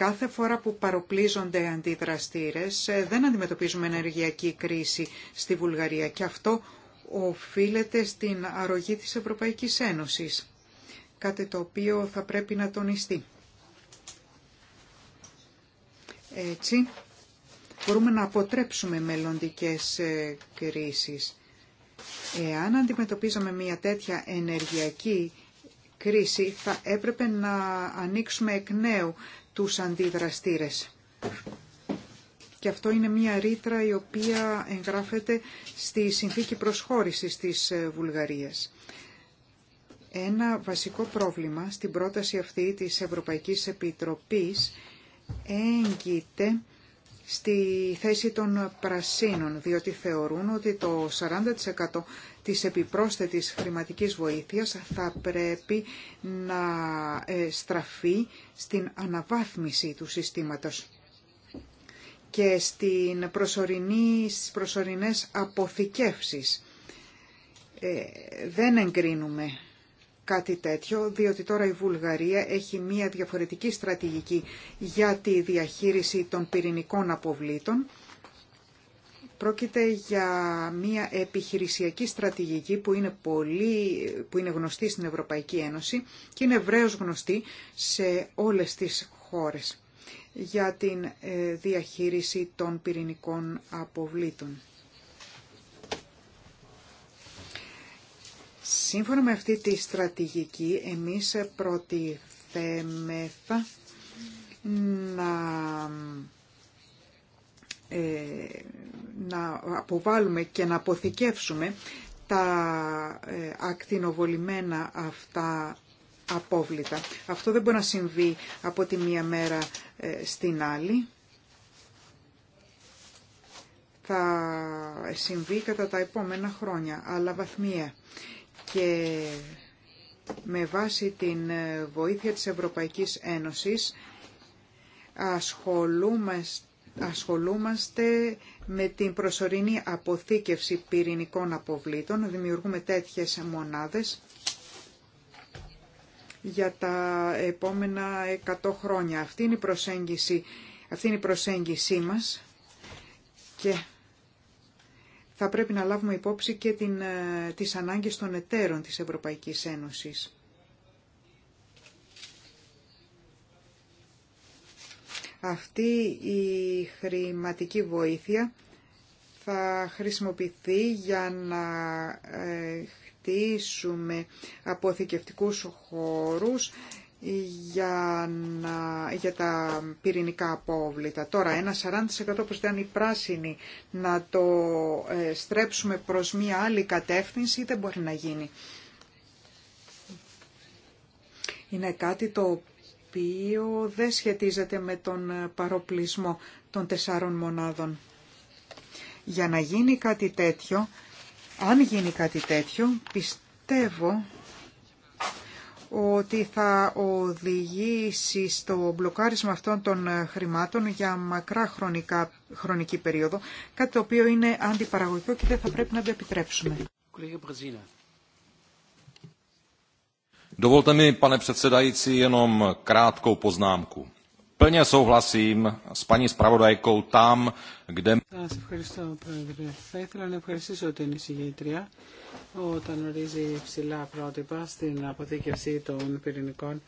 Κάθε φορά που παροπλίζονται αντιδραστήρες ε, δεν αντιμετωπίζουμε ενεργειακή κρίση στη Βουλγαρία και αυτό οφείλεται στην αρρωγή της Ευρωπαϊκής Ένωσης, κάτι το οποίο θα πρέπει να τονιστεί. Έτσι, μπορούμε να αποτρέψουμε μελλοντικές ε, κρίσεις. Εάν αντιμετωπίζαμε μια τέτοια ενεργειακή κρίση, θα έπρεπε να ανοίξουμε εκ νέου τους αντιδραστήρες. Και αυτό είναι μια ρήτρα η οποία εγγράφεται στη συνθήκη προσχώρησης της ε, Βουλγαρίας. Ένα βασικό πρόβλημα στην πρόταση αυτή της Ευρωπαϊκής Επιτροπής έγκυται στη θέση των πρασίνων, διότι θεωρούν ότι το 40% της επιπρόσθετης χρηματικής βοήθειας θα πρέπει να ε, στραφεί στην αναβάθμιση του συστήματος και στην προσωρινή, στις προσωρινές αποθηκεύσεις. Ε, δεν εγκρίνουμε κάτι τέτοιο, διότι τώρα η Βουλγαρία έχει μία διαφορετική στρατηγική για τη διαχείριση των πυρηνικών αποβλήτων Πρόκειται για μια επιχειρησιακή στρατηγική που είναι, πολύ, που είναι γνωστή στην Ευρωπαϊκή Ένωση και είναι ευρέως γνωστή σε όλες τις χώρες για την ε, διαχείριση των πυρηνικών αποβλήτων. Σύμφωνα με αυτή τη στρατηγική, εμείς προτιθέμεθα να ε, να αποβάλουμε και να αποθηκεύσουμε τα ε, ακτινοβολημένα αυτά απόβλητα. Αυτό δεν μπορεί να συμβεί από τη μία μέρα ε, στην άλλη. Θα συμβεί κατά τα επόμενα χρόνια, αλλά βαθμία. Και με βάση την βοήθεια της Ευρωπαϊκής Ένωσης ασχολούμαστε ασχολούμαστε με την προσωρινή αποθήκευση πυρηνικών αποβλήτων, δημιουργούμε τέτοιες μονάδες για τα επόμενα 100 χρόνια. Αυτή είναι η προσέγγιση, αυτή η προσέγγιση μας και θα πρέπει να λάβουμε υπόψη και την, ε, τις ανάγκες των εταίρων της Ευρωπαϊκής Ένωσης. Αυτή η χρηματική βοήθεια θα χρησιμοποιηθεί για να ε, χτίσουμε αποθηκευτικούς χώρους για, να, για τα πυρηνικά απόβλητα. Τώρα, ένα 40% όπως ήταν η πράσινη να το ε, στρέψουμε προς μία άλλη κατεύθυνση δεν μπορεί να γίνει. Είναι κάτι το οποίο δεν σχετίζεται με τον παροπλισμό των τεσσάρων μονάδων. Για να γίνει κάτι τέτοιο, αν γίνει κάτι τέτοιο, πιστεύω ότι θα οδηγήσει στο μπλοκάρισμα αυτών των χρημάτων για μακρά χρονικά, χρονική περίοδο, κάτι το οποίο είναι αντιπαραγωγικό και δεν θα πρέπει να το επιτρέψουμε. Dovolte mi, ευχαριστώ, Θα ήθελα να ευχαριστήσω την εισηγήτρια όταν ορίζει ψηλά πρότυπα στην αποθήκευση των πυρηνικών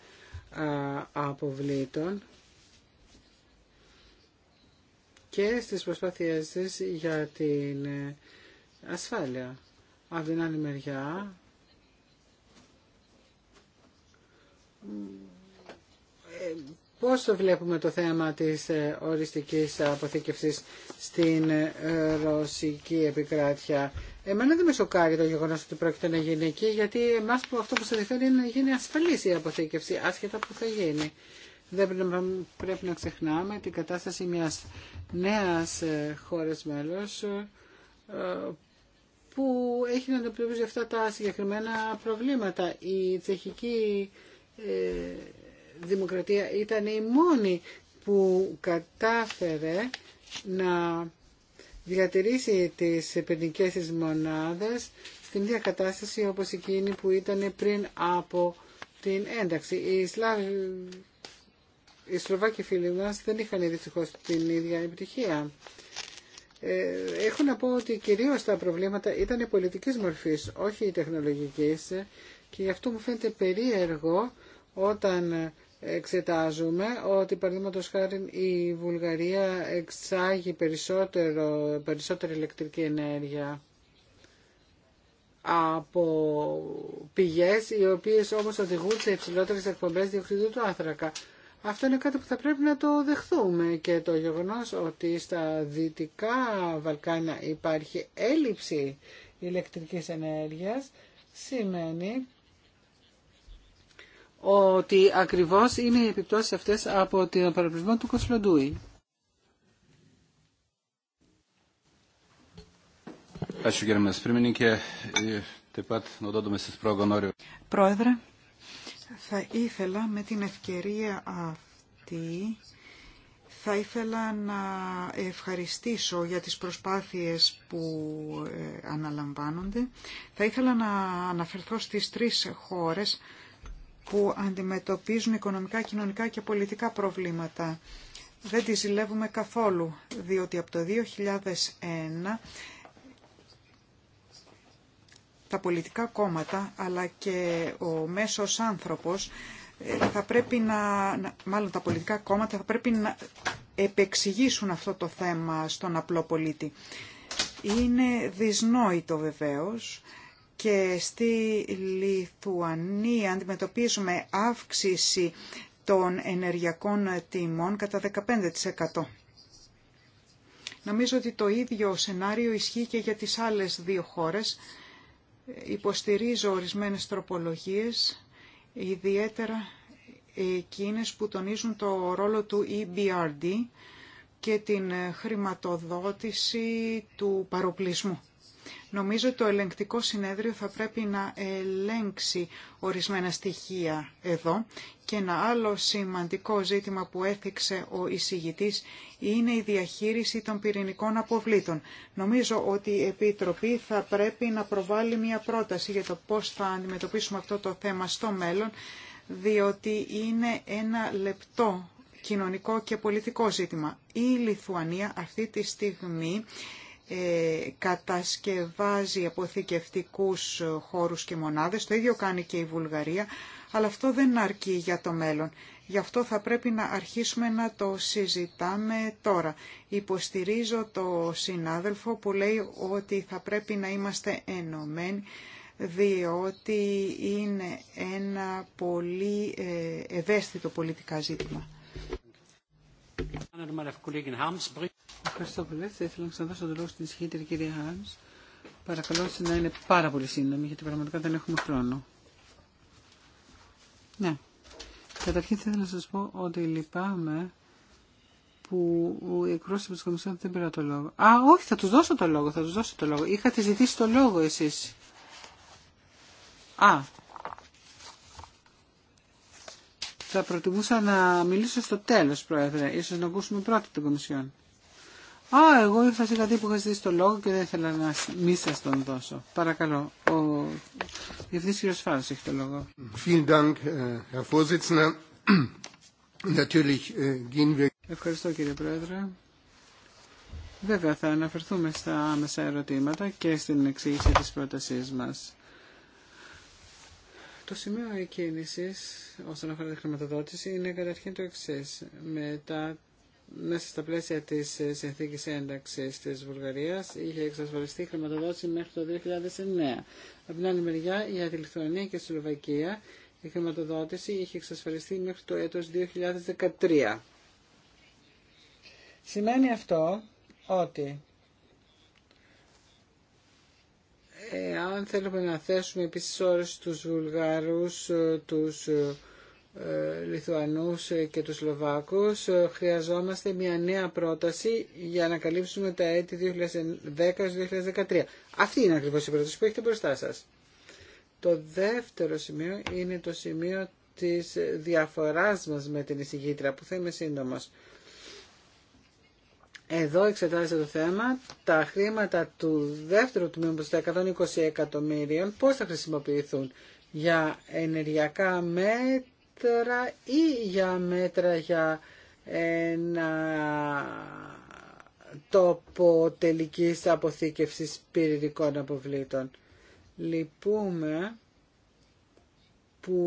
αποβλήτων και στις προσπάθειές της για την ε, ασφάλεια. Από μεριά, πώς το βλέπουμε το θέμα της ε, οριστικής αποθήκευσης στην ε, ρωσική επικράτεια. Εμένα δεν με σοκάρει το γεγονός ότι πρόκειται να γίνει εκεί, γιατί εμάς που αυτό που σε ενδιαφέρει είναι να γίνει ασφαλής η αποθήκευση, άσχετα που θα γίνει. Δεν πρέπει να ξεχνάμε την κατάσταση μιας νέας ε, χώρας μέλος που έχει να αντιμετωπίζει αυτά τα συγκεκριμένα προβλήματα. Η τσεχική ε, δημοκρατία ήταν η μόνη που κατάφερε να διατηρήσει τις επενδυτικές της μονάδες στην ίδια κατάσταση όπως εκείνη που ήταν πριν από την ένταξη. Οι, οι Σλοβάκοι φίλοι μας δεν είχαν δυστυχώς την ίδια επιτυχία. Ε, έχω να πω ότι κυρίως τα προβλήματα ήταν πολιτικής μορφής, όχι τεχνολογικής και γι' αυτό μου φαίνεται περίεργο όταν εξετάζουμε ότι παραδείγματο χάρη η Βουλγαρία εξάγει περισσότερο, περισσότερη ηλεκτρική ενέργεια από πηγές οι οποίες όμως οδηγούν σε υψηλότερες εκπομπές διοξιδίου του άνθρακα. Αυτό είναι κάτι που θα πρέπει να το δεχθούμε και το γεγονός ότι στα δυτικά Βαλκάνια υπάρχει έλλειψη ηλεκτρικής ενέργειας σημαίνει ότι ακριβώς είναι οι επιπτώσεις αυτές από την παραπλησμό του Κοσλοντούι. Πρόεδρε, θα ήθελα με την ευκαιρία αυτή θα ήθελα να ευχαριστήσω για τις προσπάθειες που ε, αναλαμβάνονται. Θα ήθελα να αναφερθώ στις τρεις χώρες που αντιμετωπίζουν οικονομικά, κοινωνικά και πολιτικά προβλήματα. Δεν τη ζηλεύουμε καθόλου, διότι από το 2001 τα πολιτικά κόμματα αλλά και ο μέσος άνθρωπος ε, θα πρέπει να, μάλλον τα πολιτικά κόμματα θα πρέπει να επεξηγήσουν αυτό το θέμα στον απλό πολίτη. Είναι δυσνόητο βεβαίως και στη Λιθουανία αντιμετωπίζουμε αύξηση των ενεργειακών τιμών κατά 15%. Νομίζω ότι το ίδιο σενάριο ισχύει και για τις άλλες δύο χώρες. Υποστηρίζω ορισμένες τροπολογίες, ιδιαίτερα εκείνες που τονίζουν το ρόλο του EBRD και την χρηματοδότηση του παροπλισμού. Νομίζω ότι το ελεγκτικό συνέδριο θα πρέπει να ελέγξει ορισμένα στοιχεία εδώ και ένα άλλο σημαντικό ζήτημα που έθιξε ο εισηγητής είναι η διαχείριση των πυρηνικών αποβλήτων. Νομίζω ότι η Επιτροπή θα πρέπει να προβάλλει μια πρόταση για το πώς θα αντιμετωπίσουμε αυτό το θέμα στο μέλλον, διότι είναι ένα λεπτό κοινωνικό και πολιτικό ζήτημα. Η Λιθουανία αυτή τη στιγμή ε, κατασκευάζει αποθηκευτικούς χώρους και μονάδες. Το ίδιο κάνει και η Βουλγαρία, αλλά αυτό δεν αρκεί για το μέλλον. Γι' αυτό θα πρέπει να αρχίσουμε να το συζητάμε τώρα. Υποστηρίζω το συνάδελφο που λέει ότι θα πρέπει να είμαστε ενωμένοι διότι είναι ένα πολύ ε, ευαίσθητο πολιτικά ζήτημα. Ευχαριστώ πολύ. Θα ήθελα να ξαναδώσω το λόγο στην ισχύτηρη κυρία Χάμς. Παρακαλώ να είναι πάρα πολύ σύντομη, γιατί πραγματικά δεν έχουμε χρόνο. Ναι. Καταρχήν θέλω να σας πω ότι λυπάμαι που ο εκπρόσωπος της Κομισιόν δεν πήρα το λόγο. Α, όχι, θα τους δώσω το λόγο, θα τους δώσω το λόγο. Είχατε ζητήσει το λόγο εσείς. Α, Θα προτιμούσα να μιλήσω στο τέλος, Πρόεδρε, ίσως να ακούσουμε πρώτα την Κομισιόν. Α, εγώ ήρθα σε κάτι που είχα ζητήσει το λόγο και δεν ήθελα να μη σα τον δώσω. Παρακαλώ, ο Διευθυντής κ. Φάρος έχει το λόγο. Ε, ε, Ευχαριστώ κύριε Πρόεδρε. Βέβαια θα αναφερθούμε στα άμεσα ερωτήματα και στην εξήγηση της πρότασής μας. Το σημείο εκκίνηση όσον αφορά τη χρηματοδότηση είναι καταρχήν το εξή. Μετά, μέσα στα πλαίσια τη ε, συνθήκη ένταξη της Βουλγαρίας είχε εξασφαλιστεί η χρηματοδότηση μέχρι το 2009. Από την άλλη μεριά, για τη Λιθουανία και τη Σλοβακία η χρηματοδότηση είχε εξασφαλιστεί μέχρι το έτος 2013. Σημαίνει αυτό ότι αν θέλουμε να θέσουμε επίσης όρους τους Βουλγάρους, ε, τους ε, ε, Λιθουανούς και τους Σλοβάκους, χρειαζόμαστε μια νέα πρόταση για να καλύψουμε τα έτη 2010-2013. Αυτή είναι ακριβώς η πρόταση που έχετε μπροστά σας. Το δεύτερο σημείο είναι το σημείο της διαφοράς μας με την εισηγήτρια, που θα είμαι σύντομος. Εδώ εξετάζεται το θέμα, τα χρήματα του δεύτερου τμήματος, τα 120 εκατομμύρια πώς θα χρησιμοποιηθούν για ενεργειακά μέτρα ή για μέτρα για ένα τόπο τελικής αποθήκευσης πυρηνικών αποβλήτων. Λυπούμε που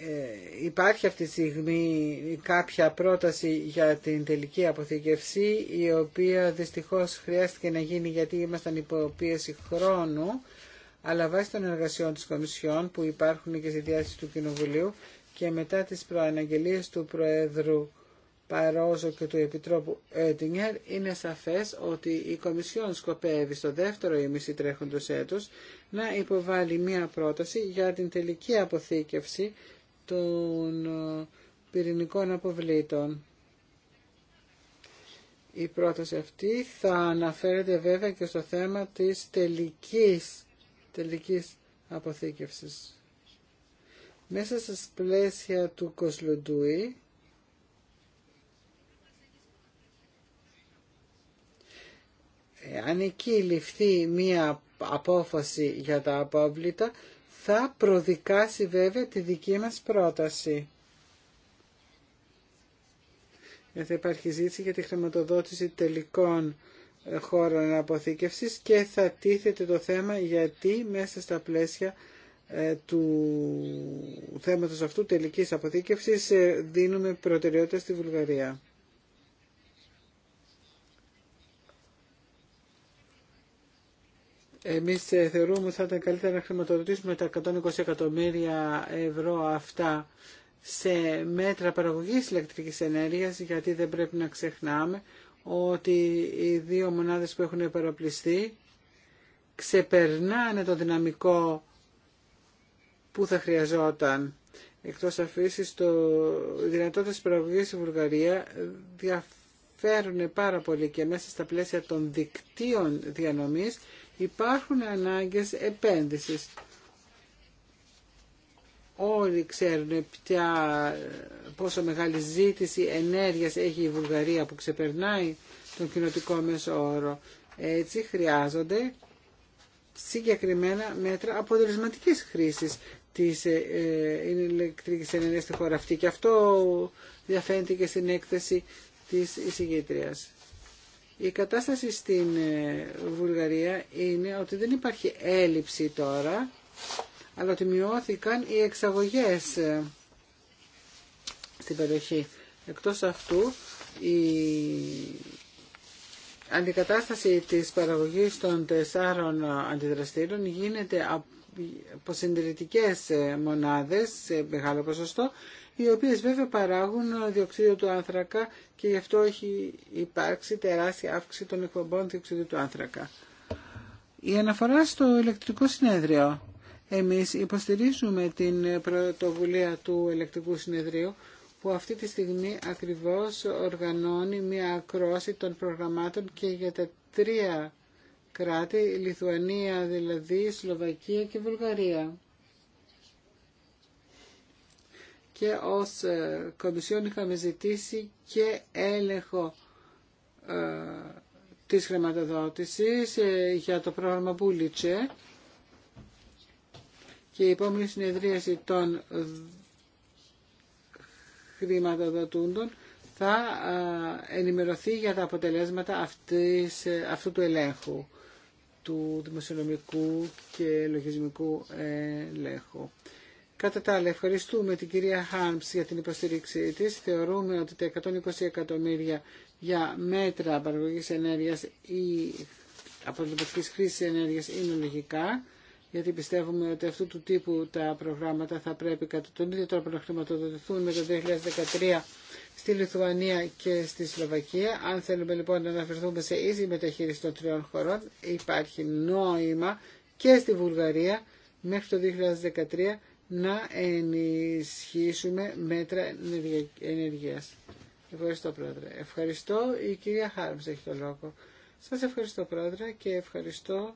ε, υπάρχει αυτή τη στιγμή κάποια πρόταση για την τελική αποθηκευσή η οποία δυστυχώς χρειάστηκε να γίνει γιατί ήμασταν υπό πίεση χρόνου αλλά βάσει των εργασιών της Κομισιόν που υπάρχουν και στη διάθεση του Κοινοβουλίου και μετά τις προαναγγελίες του Προέδρου Παρόζο και του Επιτρόπου Έντιγκερ, είναι σαφές ότι η Κομισιόν σκοπεύει στο δεύτερο ημισή τρέχοντος έτους να υποβάλει μία πρόταση για την τελική αποθήκευση των ε, πυρηνικών αποβλήτων. Η πρόταση αυτή θα αναφέρεται βέβαια και στο θέμα της τελικής, τελικής αποθήκευσης. Μέσα στα πλαίσια του Κοσλοντούι αν εκεί ληφθεί μία απόφαση για τα απόβλητα θα προδικάσει βέβαια τη δική μας πρόταση. Ε, θα υπάρχει ζήτηση για τη χρηματοδότηση τελικών ε, χώρων αποθήκευσης και θα τίθεται το θέμα γιατί μέσα στα πλαίσια ε, του θέματος αυτού τελικής αποθήκευσης δίνουμε προτεραιότητα στη Βουλγαρία. Εμείς ε, θεωρούμε ότι θα ήταν καλύτερα να χρηματοδοτήσουμε τα 120 εκατομμύρια ευρώ αυτά σε μέτρα παραγωγής ηλεκτρικής ενέργειας, γιατί δεν πρέπει να ξεχνάμε ότι οι δύο μονάδες που έχουν παραπληστεί ξεπερνάνε το δυναμικό που θα χρειαζόταν. Εκτός αφήσεις, το... οι δυνατότητες παραγωγής στη Βουλγαρία διαφέρουν πάρα πολύ και μέσα στα πλαίσια των δικτύων διανομής υπάρχουν ανάγκες επένδυσης. Όλοι ξέρουν πια πόσο μεγάλη ζήτηση ενέργειας έχει η Βουλγαρία που ξεπερνάει τον κοινοτικό μέσο όρο. Έτσι χρειάζονται συγκεκριμένα μέτρα αποτελεσματικής χρήσης της ε, ε, ηλεκτρικής ενέργειας στη χώρα αυτή. Και αυτό διαφαίνεται και στην έκθεση της εισηγήτριας. Η κατάσταση στην ε, Βουλγαρία είναι ότι δεν υπάρχει έλλειψη τώρα, αλλά ότι μειώθηκαν οι εξαγωγές ε, στην περιοχή. Εκτός αυτού, η αντικατάσταση της παραγωγής των τεσσάρων αντιδραστήρων γίνεται από συντηρητικές ε, μονάδες σε μεγάλο ποσοστό οι οποίες βέβαια παράγουν διοξείδιο του άνθρακα και γι' αυτό έχει υπάρξει τεράστια αύξηση των εκπομπών διοξείδιου του άνθρακα. Η αναφορά στο ηλεκτρικό συνέδριο. Εμείς υποστηρίζουμε την πρωτοβουλία του ηλεκτρικού συνεδρίου που αυτή τη στιγμή ακριβώς οργανώνει μια ακρόση των προγραμμάτων και για τα τρία κράτη, Λιθουανία δηλαδή, Σλοβακία και Βουλγαρία. και ως ε, Κομισιόν είχαμε ζητήσει και έλεγχο ε, της χρηματοδότησης ε, για το πρόγραμμα Μπούλιτσε και η επόμενη συνεδρίαση των χρηματοδοτούντων θα ενημερωθεί για τα αποτελέσματα αυτής, αυτού του ελέγχου του δημοσιονομικού και λογισμικού ελέγχου. Κατά τα άλλα, ευχαριστούμε την κυρία Χάρμς για την υποστήριξή της. Θεωρούμε ότι τα 120 εκατομμύρια για μέτρα παραγωγής ενέργειας ή αποτελεσματικής χρήσης ενέργειας είναι λογικά, γιατί πιστεύουμε ότι αυτού του τύπου τα προγράμματα θα πρέπει κατά τον ίδιο τρόπο να χρηματοδοτηθούν με το 2013 στη Λιθουανία και στη Σλοβακία. Αν θέλουμε λοιπόν να αναφερθούμε σε ίση μεταχείριση των τριών χωρών, υπάρχει νόημα και στη Βουλγαρία μέχρι το 2013 να ενισχύσουμε μέτρα ενεργείας. Ευχαριστώ πρόεδρε. Ευχαριστώ η κυρία Χάρμς έχει το λόγο. Σας ευχαριστώ πρόεδρε και ευχαριστώ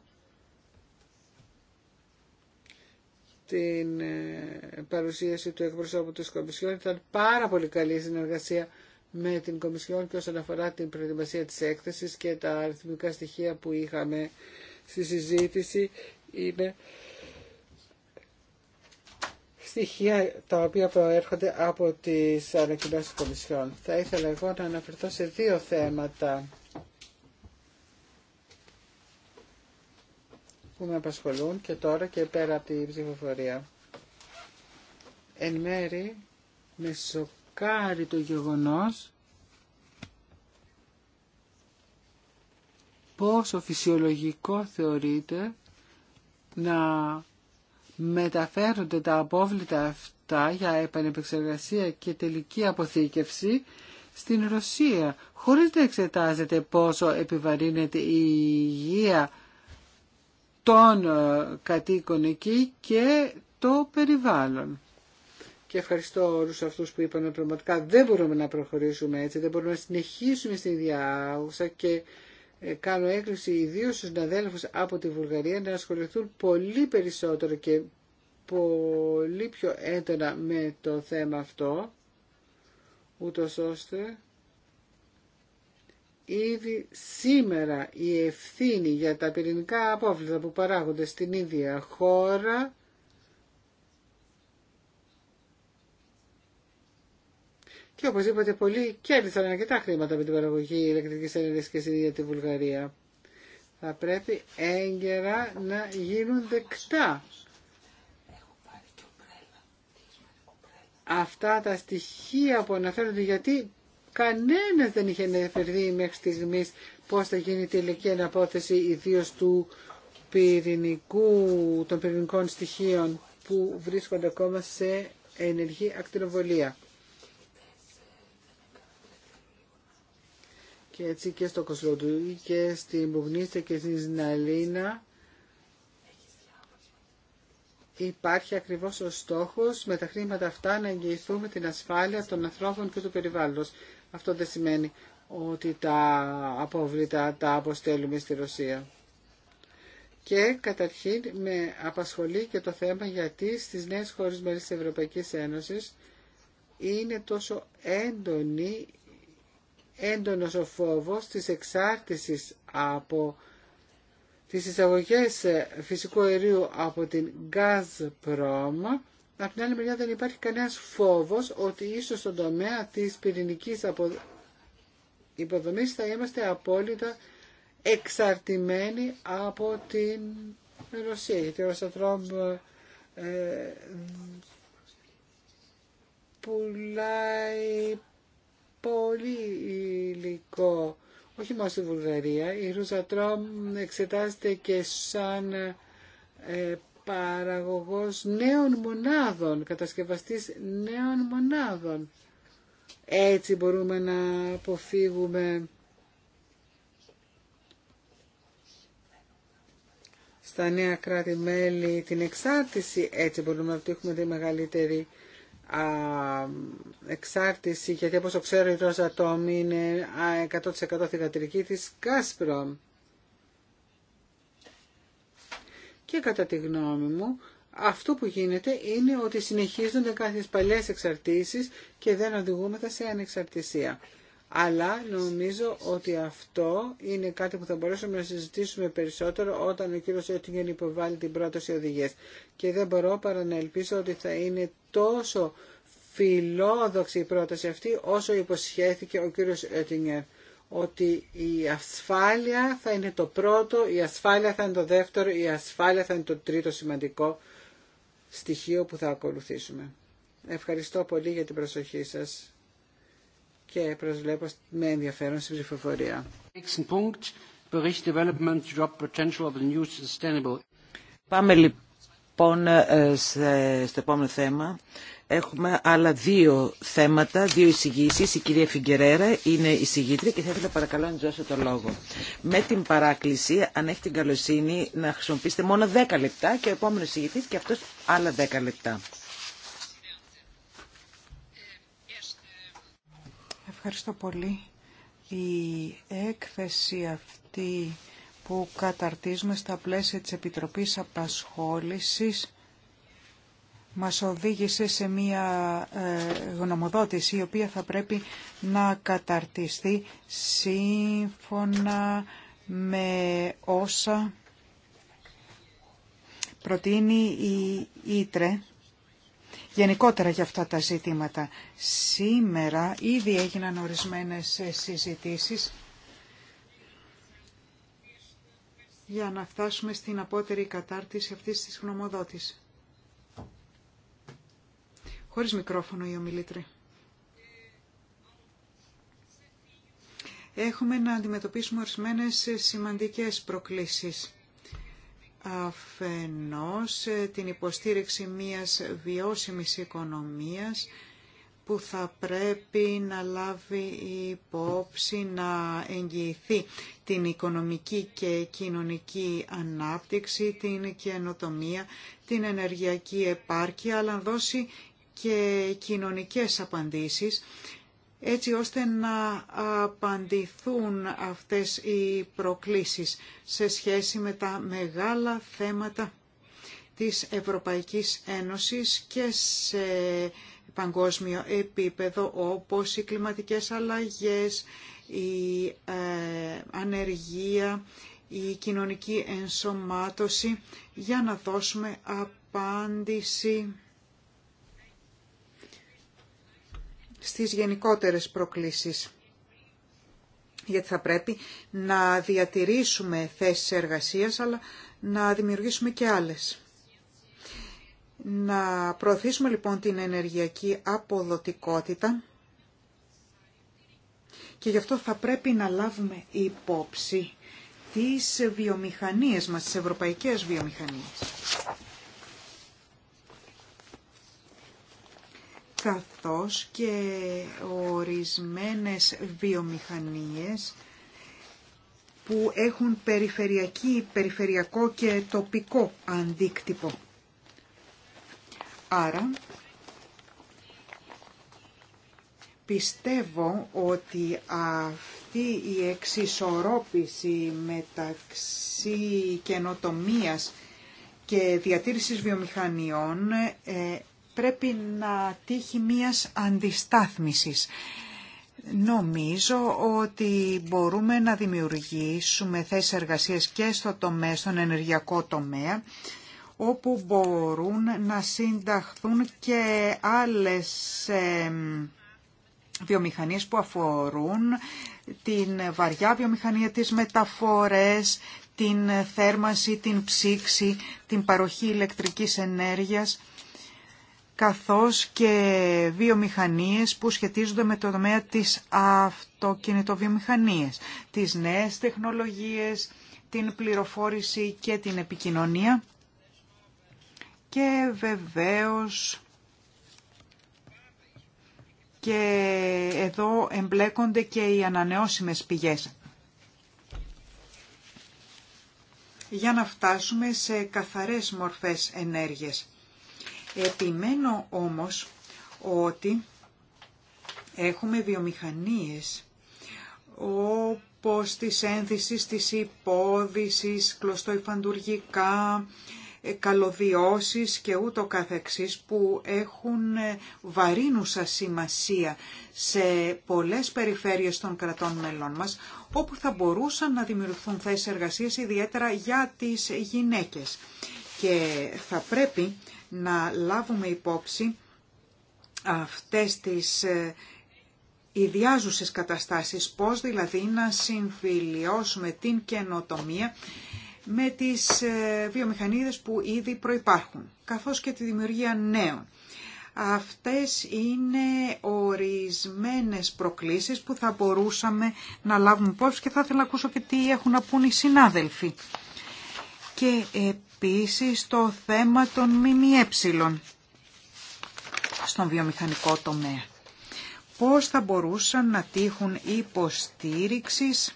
την ε, παρουσίαση του εκπροσώπου της Κομισιόν. Ήταν πάρα πολύ καλή η συνεργασία με την Κομισιόν και όσον αφορά την προετοιμασία της έκθεσης και τα αριθμικά στοιχεία που είχαμε στη συζήτηση στοιχεία τα οποία προέρχονται από τις ανακοινώσεις κομισιών. Θα ήθελα εγώ να αναφερθώ σε δύο θέματα που με απασχολούν και τώρα και πέρα από τη ψηφοφορία. Εν μέρη με σοκάρει το γεγονός πόσο φυσιολογικό θεωρείται να μεταφέρονται τα απόβλητα αυτά για επανεπεξεργασία και τελική αποθήκευση στην Ρωσία, χωρίς να εξετάζεται πόσο επιβαρύνεται η υγεία των ε, κατοίκων εκεί και το περιβάλλον. Και ευχαριστώ όλους αυτούς που είπαν πραγματικά δεν μπορούμε να προχωρήσουμε έτσι, δεν μπορούμε να συνεχίσουμε στην διάγουσα και ε, κάνω έκκληση ιδίως στους συναδέλφους από τη Βουλγαρία να ασχοληθούν πολύ περισσότερο και πολύ πιο έντονα με το θέμα αυτό, ούτω ώστε ήδη σήμερα η ευθύνη για τα πυρηνικά απόβλητα που παράγονται στην ίδια χώρα και είπατε, πολλοί κέρδισαν αρκετά χρήματα με την παραγωγή ηλεκτρικής ενέργειας και συνδυατή τη Βουλγαρία. Θα πρέπει έγκαιρα να γίνουν δεκτά αυτά τα στοιχεία που αναφέρονται γιατί κανένας δεν είχε αναφερθεί μέχρι στιγμή πώς θα γίνει η τελική αναπόθεση ιδίω του πυρηνικού, των πυρηνικών στοιχείων που βρίσκονται ακόμα σε ενεργή ακτινοβολία. και έτσι και στο Κοσλοντούι και στην Μπουγνίστα και στην Ζιναλίνα υπάρχει ακριβώς ο στόχος με τα χρήματα αυτά να εγγυηθούμε την ασφάλεια των ανθρώπων και του περιβάλλοντος. Αυτό δεν σημαίνει ότι τα απόβλητα τα αποστέλουμε στη Ρωσία. Και καταρχήν με απασχολεί και το θέμα γιατί στις νέες χώρες μέλη της Ευρωπαϊκής Ένωσης είναι τόσο έντονη έντονος ο φόβος της εξάρτησης από τις εισαγωγές φυσικού αερίου από την Gazprom. Από την άλλη μεριά δεν υπάρχει κανένας φόβος ότι ίσως στον τομέα της πυρηνικής υποδομής θα είμαστε απόλυτα εξαρτημένοι από την Ρωσία. Γιατί ο ε, πουλάει πολύ υλικό. Όχι μόνο στη Βουλγαρία, η Ρουζατρόμ εξετάζεται και σαν ε, παραγωγός νέων μονάδων, κατασκευαστής νέων μονάδων. Έτσι μπορούμε να αποφύγουμε στα νέα κράτη-μέλη την εξάρτηση, έτσι μπορούμε να έχουμε τη μεγαλύτερη α, εξάρτηση, γιατί όπως το ξέρω η Ροζατόμ είναι 100% θηγατρική της Κάσπρο Και κατά τη γνώμη μου, αυτό που γίνεται είναι ότι συνεχίζονται κάποιες παλιές εξαρτήσεις και δεν οδηγούμεθα σε ανεξαρτησία αλλά νομίζω ότι αυτό είναι κάτι που θα μπορέσουμε να συζητήσουμε περισσότερο όταν ο κύριος Έτυγεν υποβάλει την πρόταση οδηγία. Και δεν μπορώ παρά να ελπίσω ότι θα είναι τόσο φιλόδοξη η πρόταση αυτή όσο υποσχέθηκε ο κύριος Έτυγεν ότι η ασφάλεια θα είναι το πρώτο, η ασφάλεια θα είναι το δεύτερο, η ασφάλεια θα είναι το τρίτο σημαντικό στοιχείο που θα ακολουθήσουμε. Ευχαριστώ πολύ για την προσοχή σας και προσβλέπω με ενδιαφέρον στην ψηφοφορία. Πάμε λοιπόν ε, στο επόμενο θέμα. Έχουμε άλλα δύο θέματα, δύο εισηγήσει. Η κυρία Φιγκερέρα είναι εισηγήτρια και θα ήθελα παρακαλώ να δώσω το λόγο. Με την παράκληση, αν έχει την καλοσύνη, να χρησιμοποιήσετε μόνο 10 λεπτά και ο επόμενο εισηγητή και αυτό άλλα 10 λεπτά. Ευχαριστώ πολύ. Η έκθεση αυτή που καταρτίζουμε στα πλαίσια της Επιτροπής Απασχόλησης μας οδήγησε σε μία ε, γνωμοδότηση η οποία θα πρέπει να καταρτιστεί σύμφωνα με όσα προτείνει η Ήτρε γενικότερα για αυτά τα ζητήματα. Σήμερα ήδη έγιναν ορισμένες συζητήσεις για να φτάσουμε στην απότερη κατάρτιση αυτής της γνωμοδότης. Χωρίς μικρόφωνο η ομιλήτρη. Έχουμε να αντιμετωπίσουμε ορισμένες σημαντικές προκλήσεις αφενός ε, την υποστήριξη μιας βιώσιμης οικονομίας που θα πρέπει να λάβει υπόψη να εγγυηθεί την οικονομική και κοινωνική ανάπτυξη, την καινοτομία, την ενεργειακή επάρκεια, αλλά να δώσει και κοινωνικές απαντήσεις έτσι ώστε να απαντηθούν αυτές οι προκλήσεις σε σχέση με τα μεγάλα θέματα της Ευρωπαϊκής Ένωσης και σε παγκόσμιο επίπεδο όπως οι κλιματικές αλλαγές, η ε, ανεργία, η κοινωνική ενσωμάτωση για να δώσουμε απάντηση στις γενικότερες προκλήσεις. Γιατί θα πρέπει να διατηρήσουμε θέσεις εργασίας, αλλά να δημιουργήσουμε και άλλες. Να προωθήσουμε λοιπόν την ενεργειακή αποδοτικότητα και γι' αυτό θα πρέπει να λάβουμε υπόψη τις βιομηχανίες μας, τις ευρωπαϊκές βιομηχανίες. καθώς και ορισμένες βιομηχανίες που έχουν περιφερειακή, περιφερειακό και τοπικό αντίκτυπο. Άρα, πιστεύω ότι αυτή η εξισορρόπηση μεταξύ καινοτομίας και διατήρησης βιομηχανιών ε, πρέπει να τύχει μίας αντιστάθμισης. Νομίζω ότι μπορούμε να δημιουργήσουμε θέσεις εργασίας και στο τομέα, στον ενεργειακό τομέα, όπου μπορούν να συνταχθούν και άλλες βιομηχανίες που αφορούν την βαριά βιομηχανία, τις μεταφορές, την θέρμανση, την ψήξη, την παροχή ηλεκτρικής ενέργειας καθώς και βιομηχανίες που σχετίζονται με το τομέα της αυτοκινητοβιομηχανίας, τις νέες τεχνολογίες, την πληροφόρηση και την επικοινωνία και βεβαίως και εδώ εμπλέκονται και οι ανανεώσιμες πηγές. για να φτάσουμε σε καθαρές μορφές ενέργειας. Επιμένω όμως ότι έχουμε βιομηχανίες όπως τις ένδυσης, τις υπόδησης, κλωστοϊφαντουργικά, ε, καλωδιώσεις και ούτω καθεξής που έχουν ε, βαρύνουσα σημασία σε πολλές περιφέρειες των κρατών μελών μας όπου θα μπορούσαν να δημιουργηθούν θέσεις εργασίας ιδιαίτερα για τις γυναίκες. Και θα πρέπει να λάβουμε υπόψη αυτές τις ε, ιδιάζουσες καταστάσεις, πώς δηλαδή να συμφιλιώσουμε την καινοτομία με τις ε, βιομηχανίδες που ήδη προϋπάρχουν, καθώς και τη δημιουργία νέων. Αυτές είναι ορισμένες προκλήσεις που θα μπορούσαμε να λάβουμε υπόψη και θα ήθελα να ακούσω και τι έχουν να πούν οι συνάδελφοι και επίσης το θέμα των ΜΜΕ στον βιομηχανικό τομέα. Πώς θα μπορούσαν να τύχουν υποστήριξης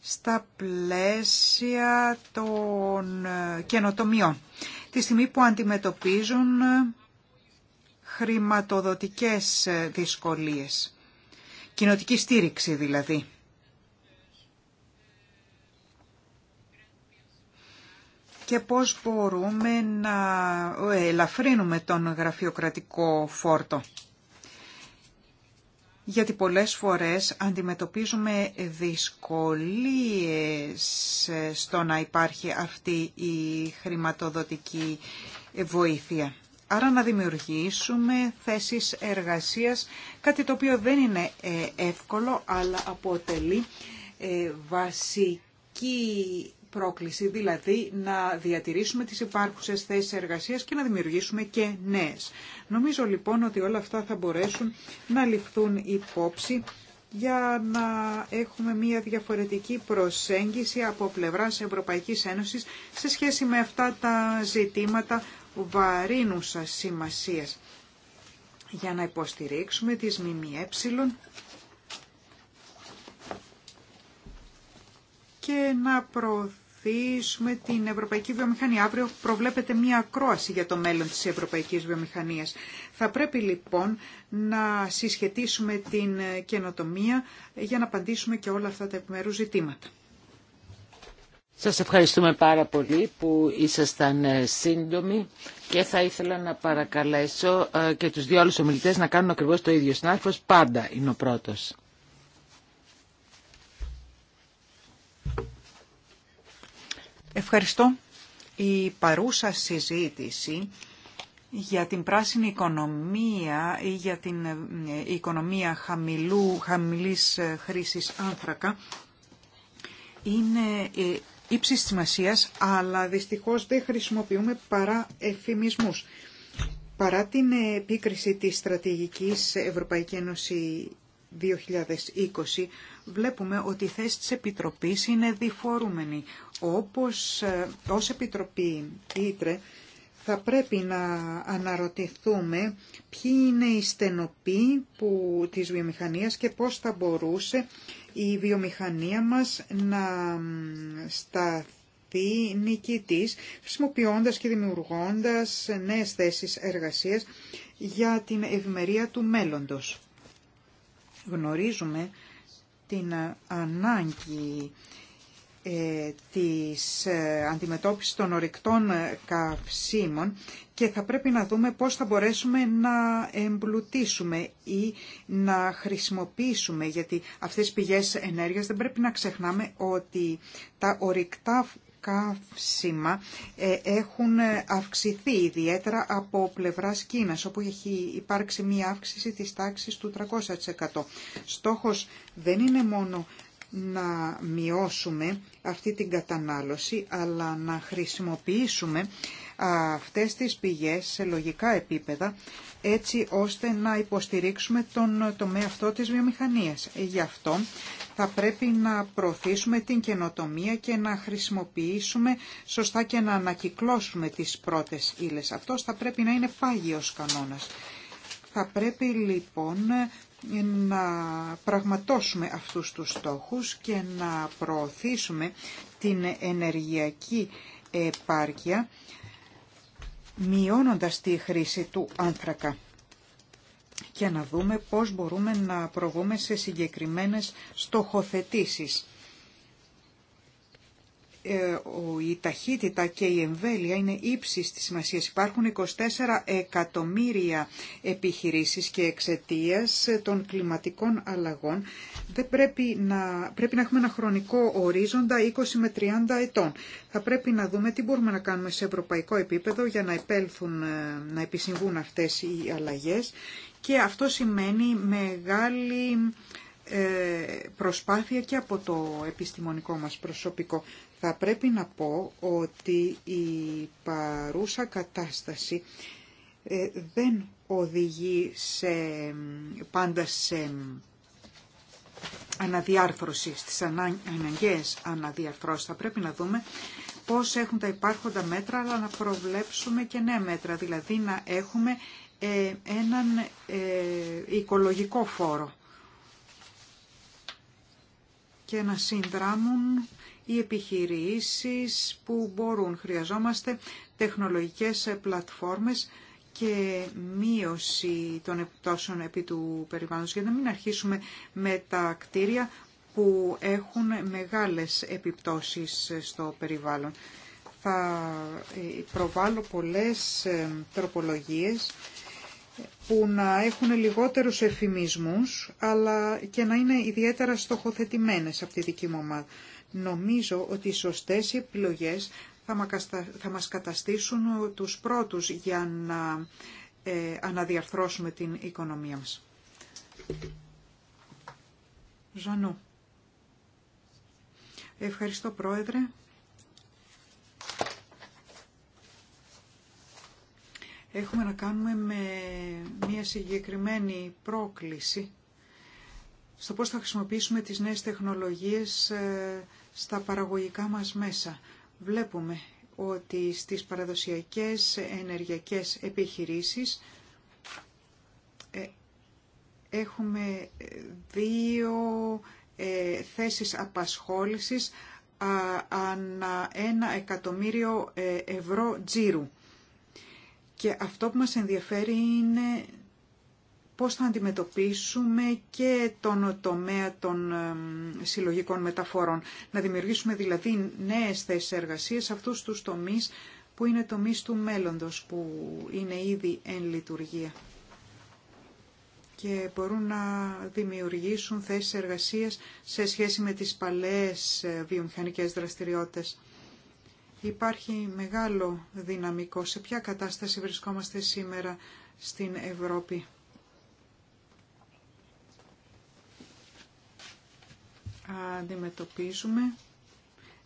στα πλαίσια των ε, καινοτομιών. Τη στιγμή που αντιμετωπίζουν ε, χρηματοδοτικές ε, δυσκολίες. Κοινοτική στήριξη δηλαδή. και πώς μπορούμε να ε, ελαφρύνουμε τον γραφειοκρατικό φόρτο. Γιατί πολλές φορές αντιμετωπίζουμε δυσκολίες ε, στο να υπάρχει αυτή η χρηματοδοτική βοήθεια. Άρα να δημιουργήσουμε θέσεις εργασίας, κάτι το οποίο δεν είναι ε, εύκολο, αλλά αποτελεί βασική πρόκληση, δηλαδή να διατηρήσουμε τις υπάρχουσες θέσεις εργασίας και να δημιουργήσουμε και νέες. Νομίζω λοιπόν ότι όλα αυτά θα μπορέσουν να ληφθούν υπόψη για να έχουμε μια διαφορετική προσέγγιση από πλευράς Ευρωπαϊκής Ένωσης σε σχέση με αυτά τα ζητήματα βαρύνουσα σημασίας για να υποστηρίξουμε τις ΜΜΕ και να προωθήσουμε ακολουθήσουμε την ευρωπαϊκή βιομηχανία. Αύριο προβλέπεται μία ακρόαση για το μέλλον της ευρωπαϊκής βιομηχανίας. Θα πρέπει λοιπόν να συσχετίσουμε την καινοτομία για να απαντήσουμε και όλα αυτά τα επιμέρους ζητήματα. Σας ευχαριστούμε πάρα πολύ που ήσασταν ε, σύντομοι και θα ήθελα να παρακαλέσω ε, και τους δύο άλλους ομιλητές να κάνουν ακριβώς το ίδιο. Συνάδελφος πάντα είναι ο πρώτος. Ευχαριστώ. Η παρούσα συζήτηση για την πράσινη οικονομία ή για την ε, οικονομία χαμηλού, χαμηλής ε, χρήσης άνθρακα είναι ε, ύψης σημασία, αλλά δυστυχώς δεν χρησιμοποιούμε παρά εφημισμούς. Παρά την επίκριση της στρατηγικής Ευρωπαϊκή Ένωση 2020 βλέπουμε ότι η θέση της Επιτροπής είναι διφορούμενη. Όπως ε, ως Επιτροπή Ήτρε θα πρέπει να αναρωτηθούμε ποιοι είναι οι στενοποί που, της βιομηχανίας και πώς θα μπορούσε η βιομηχανία μας να σταθεί νικητής χρησιμοποιώντας και δημιουργώντας νέες θέσεις εργασίας για την ευημερία του μέλλοντος. Γνωρίζουμε την ανάγκη ε, της ε, αντιμετώπισης των ορεικτών καυσίμων και θα πρέπει να δούμε πώς θα μπορέσουμε να εμπλουτίσουμε ή να χρησιμοποιήσουμε γιατί αυτές τις πηγές ενέργειας δεν πρέπει να ξεχνάμε ότι τα ορεικτά καύσιμα ε, έχουν αυξηθεί ιδιαίτερα από πλευράς Κίνας, όπου έχει υπάρξει μία αύξηση της τάξης του 300%. Στόχος δεν είναι μόνο να μειώσουμε αυτή την κατανάλωση, αλλά να χρησιμοποιήσουμε αυτές τις πηγές σε λογικά επίπεδα έτσι ώστε να υποστηρίξουμε τον τομέα αυτό της βιομηχανίας. Γι' αυτό θα πρέπει να προωθήσουμε την καινοτομία και να χρησιμοποιήσουμε σωστά και να ανακυκλώσουμε τις πρώτες ύλες. Αυτό θα πρέπει να είναι πάγιος κανόνας. Θα πρέπει λοιπόν να πραγματώσουμε αυτούς τους στόχους και να προωθήσουμε την ενεργειακή επάρκεια μειώνοντας τη χρήση του άνθρακα και να δούμε πώς μπορούμε να προβούμε σε συγκεκριμένες στοχοθετήσεις ε, η ταχύτητα και η εμβέλεια είναι ύψης τη σημασία. Υπάρχουν 24 εκατομμύρια επιχειρήσεις και εξαιτία των κλιματικών αλλαγών δεν πρέπει, να, πρέπει να έχουμε ένα χρονικό ορίζοντα 20 με 30 ετών. Θα πρέπει να δούμε τι μπορούμε να κάνουμε σε ευρωπαϊκό επίπεδο για να, επέλθουν, ε, να επισυμβούν αυτές οι αλλαγές και αυτό σημαίνει μεγάλη ε, προσπάθεια και από το επιστημονικό μας προσωπικό. Θα πρέπει να πω ότι η παρούσα κατάσταση ε, δεν οδηγεί σε, πάντα σε αναδιάρθρωση, στις αναγκαίες αναδιαρθρώσεις. Θα πρέπει να δούμε πώς έχουν τα υπάρχοντα μέτρα, αλλά να προβλέψουμε και νέα μέτρα, δηλαδή να έχουμε ε, έναν οικολογικό φόρο και να συνδράμουν οι επιχειρήσεις που μπορούν. Χρειαζόμαστε τεχνολογικές πλατφόρμες και μείωση των επιπτώσεων επί του περιβάλλοντος για να μην αρχίσουμε με τα κτίρια που έχουν μεγάλες επιπτώσεις στο περιβάλλον. Θα ε, προβάλλω πολλές ε, τροπολογίες που να έχουν λιγότερους εφημισμούς, αλλά και να είναι ιδιαίτερα στοχοθετημένες από τη δική μου ομάδα. Νομίζω ότι οι σωστές επιλογές θα μας καταστήσουν τους πρώτους για να ε, αναδιαρθρώσουμε την οικονομία μας. Ζανού. Ευχαριστώ Πρόεδρε. Έχουμε να κάνουμε με μια συγκεκριμένη πρόκληση στο πώς θα χρησιμοποιήσουμε τις νέες τεχνολογίες ε, στα παραγωγικά μας μέσα. Βλέπουμε ότι στις παραδοσιακές ενεργειακές επιχειρήσεις ε, έχουμε δύο ε, θέσεις απασχόλησης ανά ένα εκατομμύριο ευρώ τζίρου. Και αυτό που μας ενδιαφέρει είναι πώς θα αντιμετωπίσουμε και τον τομέα των συλλογικών μεταφορών. Να δημιουργήσουμε δηλαδή νέες θέσεις εργασίας σε αυτούς τους τομείς που είναι τομείς του μέλλοντος, που είναι ήδη εν λειτουργία και μπορούν να δημιουργήσουν θέσεις εργασίας σε σχέση με τις παλαιές ε, βιομηχανικές δραστηριότητες. Υπάρχει μεγάλο δυναμικό. Σε ποια κατάσταση βρισκόμαστε σήμερα στην Ευρώπη. Αντιμετωπίζουμε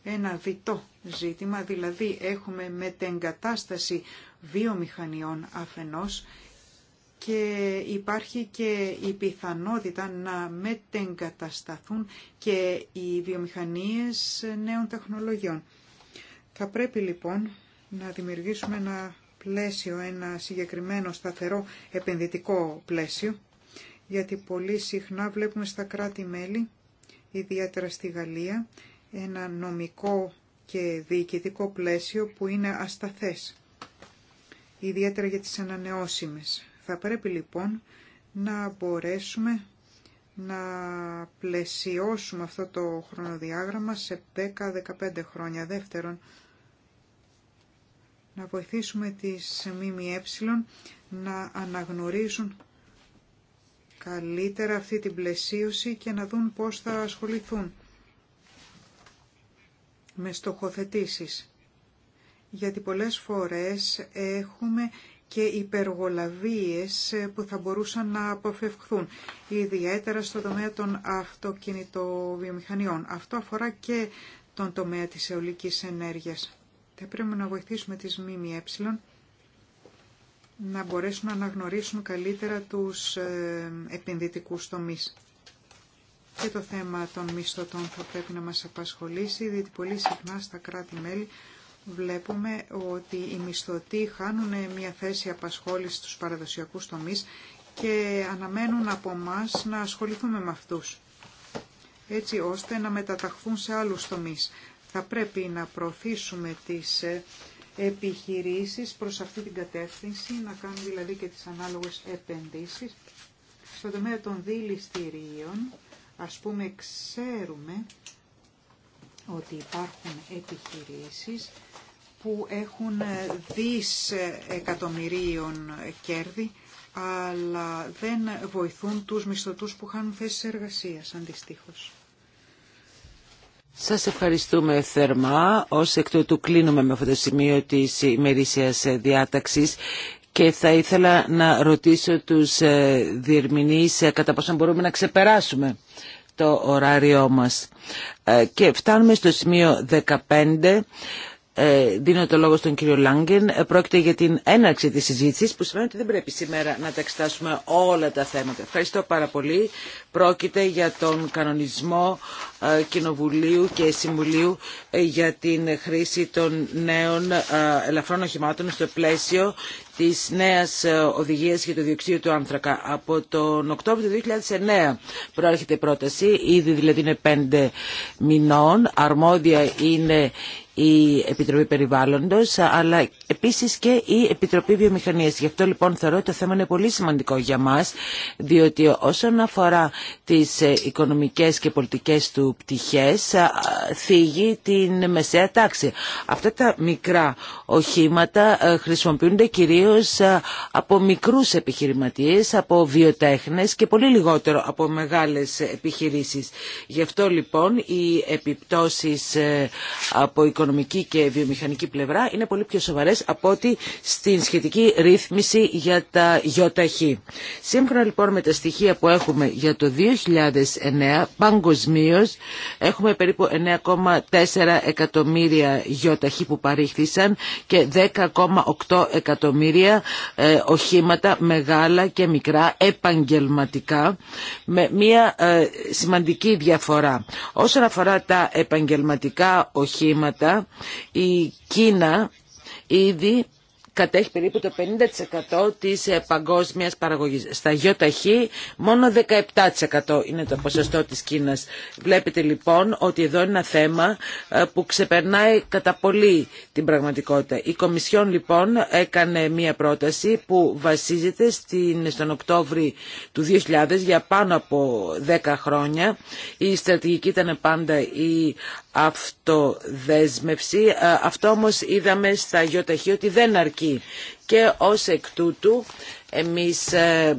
ένα διτό ζήτημα, δηλαδή έχουμε μετεγκατάσταση βιομηχανιών αφενός και υπάρχει και η πιθανότητα να μετεγκατασταθούν και οι βιομηχανίες νέων τεχνολογιών. Θα πρέπει λοιπόν να δημιουργήσουμε ένα πλαίσιο, ένα συγκεκριμένο σταθερό επενδυτικό πλαίσιο, γιατί πολύ συχνά βλέπουμε στα κράτη-μέλη, ιδιαίτερα στη Γαλλία, ένα νομικό και διοικητικό πλαίσιο που είναι ασταθές, ιδιαίτερα για τις ανανεώσιμες. Θα πρέπει λοιπόν να μπορέσουμε να πλαισιώσουμε αυτό το χρονοδιάγραμμα σε 10-15 χρόνια. Δεύτερον, να βοηθήσουμε τις ΜΜΕ να αναγνωρίζουν καλύτερα αυτή την πλαισίωση και να δουν πώς θα ασχοληθούν με στοχοθετήσεις. Γιατί πολλές φορές έχουμε και υπεργολαβίες που θα μπορούσαν να αποφευχθούν, ιδιαίτερα στο τομέα των αυτοκινητοβιομηχανιών. Αυτό αφορά και τον τομέα της αιωλικής ενέργειας. Θα πρέπει να βοηθήσουμε τις ΜΜΕ να μπορέσουν να αναγνωρίσουν καλύτερα τους ε, επενδυτικούς τομείς. Και το θέμα των μισθωτών θα πρέπει να μας απασχολήσει, διότι πολύ συχνά στα κράτη-μέλη βλέπουμε ότι οι μισθωτοί χάνουν μια θέση απασχόλησης στους παραδοσιακούς τομείς και αναμένουν από μας να ασχοληθούμε με αυτούς έτσι ώστε να μεταταχθούν σε άλλους τομείς θα πρέπει να προωθήσουμε τις ε, επιχειρήσεις προς αυτή την κατεύθυνση, να κάνουν δηλαδή και τις ανάλογες επενδύσεις. Στο τομέα των δηληστηρίων, ας πούμε, ξέρουμε ότι υπάρχουν επιχειρήσεις που έχουν ε, δις ε, εκατομμυρίων κέρδη, αλλά δεν βοηθούν τους μισθωτούς που χάνουν θέσεις εργασίας αντιστοίχως. Σας ευχαριστούμε θερμά. Ως εκ τούτου κλείνουμε με αυτό το σημείο της ημερήσιας διάταξης και θα ήθελα να ρωτήσω τους ε, διερμηνείς ε, κατά πόσο μπορούμε να ξεπεράσουμε το ωράριό μας. Ε, και φτάνουμε στο σημείο 15 ε, δίνω το λόγο στον κύριο Λάγκεν. Ε, πρόκειται για την έναρξη της συζήτησης που σημαίνει ότι δεν πρέπει σήμερα να τα εξετάσουμε όλα τα θέματα. Ευχαριστώ πάρα πολύ. Πρόκειται για τον κανονισμό ε, Κοινοβουλίου και Συμβουλίου για την χρήση των νέων ελαφρών οχημάτων στο πλαίσιο της νέας οδηγίας για το διοξείδιο του άνθρακα. Από τον Οκτώβριο του 2009 προέρχεται η πρόταση, ήδη δηλαδή είναι πέντε μηνών. Αρμόδια είναι η Επιτροπή Περιβάλλοντος αλλά επίσης και η Επιτροπή Βιομηχανίας. Γι' αυτό λοιπόν θεωρώ το θέμα είναι πολύ σημαντικό για μας διότι όσον αφορά τις ε, οικονομικές και πολιτικές του πτυχές θίγει την μεσαία τάξη. Αυτά τα μικρά οχήματα ε, χρησιμοποιούνται κυρίως ε, από μικρούς επιχειρηματίες, από βιοτέχνες και πολύ λιγότερο από μεγάλες επιχειρήσεις. Γι' αυτό λοιπόν οι επιπτώσεις από οικονομικές οικονομική και βιομηχανική πλευρά είναι πολύ πιο σοβαρές από ότι στην σχετική ρύθμιση για τα ΙΟΤΑΧΗ. Σύμφωνα λοιπόν με τα στοιχεία που έχουμε για το 2009 παγκοσμίω έχουμε περίπου 9,4 εκατομμύρια ΙΟΤΑΧΗ που παρήχθησαν και 10,8 εκατομμύρια ε, οχήματα μεγάλα και μικρά επαγγελματικά με μια ε, σημαντική διαφορά. Όσον αφορά τα επαγγελματικά οχήματα η Κίνα ήδη κατέχει περίπου το 50% της ε, παγκόσμιας παραγωγής. Στα γιοταχή μόνο 17% είναι το ποσοστό της Κίνας. Βλέπετε λοιπόν ότι εδώ είναι ένα θέμα ε, που ξεπερνάει κατά πολύ την πραγματικότητα. Η Κομισιόν λοιπόν έκανε μία πρόταση που βασίζεται στην, στον Οκτώβρη του 2000 για πάνω από 10 χρόνια. Η στρατηγική ήταν πάντα η αυτοδέσμευση. Ε, αυτό όμως είδαμε στα ΙΟΤΑΧΗ ότι δεν αρκεί. Και ως εκ τούτου εμείς ε,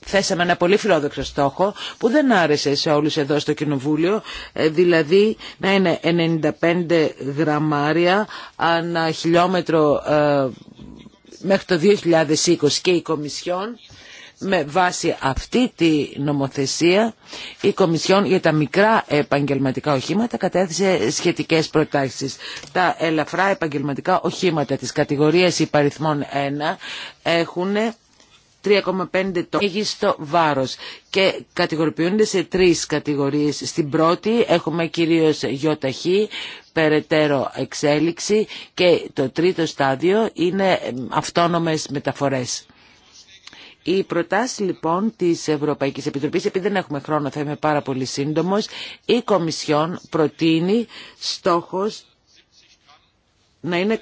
θέσαμε ένα πολύ φιλόδοξο στόχο που δεν άρεσε σε όλους εδώ στο Κοινοβούλιο, ε, δηλαδή να είναι 95 γραμμάρια ανά χιλιόμετρο μέχρι το 2020 και η Κομισιόν με βάση αυτή τη νομοθεσία η Κομισιόν για τα μικρά επαγγελματικά οχήματα κατέθεσε σχετικές προτάσεις. Τα ελαφρά επαγγελματικά οχήματα της κατηγορίας υπαριθμών 1 έχουν 3,5 το μέγιστο βάρος και κατηγοριοποιούνται σε τρεις κατηγορίες. Στην πρώτη έχουμε κυρίως γιοταχή, περαιτέρω εξέλιξη και το τρίτο στάδιο είναι αυτόνομες μεταφορές. Η προτάση λοιπόν της Ευρωπαϊκής Επιτροπής, επειδή δεν έχουμε χρόνο θα είμαι πάρα πολύ σύντομο, η Κομισιόν προτείνει στόχος να είναι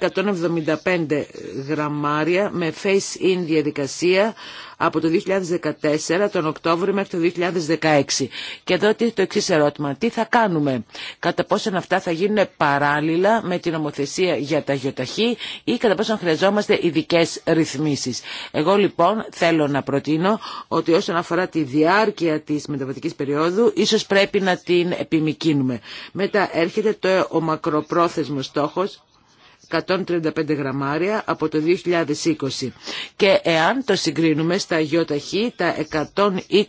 175 γραμμάρια με face-in διαδικασία από το 2014 τον Οκτώβριο μέχρι το 2016. Και εδώ το εξή ερώτημα. Τι θα κάνουμε, κατά πόσον αυτά θα γίνουν παράλληλα με την νομοθεσία για τα γεωταχή ή κατά πόσο χρειαζόμαστε ειδικέ ρυθμίσεις. Εγώ λοιπόν θέλω να προτείνω ότι όσον αφορά τη διάρκεια της μεταβατικής περίοδου ίσως πρέπει να την επιμικρύνουμε. Μετά έρχεται ο μακροπρόθεσμος στόχος 135 γραμμάρια από το 2020 και εάν το συγκρίνουμε στα ΙΟΤΑΧΗ τα 120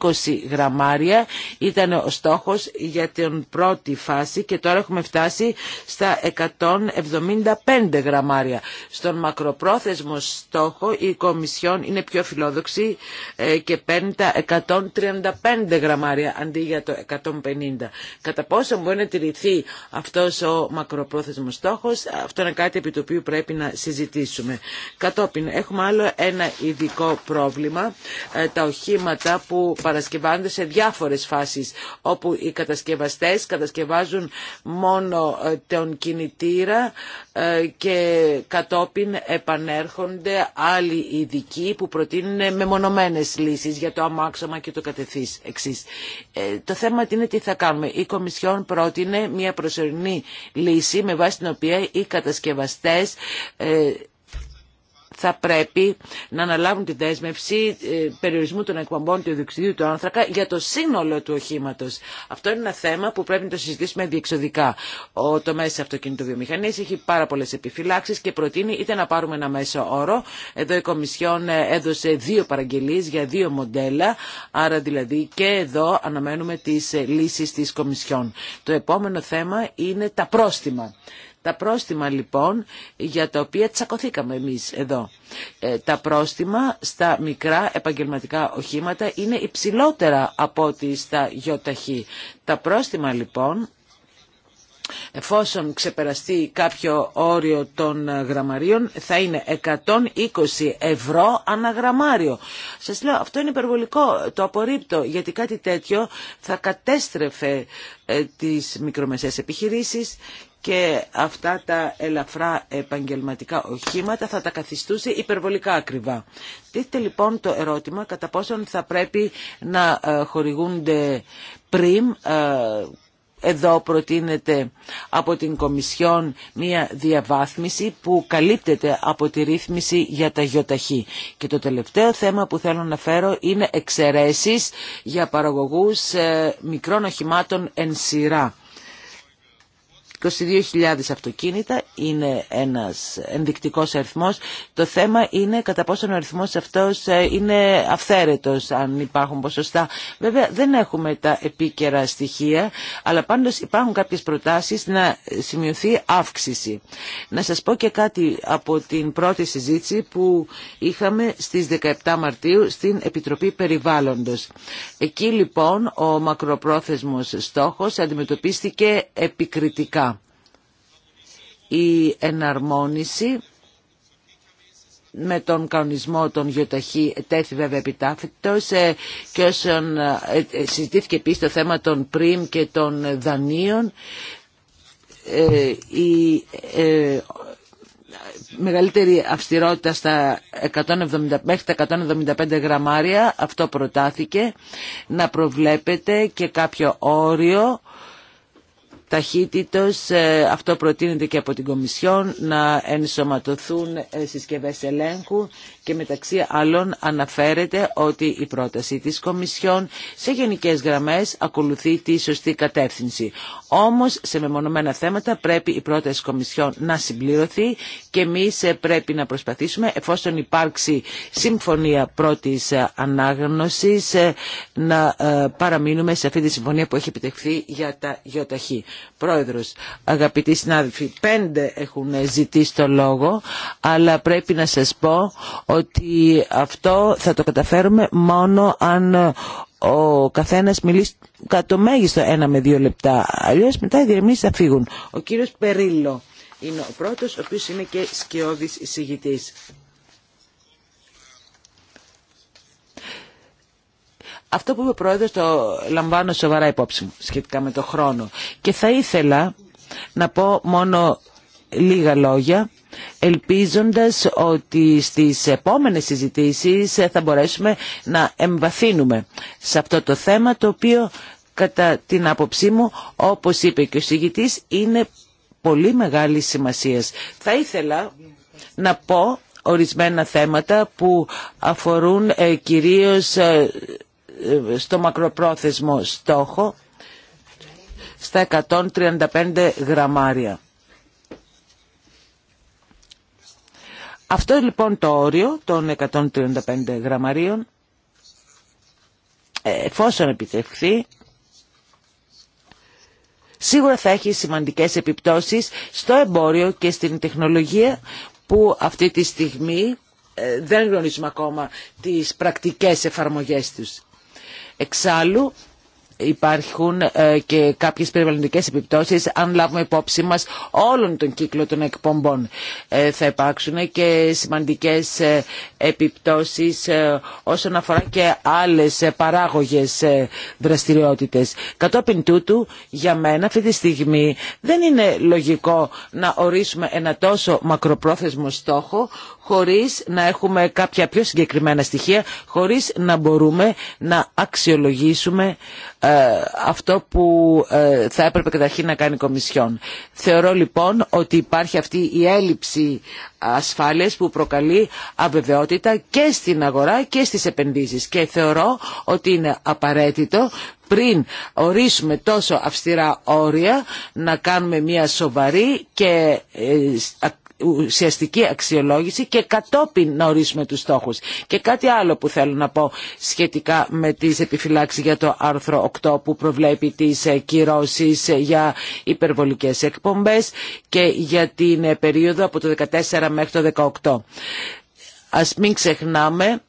γραμμάρια ήταν ο στόχος για την πρώτη φάση και τώρα έχουμε φτάσει στα 175 γραμμάρια. Στον μακροπρόθεσμο στόχο η Κομισιόν είναι πιο φιλόδοξη ε, και παίρνει τα 135 γραμμάρια αντί για το 150. Κατά πόσο μπορεί να τηρηθεί αυτός ο μακροπρόθεσμος στόχος αυτό είναι κάτι επί του πρέπει να συζητήσουμε. Κατόπιν έχουμε άλλο ένα ειδικό πρόβλημα, ε, τα οχήματα που παρασκευάζονται σε διάφορες φάσεις, όπου οι κατασκευαστές κατασκευάζουν μόνο ε, τον κινητήρα ε, και κατόπιν επανέρχονται άλλοι ειδικοί που προτείνουν μεμονωμένες λύσεις για το αμάξωμα και το κατεθείς εξής. Το θέμα είναι τι θα κάνουμε. Η Κομισιόν πρότεινε μια προσωρινή λύση με βάση την οποία οι κατασκευαστές ε, θα πρέπει να αναλάβουν τη δέσμευση ε, περιορισμού των εκπομπών του διοξιδίου του άνθρακα για το σύνολο του οχήματο. Αυτό είναι ένα θέμα που πρέπει να το συζητήσουμε διεξοδικά. Ο τομέα τη αυτοκινητοβιομηχανία έχει πάρα πολλέ επιφυλάξει και προτείνει είτε να πάρουμε ένα μέσο όρο. Εδώ η Κομισιόν έδωσε δύο παραγγελίε για δύο μοντέλα, άρα δηλαδή και εδώ αναμένουμε τι λύσει τη Κομισιόν. Το επόμενο θέμα είναι τα πρόστιμα. Τα πρόστιμα λοιπόν για τα οποία τσακωθήκαμε εμείς εδώ. Ε, τα πρόστιμα στα μικρά επαγγελματικά οχήματα είναι υψηλότερα από ό,τι στα γιοταχή. Τα πρόστιμα λοιπόν εφόσον ξεπεραστεί κάποιο όριο των γραμμαρίων θα είναι 120 ευρώ αναγραμμάριο. Σας λέω αυτό είναι υπερβολικό, το απορρίπτω γιατί κάτι τέτοιο θα κατέστρεφε ε, τις μικρομεσαίες επιχειρήσεις και αυτά τα ελαφρά επαγγελματικά οχήματα θα τα καθιστούσε υπερβολικά ακριβά. Τίθεται λοιπόν το ερώτημα κατά πόσον θα πρέπει να ε, χορηγούνται πριν ε, εδώ προτείνεται από την Κομισιόν μία διαβάθμιση που καλύπτεται από τη ρύθμιση για τα γιοταχή. Και το τελευταίο θέμα που θέλω να φέρω είναι εξαιρέσεις για παραγωγούς ε, μικρών οχημάτων εν σειρά. 22.000 αυτοκίνητα είναι ένας ενδεικτικός αριθμός. Το θέμα είναι κατά πόσο ο αριθμός αυτός ε, είναι αυθαίρετος αν υπάρχουν ποσοστά. Βέβαια δεν έχουμε τα επίκαιρα στοιχεία αλλά πάντως υπάρχουν κάποιες προτάσεις να σημειωθεί αύξηση. Να σας πω και κάτι από την πρώτη συζήτηση που είχαμε στις 17 Μαρτίου στην Επιτροπή Περιβάλλοντος. Εκεί λοιπόν ο μακροπρόθεσμος στόχος αντιμετωπίστηκε επικριτικά η εναρμόνιση με τον κανονισμό των γεωταχή τέθη βέβαια επιτάφητος ε, και όσον ε, ε, συζητήθηκε επίσης το θέμα των πριμ και των δανείων η μεγαλύτερη αυστηρότητα στα 170, μέχρι τα 175 γραμμάρια αυτό προτάθηκε να προβλέπετε και κάποιο όριο ταχύτητος. Ε, αυτό προτείνεται και από την Κομισιόν να ενσωματωθούν ε, συσκευές ελέγχου και μεταξύ άλλων αναφέρεται ότι η πρόταση της Κομισιόν σε γενικές γραμμές ακολουθεί τη σωστή κατεύθυνση. Όμως σε μεμονωμένα θέματα πρέπει η πρόταση Κομισιόν να συμπληρωθεί και εμείς ε, πρέπει να προσπαθήσουμε εφόσον υπάρξει συμφωνία πρώτης ε, ανάγνωσης ε, να παραμείνουμε σε αυτή τη συμφωνία που έχει επιτευχθεί για τα γιοταχή. Πρόεδρος, αγαπητοί συνάδελφοι, πέντε έχουν ζητήσει το λόγο αλλά πρέπει να σας πω ότι αυτό θα το καταφέρουμε μόνο αν ο καθένας μιλήσει κατά το μέγιστο ένα με δύο λεπτά. Αλλιώς μετά οι διερμήσεις θα φύγουν. Ο κύριος Περίλο είναι ο πρώτος, ο οποίος είναι και σκιώδης εισηγητής. Αυτό που είπε ο Πρόεδρος το λαμβάνω σοβαρά υπόψη μου σχετικά με το χρόνο. Και θα ήθελα να πω μόνο λίγα λόγια ελπίζοντας ότι στις επόμενες συζητήσεις θα μπορέσουμε να εμβαθύνουμε σε αυτό το θέμα το οποίο κατά την άποψή μου όπως είπε και ο συγητής είναι πολύ μεγάλη σημασία. Θα ήθελα να πω ορισμένα θέματα που αφορούν ε, κυρίως ε, ε, στο μακροπρόθεσμο στόχο στα 135 γραμμάρια. Αυτό λοιπόν το όριο των 135 γραμμαρίων, ε, εφόσον επιτευχθεί, σίγουρα θα έχει σημαντικές επιπτώσεις στο εμπόριο και στην τεχνολογία που αυτή τη στιγμή ε, δεν γνωρίζουμε ακόμα τις πρακτικές εφαρμογές τους. Εξάλλου, υπάρχουν ε, και κάποιες περιβαλλοντικές επιπτώσεις αν λάβουμε υπόψη μας όλον τον κύκλο των εκπομπών. Ε, θα υπάρξουν και σημαντικές ε, επιπτώσεις όσον αφορά και άλλες παράγωγες δραστηριότητες. Κατόπιν τούτου, για μένα αυτή τη στιγμή δεν είναι λογικό να ορίσουμε ένα τόσο μακροπρόθεσμο στόχο χωρίς να έχουμε κάποια πιο συγκεκριμένα στοιχεία, χωρίς να μπορούμε να αξιολογήσουμε ε, αυτό που ε, θα έπρεπε καταρχήν να κάνει η Κομισιόν. Θεωρώ λοιπόν ότι υπάρχει αυτή η έλλειψη ασφάλειας που προκαλεί αβεβαιότητα και στην αγορά και στις επενδύσεις και θεωρώ ότι είναι απαραίτητο πριν ορίσουμε τόσο αυστηρά όρια να κάνουμε μια σοβαρή και ε, ουσιαστική αξιολόγηση και κατόπιν να ορίσουμε τους στόχους. Και κάτι άλλο που θέλω να πω σχετικά με τις επιφυλάξεις για το άρθρο 8 που προβλέπει τις ε, κυρώσεις ε, για υπερβολικές εκπομπές και για την ε, περίοδο από το 14 μέχρι το 18. Ας μην ξεχνάμε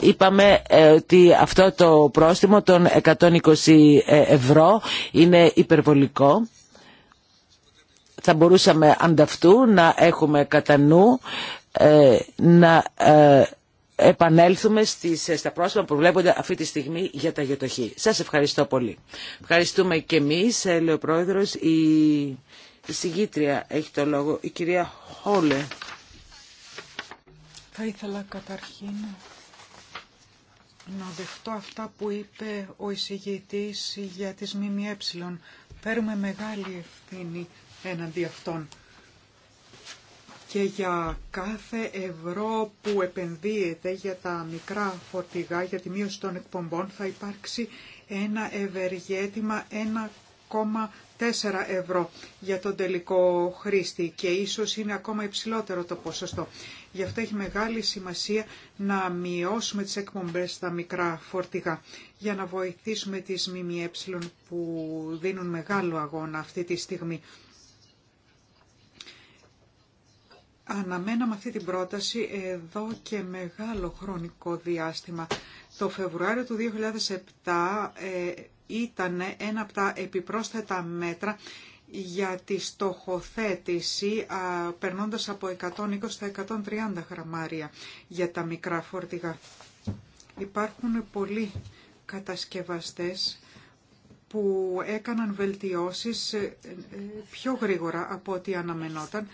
Είπαμε ε, ότι αυτό το πρόστιμο των 120 ε, ευρώ είναι υπερβολικό. Θα μπορούσαμε ανταυτού να έχουμε κατά νου ε, να επανέλθουμε στις, στα πρόσωπα που βλέπονται αυτή τη στιγμή για τα γετοχή. Σας ευχαριστώ πολύ. Ευχαριστούμε και εμείς, λέει ο Πρόεδρος. Η, η συγγήτρια έχει το λόγο, η κυρία Χόλε. Θα ήθελα καταρχήν να δεχτώ αυτά που είπε ο εισηγητής για τις ΜΜΕ. Παίρνουμε μεγάλη ευθύνη έναντι αυτών. Και για κάθε ευρώ που επενδύεται για τα μικρά φορτηγά, για τη μείωση των εκπομπών, θα υπάρξει ένα ευεργέτημα ευρώ για τον τελικό χρήστη και ίσως είναι ακόμα υψηλότερο το ποσοστό. Γι' αυτό έχει μεγάλη σημασία να μειώσουμε τις εκπομπές στα μικρά φορτηγά για να βοηθήσουμε τις ΜΜΕ που δίνουν μεγάλο αγώνα αυτή τη στιγμή. Αναμέναμε αυτή την πρόταση εδώ και μεγάλο χρονικό διάστημα. Το Φεβρουάριο του 2007 ήταν ένα από τα επιπρόσθετα μέτρα για τη στοχοθέτηση α, περνώντας από 120 στα 130 γραμμάρια για τα μικρά φορτηγά. Υπάρχουν πολλοί κατασκευαστές που έκαναν βελτιώσεις ε, ε, πιο γρήγορα από ό,τι αναμενόταν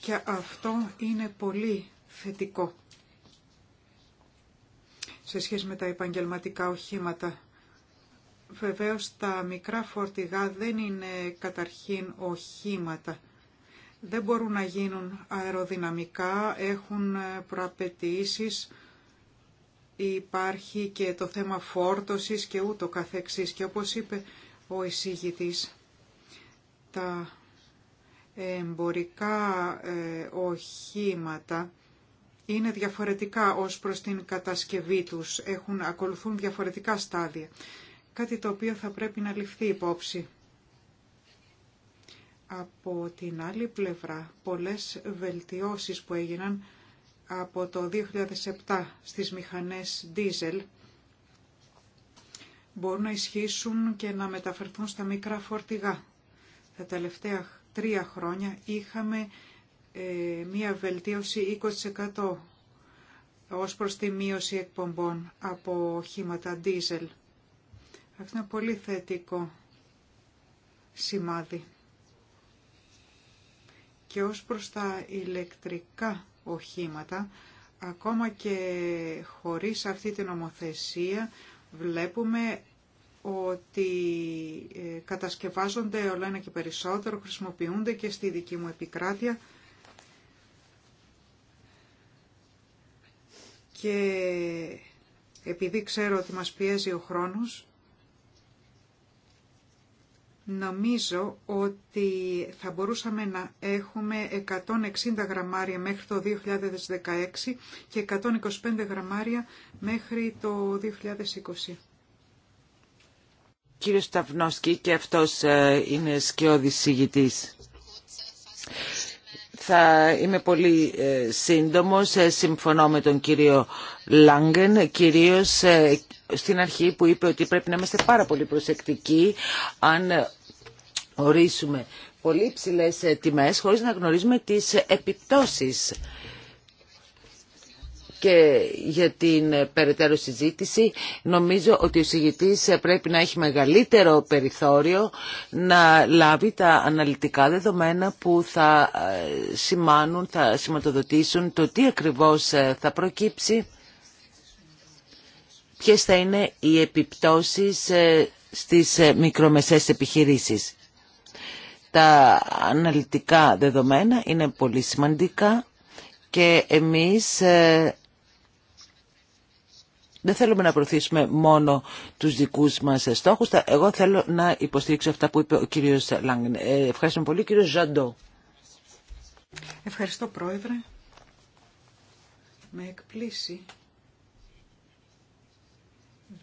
και αυτό είναι πολύ θετικό σε σχέση με τα επαγγελματικά οχήματα Βεβαίως τα μικρά φορτηγά δεν είναι καταρχήν οχήματα. Δεν μπορούν να γίνουν αεροδυναμικά, έχουν ε, προαπαιτήσεις, υπάρχει και το θέμα φόρτωσης και ούτω καθεξής. Και όπως είπε ο εισηγητής, τα εμπορικά ε, οχήματα είναι διαφορετικά ως προς την κατασκευή τους, έχουν, ακολουθούν διαφορετικά στάδια κάτι το οποίο θα πρέπει να ληφθεί υπόψη. Από την άλλη πλευρά, πολλές βελτιώσεις που έγιναν από το 2007 στις μηχανές diesel μπορούν να ισχύσουν και να μεταφερθούν στα μικρά φορτηγά. Τα τελευταία τρία χρόνια είχαμε ε, μία βελτίωση 20% ως προς τη μείωση εκπομπών από οχήματα diesel. Αυτό είναι πολύ θετικό σημάδι. Και ως προς τα ηλεκτρικά οχήματα, ακόμα και χωρίς αυτή την ομοθεσία, βλέπουμε ότι ε, κατασκευάζονται όλα ένα και περισσότερο, χρησιμοποιούνται και στη δική μου επικράτεια και επειδή ξέρω ότι μας πιέζει ο χρόνος, Νομίζω ότι θα μπορούσαμε να έχουμε 160 γραμμάρια μέχρι το 2016 και 125 γραμμάρια μέχρι το 2020. Κύριο Σταυνόσκη, και αυτός ε, είναι σκιώδης συγητής. Θα είμαι πολύ ε, σύντομος, ε, συμφωνώ με τον κύριο Λάγκεν, κυρίως στην αρχή που είπε ότι πρέπει να είμαστε πάρα πολύ προσεκτικοί αν ορίσουμε πολύ ψηλέ ε, τιμές χωρίς να γνωρίζουμε τις ε, επιπτώσεις και για την ε, περαιτέρω συζήτηση. Νομίζω ότι ο συγητής πρέπει να έχει μεγαλύτερο περιθώριο να λάβει τα αναλυτικά δεδομένα που θα σημάνουν, θα σηματοδοτήσουν το τι ακριβώς θα προκύψει, ποιες θα είναι οι επιπτώσεις στις μικρομεσαίες επιχειρήσεις τα αναλυτικά δεδομένα είναι πολύ σημαντικά και εμείς ε, δεν θέλουμε να προωθήσουμε μόνο τους δικούς μας στόχους. Εγώ θέλω να υποστηρίξω αυτά που είπε ο κύριος Λάγκεν. Ε, ευχαριστούμε πολύ, κύριο Ζαντό. Ευχαριστώ, Πρόεδρε. Με εκπλήσει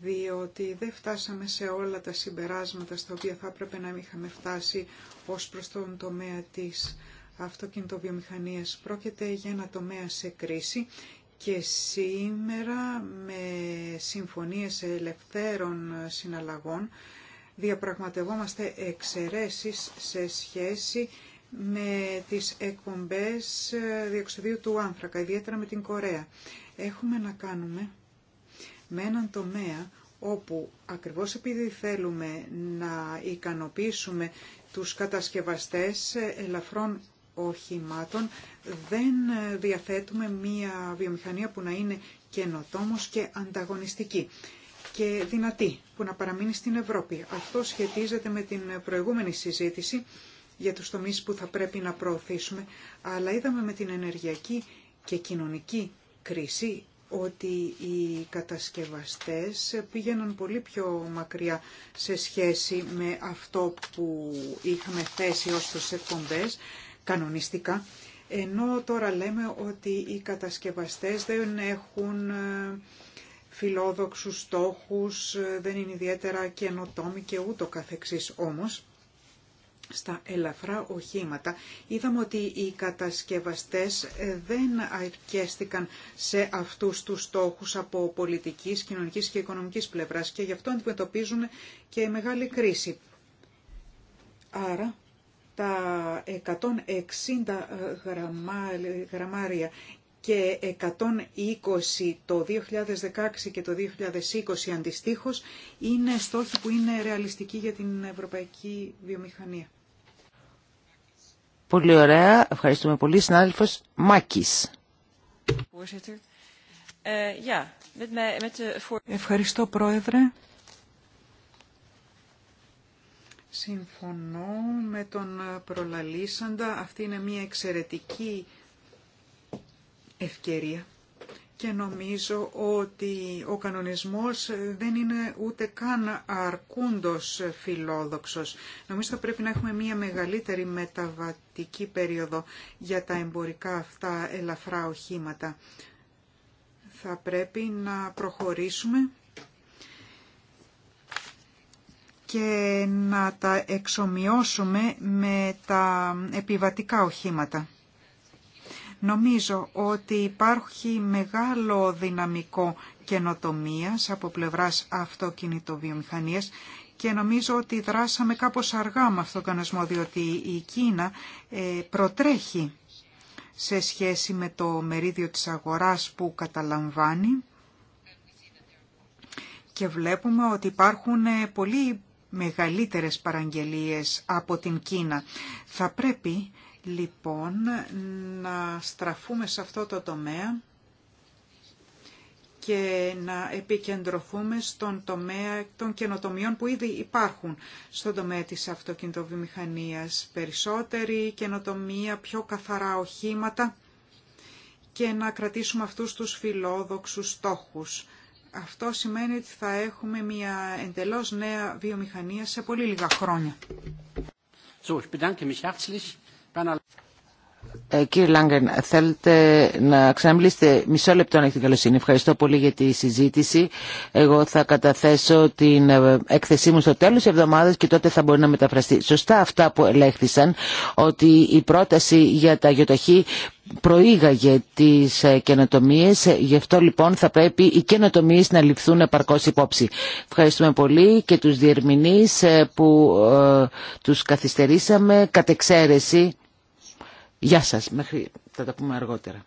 διότι δεν φτάσαμε σε όλα τα συμπεράσματα στα οποία θα έπρεπε να είχαμε φτάσει ως προς τον τομέα της αυτοκινητοβιομηχανίας. Πρόκειται για ένα τομέα σε κρίση και σήμερα με συμφωνίες ελευθέρων συναλλαγών διαπραγματευόμαστε εξαιρέσεις σε σχέση με τις εκπομπές διοξιδίου του άνθρακα, ιδιαίτερα με την Κορέα. Έχουμε να κάνουμε με έναν τομέα όπου ακριβώς επειδή θέλουμε να ικανοποιήσουμε τους κατασκευαστές ελαφρών οχημάτων, δεν διαθέτουμε μία βιομηχανία που να είναι καινοτόμος και ανταγωνιστική και δυνατή, που να παραμείνει στην Ευρώπη. Αυτό σχετίζεται με την προηγούμενη συζήτηση για τους τομείς που θα πρέπει να προωθήσουμε, αλλά είδαμε με την ενεργειακή και κοινωνική κρίση ότι οι κατασκευαστές πήγαιναν πολύ πιο μακριά σε σχέση με αυτό που είχαμε θέσει ως τους εκπομπές κανονιστικά, ενώ τώρα λέμε ότι οι κατασκευαστές δεν έχουν ε, φιλόδοξους στόχους, ε, δεν είναι ιδιαίτερα καινοτόμοι και ούτω καθεξής όμως στα ελαφρά οχήματα, είδαμε ότι οι κατασκευαστές ε, δεν αρκέστηκαν σε αυτούς τους στόχους από πολιτικής, κοινωνικής και οικονομικής πλευράς και γι' αυτό αντιμετωπίζουν και μεγάλη κρίση. Άρα τα 160 γραμμάρια και 120 το 2016 και το 2020 αντιστοίχως είναι στόχοι που είναι ρεαλιστικοί για την ευρωπαϊκή βιομηχανία. Πολύ ωραία. Ευχαριστούμε πολύ. Συνάδελφος Μάκης. Ευχαριστώ Πρόεδρε. Συμφωνώ με τον προλαλήσαντα. Αυτή είναι μια εξαιρετική ευκαιρία και νομίζω ότι ο κανονισμός δεν είναι ούτε καν αρκούντος φιλόδοξος. Νομίζω θα πρέπει να έχουμε μια μεγαλύτερη μεταβατική περίοδο για τα εμπορικά αυτά ελαφρά οχήματα. Θα πρέπει να προχωρήσουμε και να τα εξομοιώσουμε με τα επιβατικά οχήματα. Νομίζω ότι υπάρχει μεγάλο δυναμικό καινοτομίας από πλευράς αυτοκινητοβιομηχανίας και νομίζω ότι δράσαμε κάπως αργά με αυτόν τον κανονισμό, διότι η Κίνα ε, προτρέχει σε σχέση με το μερίδιο της αγοράς που καταλαμβάνει και βλέπουμε ότι υπάρχουν ε, πολύ μεγαλύτερες παραγγελίες από την Κίνα. Θα πρέπει λοιπόν να στραφούμε σε αυτό το τομέα και να επικεντρωθούμε στον τομέα των καινοτομιών που ήδη υπάρχουν στον τομέα της αυτοκινητοβιομηχανίας. Περισσότερη καινοτομία, πιο καθαρά οχήματα και να κρατήσουμε αυτούς τους φιλόδοξους στόχους. Αυτό σημαίνει ότι θα έχουμε μια εντελώς νέα βιομηχανία σε πολύ λίγα χρόνια. So, ich bedanke ε, κύριε Λάγκεν, θέλετε να ξαναμιλήσετε μισό λεπτό να έχετε καλοσύνη. Ευχαριστώ πολύ για τη συζήτηση. Εγώ θα καταθέσω την ε, έκθεσή μου στο τέλος της εβδομάδας και τότε θα μπορεί να μεταφραστεί. Σωστά αυτά που ελέγχθησαν ότι η πρόταση για τα γιοταχή προήγαγε τις ε, καινοτομίες γι' αυτό λοιπόν θα πρέπει οι καινοτομίες να ληφθούν επαρκώς υπόψη ευχαριστούμε πολύ και τους διερμηνείς ε, που τους καθυστερήσαμε κατ' εξαίρεση Γεια σας, μέχρι θα τα πούμε αργότερα.